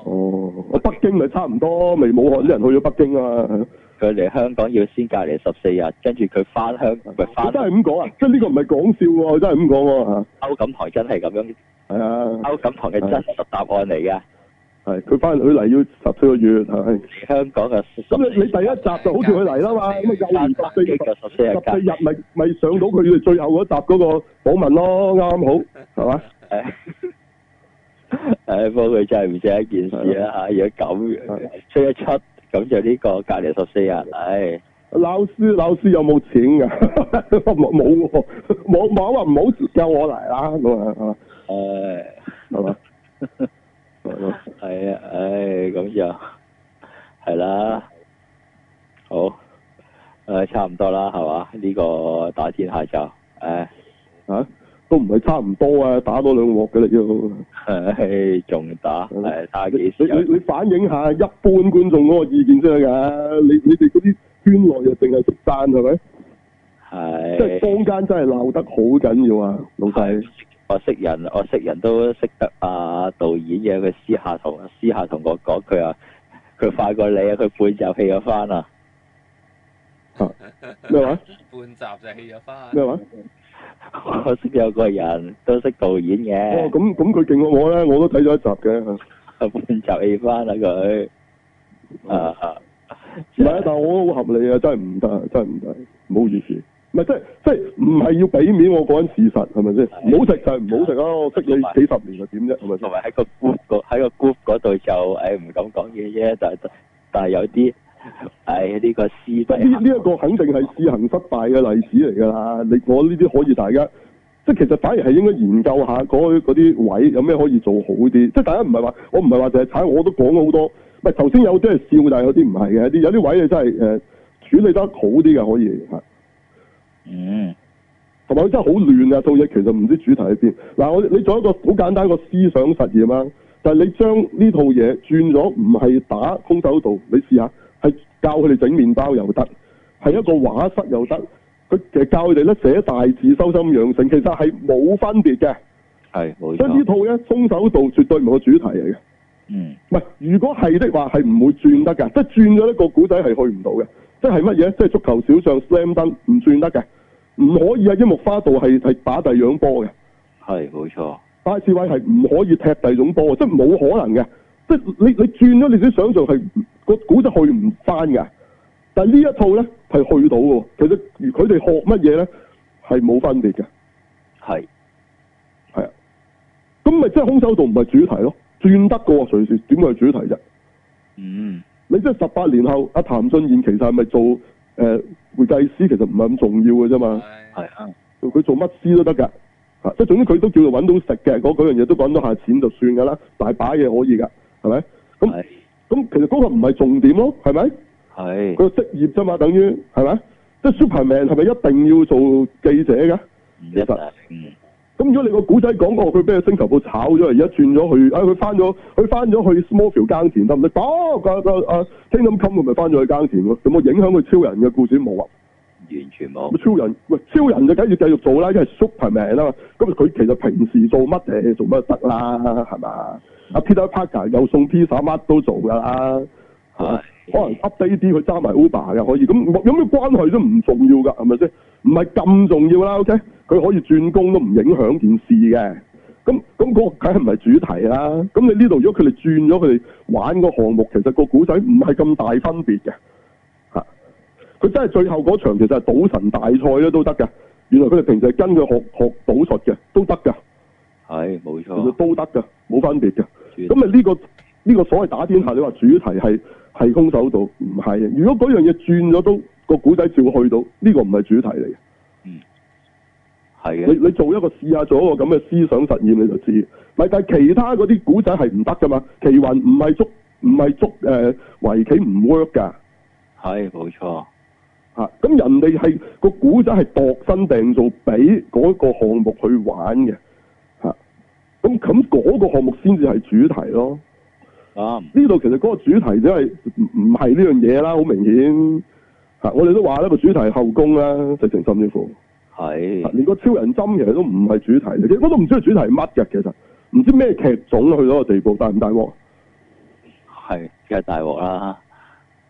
哦，北京咪差唔多，咪的武漢啲人去咗北京啊。佢嚟香港要先隔離十四日，跟住佢翻香港咪翻。真係咁講啊？即係呢個唔係講笑啊！我真係咁講。歐錦棠真係咁樣。係啊的，歐錦棠係真實答案嚟嘅。係佢翻佢嚟要十四個月，香港嘅。咁你你第一集就好似佢嚟啦嘛，咁啊廿你十四日咪咪上到佢最後嗰集嗰個訪問咯，啱好係嘛？誒，誒，幫佢真係唔捨一件事啊！如果咁出一七咁就呢個隔離十四日，唉。老師老師有冇錢噶？冇冇，冇冇話唔好叫我嚟啦咁啊！誒，係嘛？係啊，唉、 [laughs] 哎，咁、哎、就係啦，好誒、呃，差唔多啦，係嘛？呢、這個打天下就誒，吓、哎啊、都唔係差唔多啊，打多兩鑊嘅啦，仲、哎、打誒，但係、嗯哎、你你，你反映一下一般觀眾嗰個意見先啦，噶，你你哋嗰啲圈內又淨係獨讚係咪？係，哎、即係坊間真係鬧得好緊要啊，老細。我識人，我識人都識得啊！導演嘅佢私下同私下同我講，佢啊，佢快過你啊！佢半集戲咗番啊！咩話？半集就戲咗番。咩話？我識有個人都識導演嘅。咁咁佢勁過我咧，我都睇咗一集嘅。半集戲翻啊！佢啊啊！唔係但我都好合理啊，真係唔得，真係唔得，唔好意思。唔係，即係即係唔係要俾面、啊啊。我講緊事實係咪先？唔好食就係唔好食啦。我識你幾十年是怎樣，又點啫？係咪吧？同埋喺個 group，喺個 group 嗰度就誒唔、哎、敢講嘢啫。但係但係有啲誒呢個事。呢呢一個肯定係試行失敗嘅例子嚟㗎啦。你我呢啲可以大家即係其實反而係應該研究一下嗰啲位有咩可以做好啲。即係大家唔係話我唔係話淨係踩，我都講好多。唔係頭先有啲係笑，但係有啲唔係嘅，有啲有啲位啊真係誒、呃、處理得好啲嘅可以嚇。嗯，同埋佢真係好亂啊！套嘢其實唔知主題喺邊。嗱、啊，我你做一個好簡單一個思想實驗啦，就係、是、你將呢套嘢轉咗，唔係打空手道，你試下，係教佢哋整麵包又得，係一個畫室又得。佢其實教佢哋咧寫大字、修身養性，其實係冇分別嘅。係冇、嗯。所以呢套咧空手道絕對唔係個主題嚟嘅。嗯，唔係如果係的話係唔會轉得嘅，即、就、係、是、轉咗呢個古仔係去唔到嘅。即係乜嘢？即、就、係、是、足球小將、slam dunk 唔轉得嘅。唔可以啊！櫻木花道係係打第二種波嘅，係冇錯。戴志偉係唔可以踢第二種波嘅，即係冇可能嘅，即係你你轉咗，你啲想像係、個估得去唔翻嘅。但係呢一套咧係去到嘅，其實佢哋學乜嘢咧係冇分別嘅，係係啊。咁咪即係空手道唔係主題咯，轉得過隨時點係主題啫？嗯，你即係十八年後，阿譚俊彥其實係咪做誒？呃會計師其實唔係咁重要嘅啫嘛，係啊，佢做乜師都得噶，吓即係總之佢都叫做搵到食嘅，嗰嗰樣嘢都搵到下錢就算噶啦，大把嘢可以噶，係咪？咁咁其實嗰個唔係重點咯，係咪？係，個職業啫嘛，等於係咪？即係 Superman 係咪一定要做記者噶？唔一定。咁如果你個古仔講過，佢俾個星球報炒咗，而家轉咗去，哎佢翻咗佢翻咗去 Smallville 耕田得唔得？得個個啊聽咁冚佢咪翻咗去耕田咯？有冇影響佢超人嘅故事冇啊？完全冇。超人喂，超人就梗要繼續做啦，因為 Superman 啦、啊。咁、嗯、佢其實平時做乜嘢做乜都得啦，係咪？啊 [music] Peter Parker 又送披薩，乜都做㗎啦。係。 [music] 可能 update 啲，佢揸埋 Uber 嘅可以，咁有咩關係都唔重要噶，係咪先？唔係咁重要啦，OK？佢可以轉工都唔影響件事嘅。咁咁個梗係唔係主題啦？咁你呢度如果佢哋轉咗，佢哋玩個項目，其實個故仔唔係咁大分別嘅。吓佢真係最後嗰場，其實係賭神大賽咧都得㗎。原來佢哋平時係跟佢學學賭術嘅，都得㗎。係，冇錯。佢都得㗎，冇分別嘅。咁咪呢個呢、呢個所謂打天下？你話主題係？係空手道，唔係嘅。如果嗰樣嘢轉咗，都個古仔照去到，呢個唔係主題嚟。嗯，係嘅。你你做一個試下，做一個咁嘅思想實驗，你就知。係，但係其他嗰啲古仔係唔得噶嘛？奇雲唔係捉，唔係捉誒，圍棋唔 work 噶。係冇錯。吓，咁人哋係個古仔係度身訂造，俾嗰個項目去玩嘅。吓，咁咁嗰個項目先至係主題咯。咁呢度其實個主題真係唔唔係呢樣嘢啦，好明顯吓，我哋都話呢個主題後宮啦，直情甚至乎，係是連個超人針其實都唔係主題嚟，我都唔知個主題係乜嘅，其實唔知咩劇種去到個地步大唔大鑊？係梗係大鑊啦，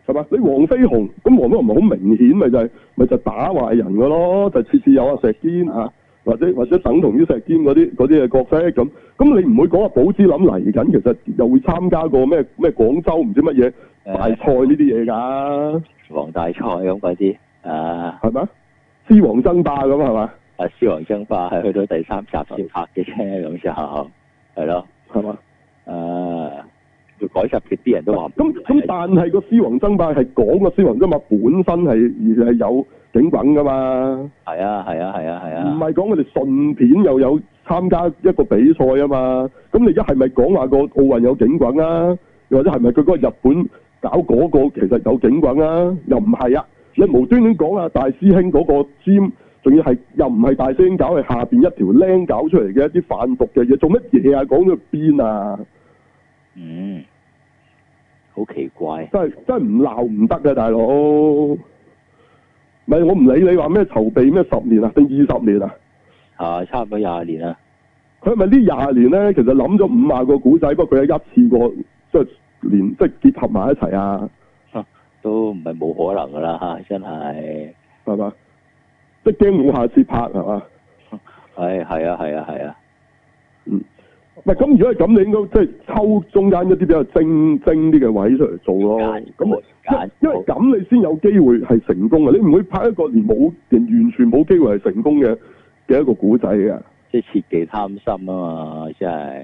係嘛？你黃飛鴻咁黃飛鴻唔係好明顯咪就係咪就打壞人噶咯？就次次有石堅、嗯、阿石堅吓。或者，或者等同於石堅嗰啲嗰啲嘅角色咁，咁你唔會講話寶芝林嚟緊，其實又會參加過咩咩廣州唔知乜嘢大賽呢啲嘢㗎？王大賽咁嗰啲啊，係咪？獅、呃、王爭霸咁係咪？啊，獅王爭霸係去到第三集先拍嘅啫，咁就係囉，係咪？吧啊，改集嘅啲人都話、呃，咁是但係個獅王爭霸係講個獅王爭霸本身係而係有。警棍㗎嘛？係啊，係啊，係啊，係啊！唔係講佢哋順便又有參加一個比賽啊嘛？咁你而家係咪講話個奧運有警棍啊？又或者係咪佢嗰個日本搞嗰個其實有警棍啊？又唔係啊？你無端端講啊大師兄嗰個尖，仲要係又唔係大師兄搞，係下邊一條僆搞出嚟嘅一啲販毒嘅嘢，做乜嘢啊？講到邊啊？嗯，好奇怪。真係真係唔鬧唔得㗎大佬。唔係我唔理你話咩籌備咩十年啊定二十年啊，啊差唔多廿年啊！佢係咪呢廿年咧，其實諗咗五萬個古仔，不過佢係一次過即係、即係、連即係、即係、結合埋一齊啊，啊？都唔係冇可能噶啦、啊，真係係嘛？即係驚冇下次拍係嘛？係係啊係啊係啊！哎、啊啊啊嗯。咁，如果係咁，你應該即係抽中間一啲比較精精啲嘅位出嚟做咯。咁逛，因因為咁你先有機會係成功嘅。你唔會拍一個連冇人完全冇機會係成功嘅嘅一個古仔嘅。即係切忌貪心啊嘛！真係。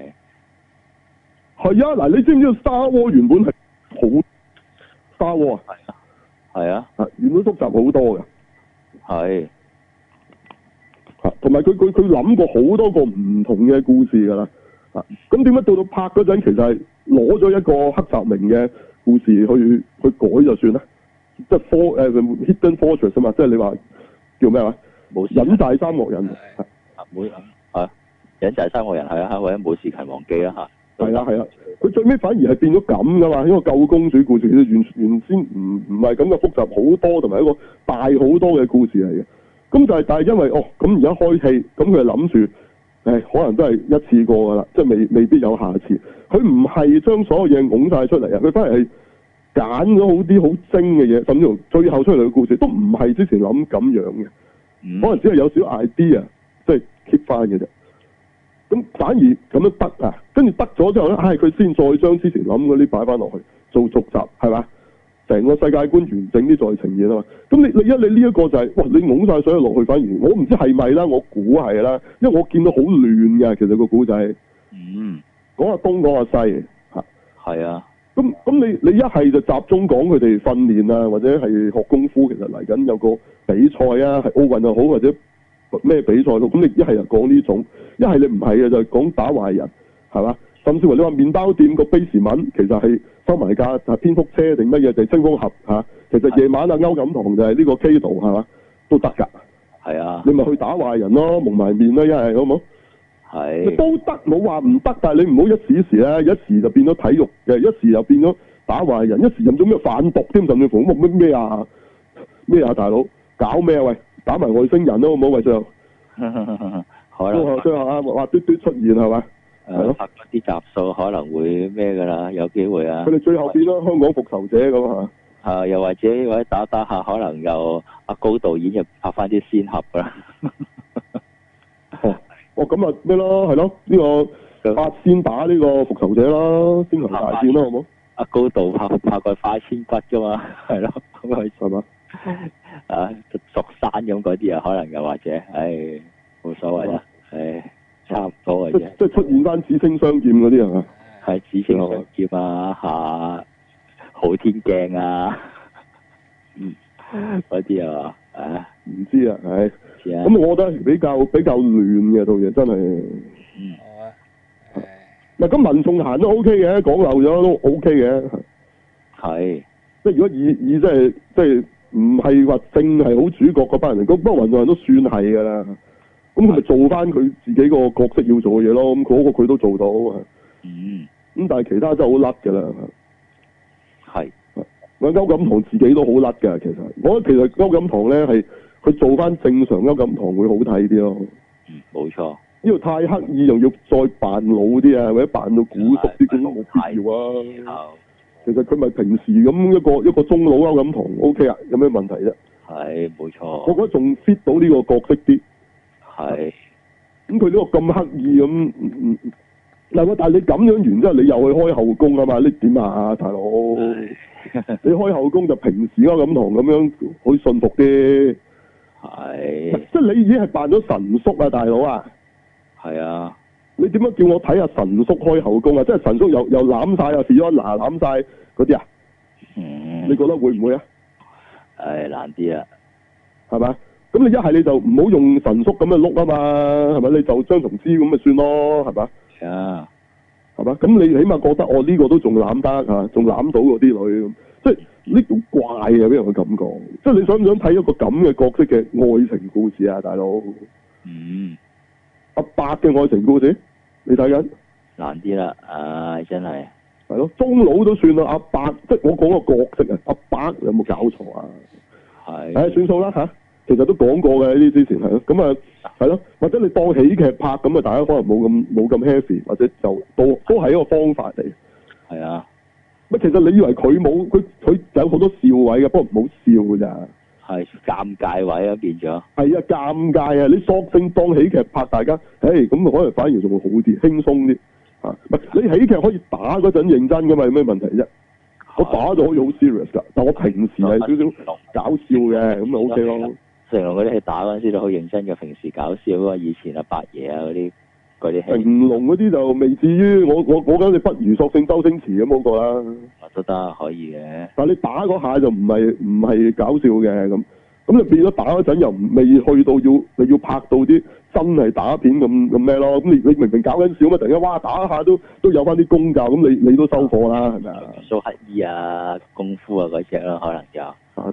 係啊，嗱，你知唔知道沙窩原本係好沙窩啊？係啊，係啊，原本複雜好多嘅。係是。同埋佢佢佢諗過好多個唔同嘅故事噶啦。咁點解到到拍嗰陣，其實係攞咗一個黑澤明嘅故事去去改就算啦，即係科、uh, Hidden Fortress 啊嘛，即係你話叫咩話？冇隱砦三惡人的的啊！冇啊！係隱砦三惡人係啊！冇事，係忘記啊！係啦，係啦，佢最尾反而係變咗咁噶嘛，因為舊公主故事其實原原先唔唔係咁嘅複雜好多，同埋一個大好多嘅故事嚟嘅。咁就係、是、但係因為哦咁而家開戲，咁佢係諗住。誒，可能都係一次過㗎啦，即係未未必有下次。佢唔係將所有嘢拱晒出嚟啊，佢反而係揀咗好啲好精嘅嘢，甚至乎最後出嚟嘅故事都唔係之前諗咁樣嘅，嗯、可能只係有少 idea，即係 keep 翻嘅啫。咁反而咁樣得啊，跟住得咗之後咧，唉，佢先再將之前諗嗰啲擺翻落去做續集，係咪？成個世界觀完整啲再呈現啊嘛，咁你你一你呢一個就係、是、哇你攬晒所水落去返完，我唔知係咪啦，我估係啦，因為我見到好亂㗎，其實個故仔，嗯，講下東講下西，嚇，係啊，咁咁你你一係就集中講佢哋訓練啊，或者係學功夫，其實嚟緊有個比賽啊，係奧運又好或者咩比賽咯，咁你一係就講呢種，一係你唔係啊就講打壞人，係嘛？甚至乎你話麵包店個卑視文其實係。收埋架係蝙蝠車定乜嘢就係、清風俠嚇、啊，其實夜晚啊的歐錦棠就係呢個 K 島嚇嘛，都得㗎。啊的，你咪去打壞人咯，蒙埋面咯一係好冇？的都得，冇話唔得，但係你唔好一時一時一時就變咗體育嘅，一時又變咗打壞人，一時又做咗咩販毒添？甚至乎，乜乜咩啊咩啊大佬、啊啊，搞咩啊喂？打埋外星人咯好冇喂上。係啦。最後 [laughs] 的最後啊，哇！嘟嘟出現係咪？係咯，啊啊、拍嗰啲集數可能會咩噶啦，有機會啊。佢哋最後邊啦，啊、香港復仇者咁啊。啊，又或者或者打打下，可能又阿高導演又拍翻啲仙俠噶啦。哦，咁啊咩咯，係咯，呢個拍仙打呢個復仇者咯，先大戰好好啊、仙大片咯好冇？阿高導拍拍個花千骨噶嘛，係咯，咁開心啊！啊，雪山咁嗰啲啊，可能又或者，唉、哎，冇所謂啦，唉、啊。哎差唔多嘅啫，即係出現翻紫星雙劍嗰啲係嘛？係紫星雙劍啊， [laughs] 啊，好天鏡啊，嗯，嗰啲啊，唔知啊，係，咁我覺得比較比較亂嘅套嘢真係，嗯，嗱，咁雲重行都 OK 嘅，講漏咗都 OK 嘅，係是，即係如果以以即係即係唔係話正係好主角嗰班人嚟講，不過雲重行都算係噶啦。咁佢咪做翻佢自己個角色要做嘅嘢咯？咁、那、嗰個佢都做到啊。咁、嗯、但係其他真係好甩㗎啦。係是。阿歐錦棠自己都好甩㗎。其實我覺得其實歐錦棠咧係佢做翻正常歐錦棠會好睇啲咯。冇錯、嗯。因為太刻意又要再扮老啲啊，或者扮到古熟啲，咁冇的必要啊。的其實佢咪平時咁一個一個中老歐錦棠，O K 啊？有咩問題啫？係，冇錯。我覺得仲 fit 到呢個角色啲。係，咁佢呢個咁刻意咁，嗱、嗯嗯，但係你咁樣完之後，你又去開後宮啊嘛？你點啊，大佬？是 [laughs] 你開後宮就平時嗰咁同咁樣，好信服啲。係是。即係你已經係扮咗神叔啊，大佬啊。係啊。你點樣叫我睇下神叔開後宮啊？即係神叔又又攬晒啊，變咗拿攬晒嗰啲啊？嗯。你覺得會唔會、哎、啊？誒，難啲啊，係咪？咁你一係你就唔好用神叔咁樣碌啊嘛，係咪？你就張同之咁咪算咯，係咪？係啊 Yeah.，係嘛？咁你起碼覺得我呢、哦這個都仲攬得仲攬到嗰啲女，即係呢種怪嘅俾人嘅感覺。即係你想唔想睇一個咁嘅角色嘅愛情故事啊，大佬？嗯、mm，hmm. 阿伯嘅愛情故事，你睇緊？難啲啦，啊，真係。係咯，中老都算啦，阿伯，即係我講個角色啊，阿伯有冇搞錯啊？係的。誒，算數啦吓。其實都講過嘅呢啲之前係咯，咁啊係咯，或者你當喜劇拍咁啊，大家可能冇咁冇咁 heavy，或者就都都係一個方法嚟。係啊的，乜其實你以為佢冇佢佢有好多笑位嘅，不過唔好笑㗎咋。係尷尬位啊變咗。係啊，尷尬啊！你索性當喜劇拍，大家誒咁可能反而仲會好啲輕鬆啲啊！你喜劇可以打嗰陣認真㗎嘛，有咩問題啫？我打就可以好 serious 㗎，但我平時係少少搞笑嘅，咁咪 OK 咯。成龍嗰啲去打嗰陣時都好認真嘅，平時搞笑啊，以前啊八爺啊嗰啲啲。嗰啲成龍嗰啲就未至於我我我，覺得，你不如索性周星馳咁好過啦。啊，都得可以嘅。但係你打嗰下就唔係唔係搞笑嘅咁咁你變咗打嗰陣又未去到要你要拍到啲真係打片咁咁咩咯？咁你你明明搞緊笑啊嘛，突然間哇打一下都都有翻啲功架，咁你你都收貨啦，係咪啊？啊，蘇乞兒啊，功夫啊嗰隻咯，可能就。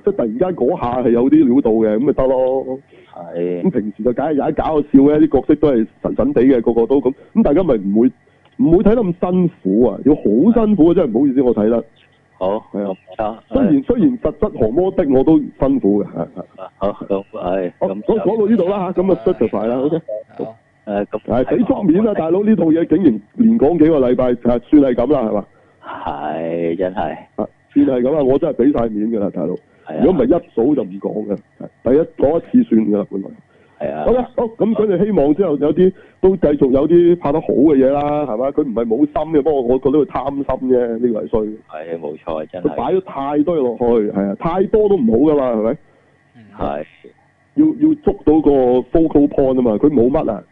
即係突然間嗰下係有啲料到嘅，咁咪得咯。係。咁平時就梗係曳搞笑嘅，啲角色都係神神地嘅，個個都咁。咁大家咪唔會唔會睇得咁辛苦啊？要好辛苦啊！真係唔好意思，我睇得。好，係啊。錯。雖然雖然實質航模的降魔的我都辛苦嘅，嚇好，咁係。講到呢度啦嚇，咁啊出就快啦，好咁。係俾足面啊，大佬！呢套嘢竟然連講幾個禮拜，係算係咁啦，係嘛？係真係。啊！算係咁啊，我真係俾晒面㗎啦，大佬。如果唔係一早就唔講嘅，第一講一次算㗎啦，本來。係啊。好啦、哦，咁、哦，佢哋希望之後有啲都繼續有啲拍得好嘅嘢啦，係咪？佢唔係冇心嘅，不過我覺得佢貪心啫，呢、呢個係衰。係啊，冇錯，真係。佢擺咗太多嘢落去，係啊，太多都唔好㗎嘛，係咪？嗯是，係。要要捉到個 focal point 啊嘛，佢冇乜啊。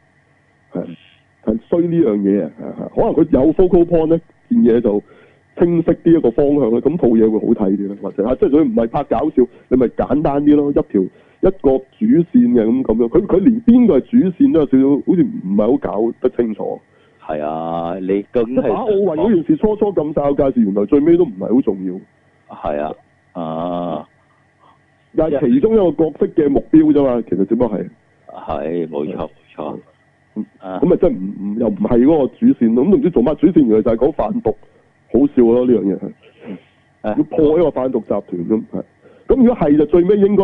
係。衰呢樣嘢啊，可能佢有 focal point 呢件嘢就。清晰啲一,一個方向咧，咁套嘢會好睇啲咧，或者即係總之唔係拍搞笑，你咪簡單啲咯，一條一個主線嘅咁咁樣。佢佢連邊個係主線都有少少，好似唔係好搞得清楚。係啊，你梗係即係。奧運嗰件事、哦、初初咁曬，介紹原來最尾都唔係好重要。係啊，啊，但係其中一個角色嘅目標啫嘛，其實只不過係。係冇錯冇錯。咁咁咪真係唔唔又唔係嗰個主線咁都唔知做乜主線，原來就係講販毒。好笑咯，呢樣嘢，要破一個販毒集團咁，係咁、啊、如果係就最尾應該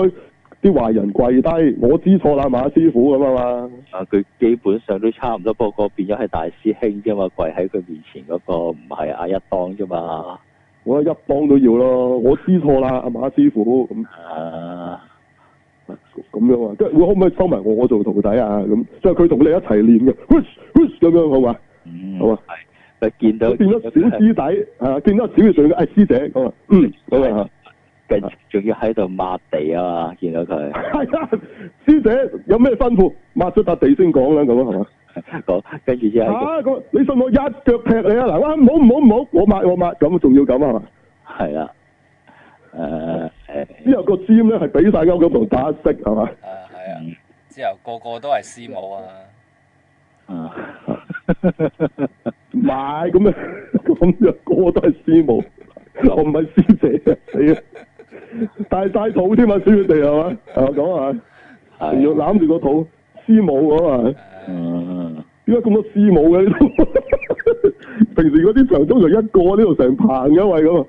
啲壞人跪低，我知錯啦馬師傅咁啊嘛。啊，佢基本上都差唔多，不過變咗係大師兄啫嘛，跪喺佢面前嗰，那個唔係阿一幫啫嘛。我一幫都要咯，我知錯啦阿馬師傅咁。咁樣啊，即係會可唔可以收埋我，我做徒弟啊？咁即係佢同你一齊練嘅，咁、嗯、樣好嘛？好啊。佢見到見到小師弟，啊，見到小嘅對腳，哎師姐咁啊，嗯，咁啊在，跟住仲要喺度抹地啊嘛，見到佢係啊， [laughs] 師姐有咩吩咐？抹咗笪地先講啦，咁啊，係嘛？講跟住之後，啊，你信我一腳劈你啊！嗱，哇，唔好唔好唔好，我抹我抹咁啊，仲要咁啊嘛？係啊，誒，之後個尖咧係俾晒優級同打色係嘛？係啊，之後個個都係師母啊，嗯、啊。買咁樣，咁樣個個都係師母，我唔係師姐啊，死啊！大晒肚添啊，雪地係嘛？我講係，要攬住個肚，師母咁啊！嗯，點解咁多師母嘅呢度？平時嗰啲場中就一,一個，呢度成棚嘅位咁啊。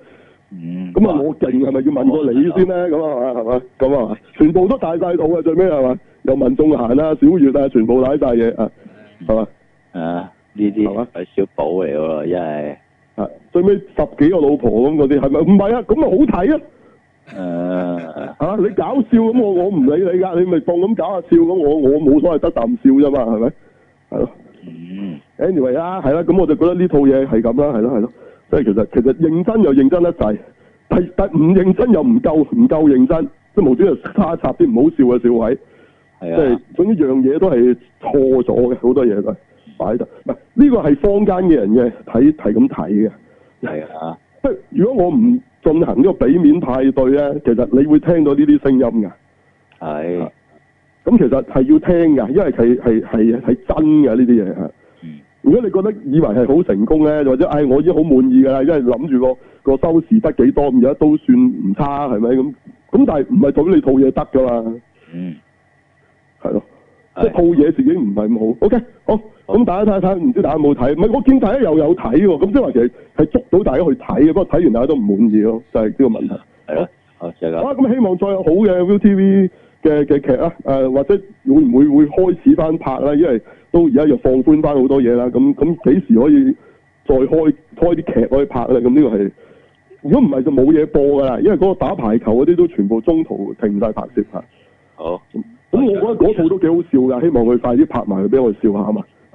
嗯。咁啊，我勁係咪要問過你先咧？咁啊、嗯，係嘛？咁啊，全部都大晒肚啊。最尾係嘛？有民眾行啊，小月啊，全部攋晒嘢啊，係嘛？啊！呢啲係嘛？係小寶嚟噶，真係是係、啊、最尾十幾個老婆咁嗰啲，係咪？唔係啊，咁啊好睇啊！誒、啊，吓、啊、你搞笑咁，我我唔理你噶，你咪放咁搞下笑咁，我我冇所謂，得啖笑咋嘛？係咪？係咯、嗯。Anyway 啊，係啦，咁我就覺得呢套嘢係咁啦，係咯係咯。即係其實其實認真又認真得滯，但但唔認真又唔夠唔夠認真，即係無端端插插啲唔好笑嘅笑位。係啊。即係總之樣嘢都係錯咗嘅，好多嘢都係。擺度，唔係呢個係坊間嘅人嘅睇係咁睇嘅，係啊，即係如果我唔進行呢個俾面派對咧，其實你會聽到呢啲聲音噶，係的，咁、啊、其實係要聽噶，因為係係係係真嘅呢啲嘢，如果你覺得以為係好成功咧，或者唉、哎、我已經好滿意噶啦，因為諗住個個收視得幾多而家都算唔差係咪咁？咁但係唔係代表你套嘢得噶嘛，嗯，係咯的，即係套嘢自己唔係咁好，OK，好。咁、嗯、大家睇睇，唔知大家有冇睇？唔係我見大家又有睇喎。咁即係話其實係捉到大家去睇嘅，不過睇完大家都唔滿意咯，就係、是、呢個問題。係的啊，係啦。好，咁希望再有好嘅 ViuTV 嘅嘅劇啊，誒或者會唔會會開始翻拍啦？因為到而家又放寬翻好多嘢啦。咁咁幾時可以再開開啲劇可以拍咧？咁呢個係如果唔係就冇嘢播㗎啦。因為嗰個打排球嗰啲都全部中途停晒拍攝嚇。好。咁我覺得嗰套都幾好笑㗎，希望佢快啲拍埋，去俾我哋笑下啊嘛。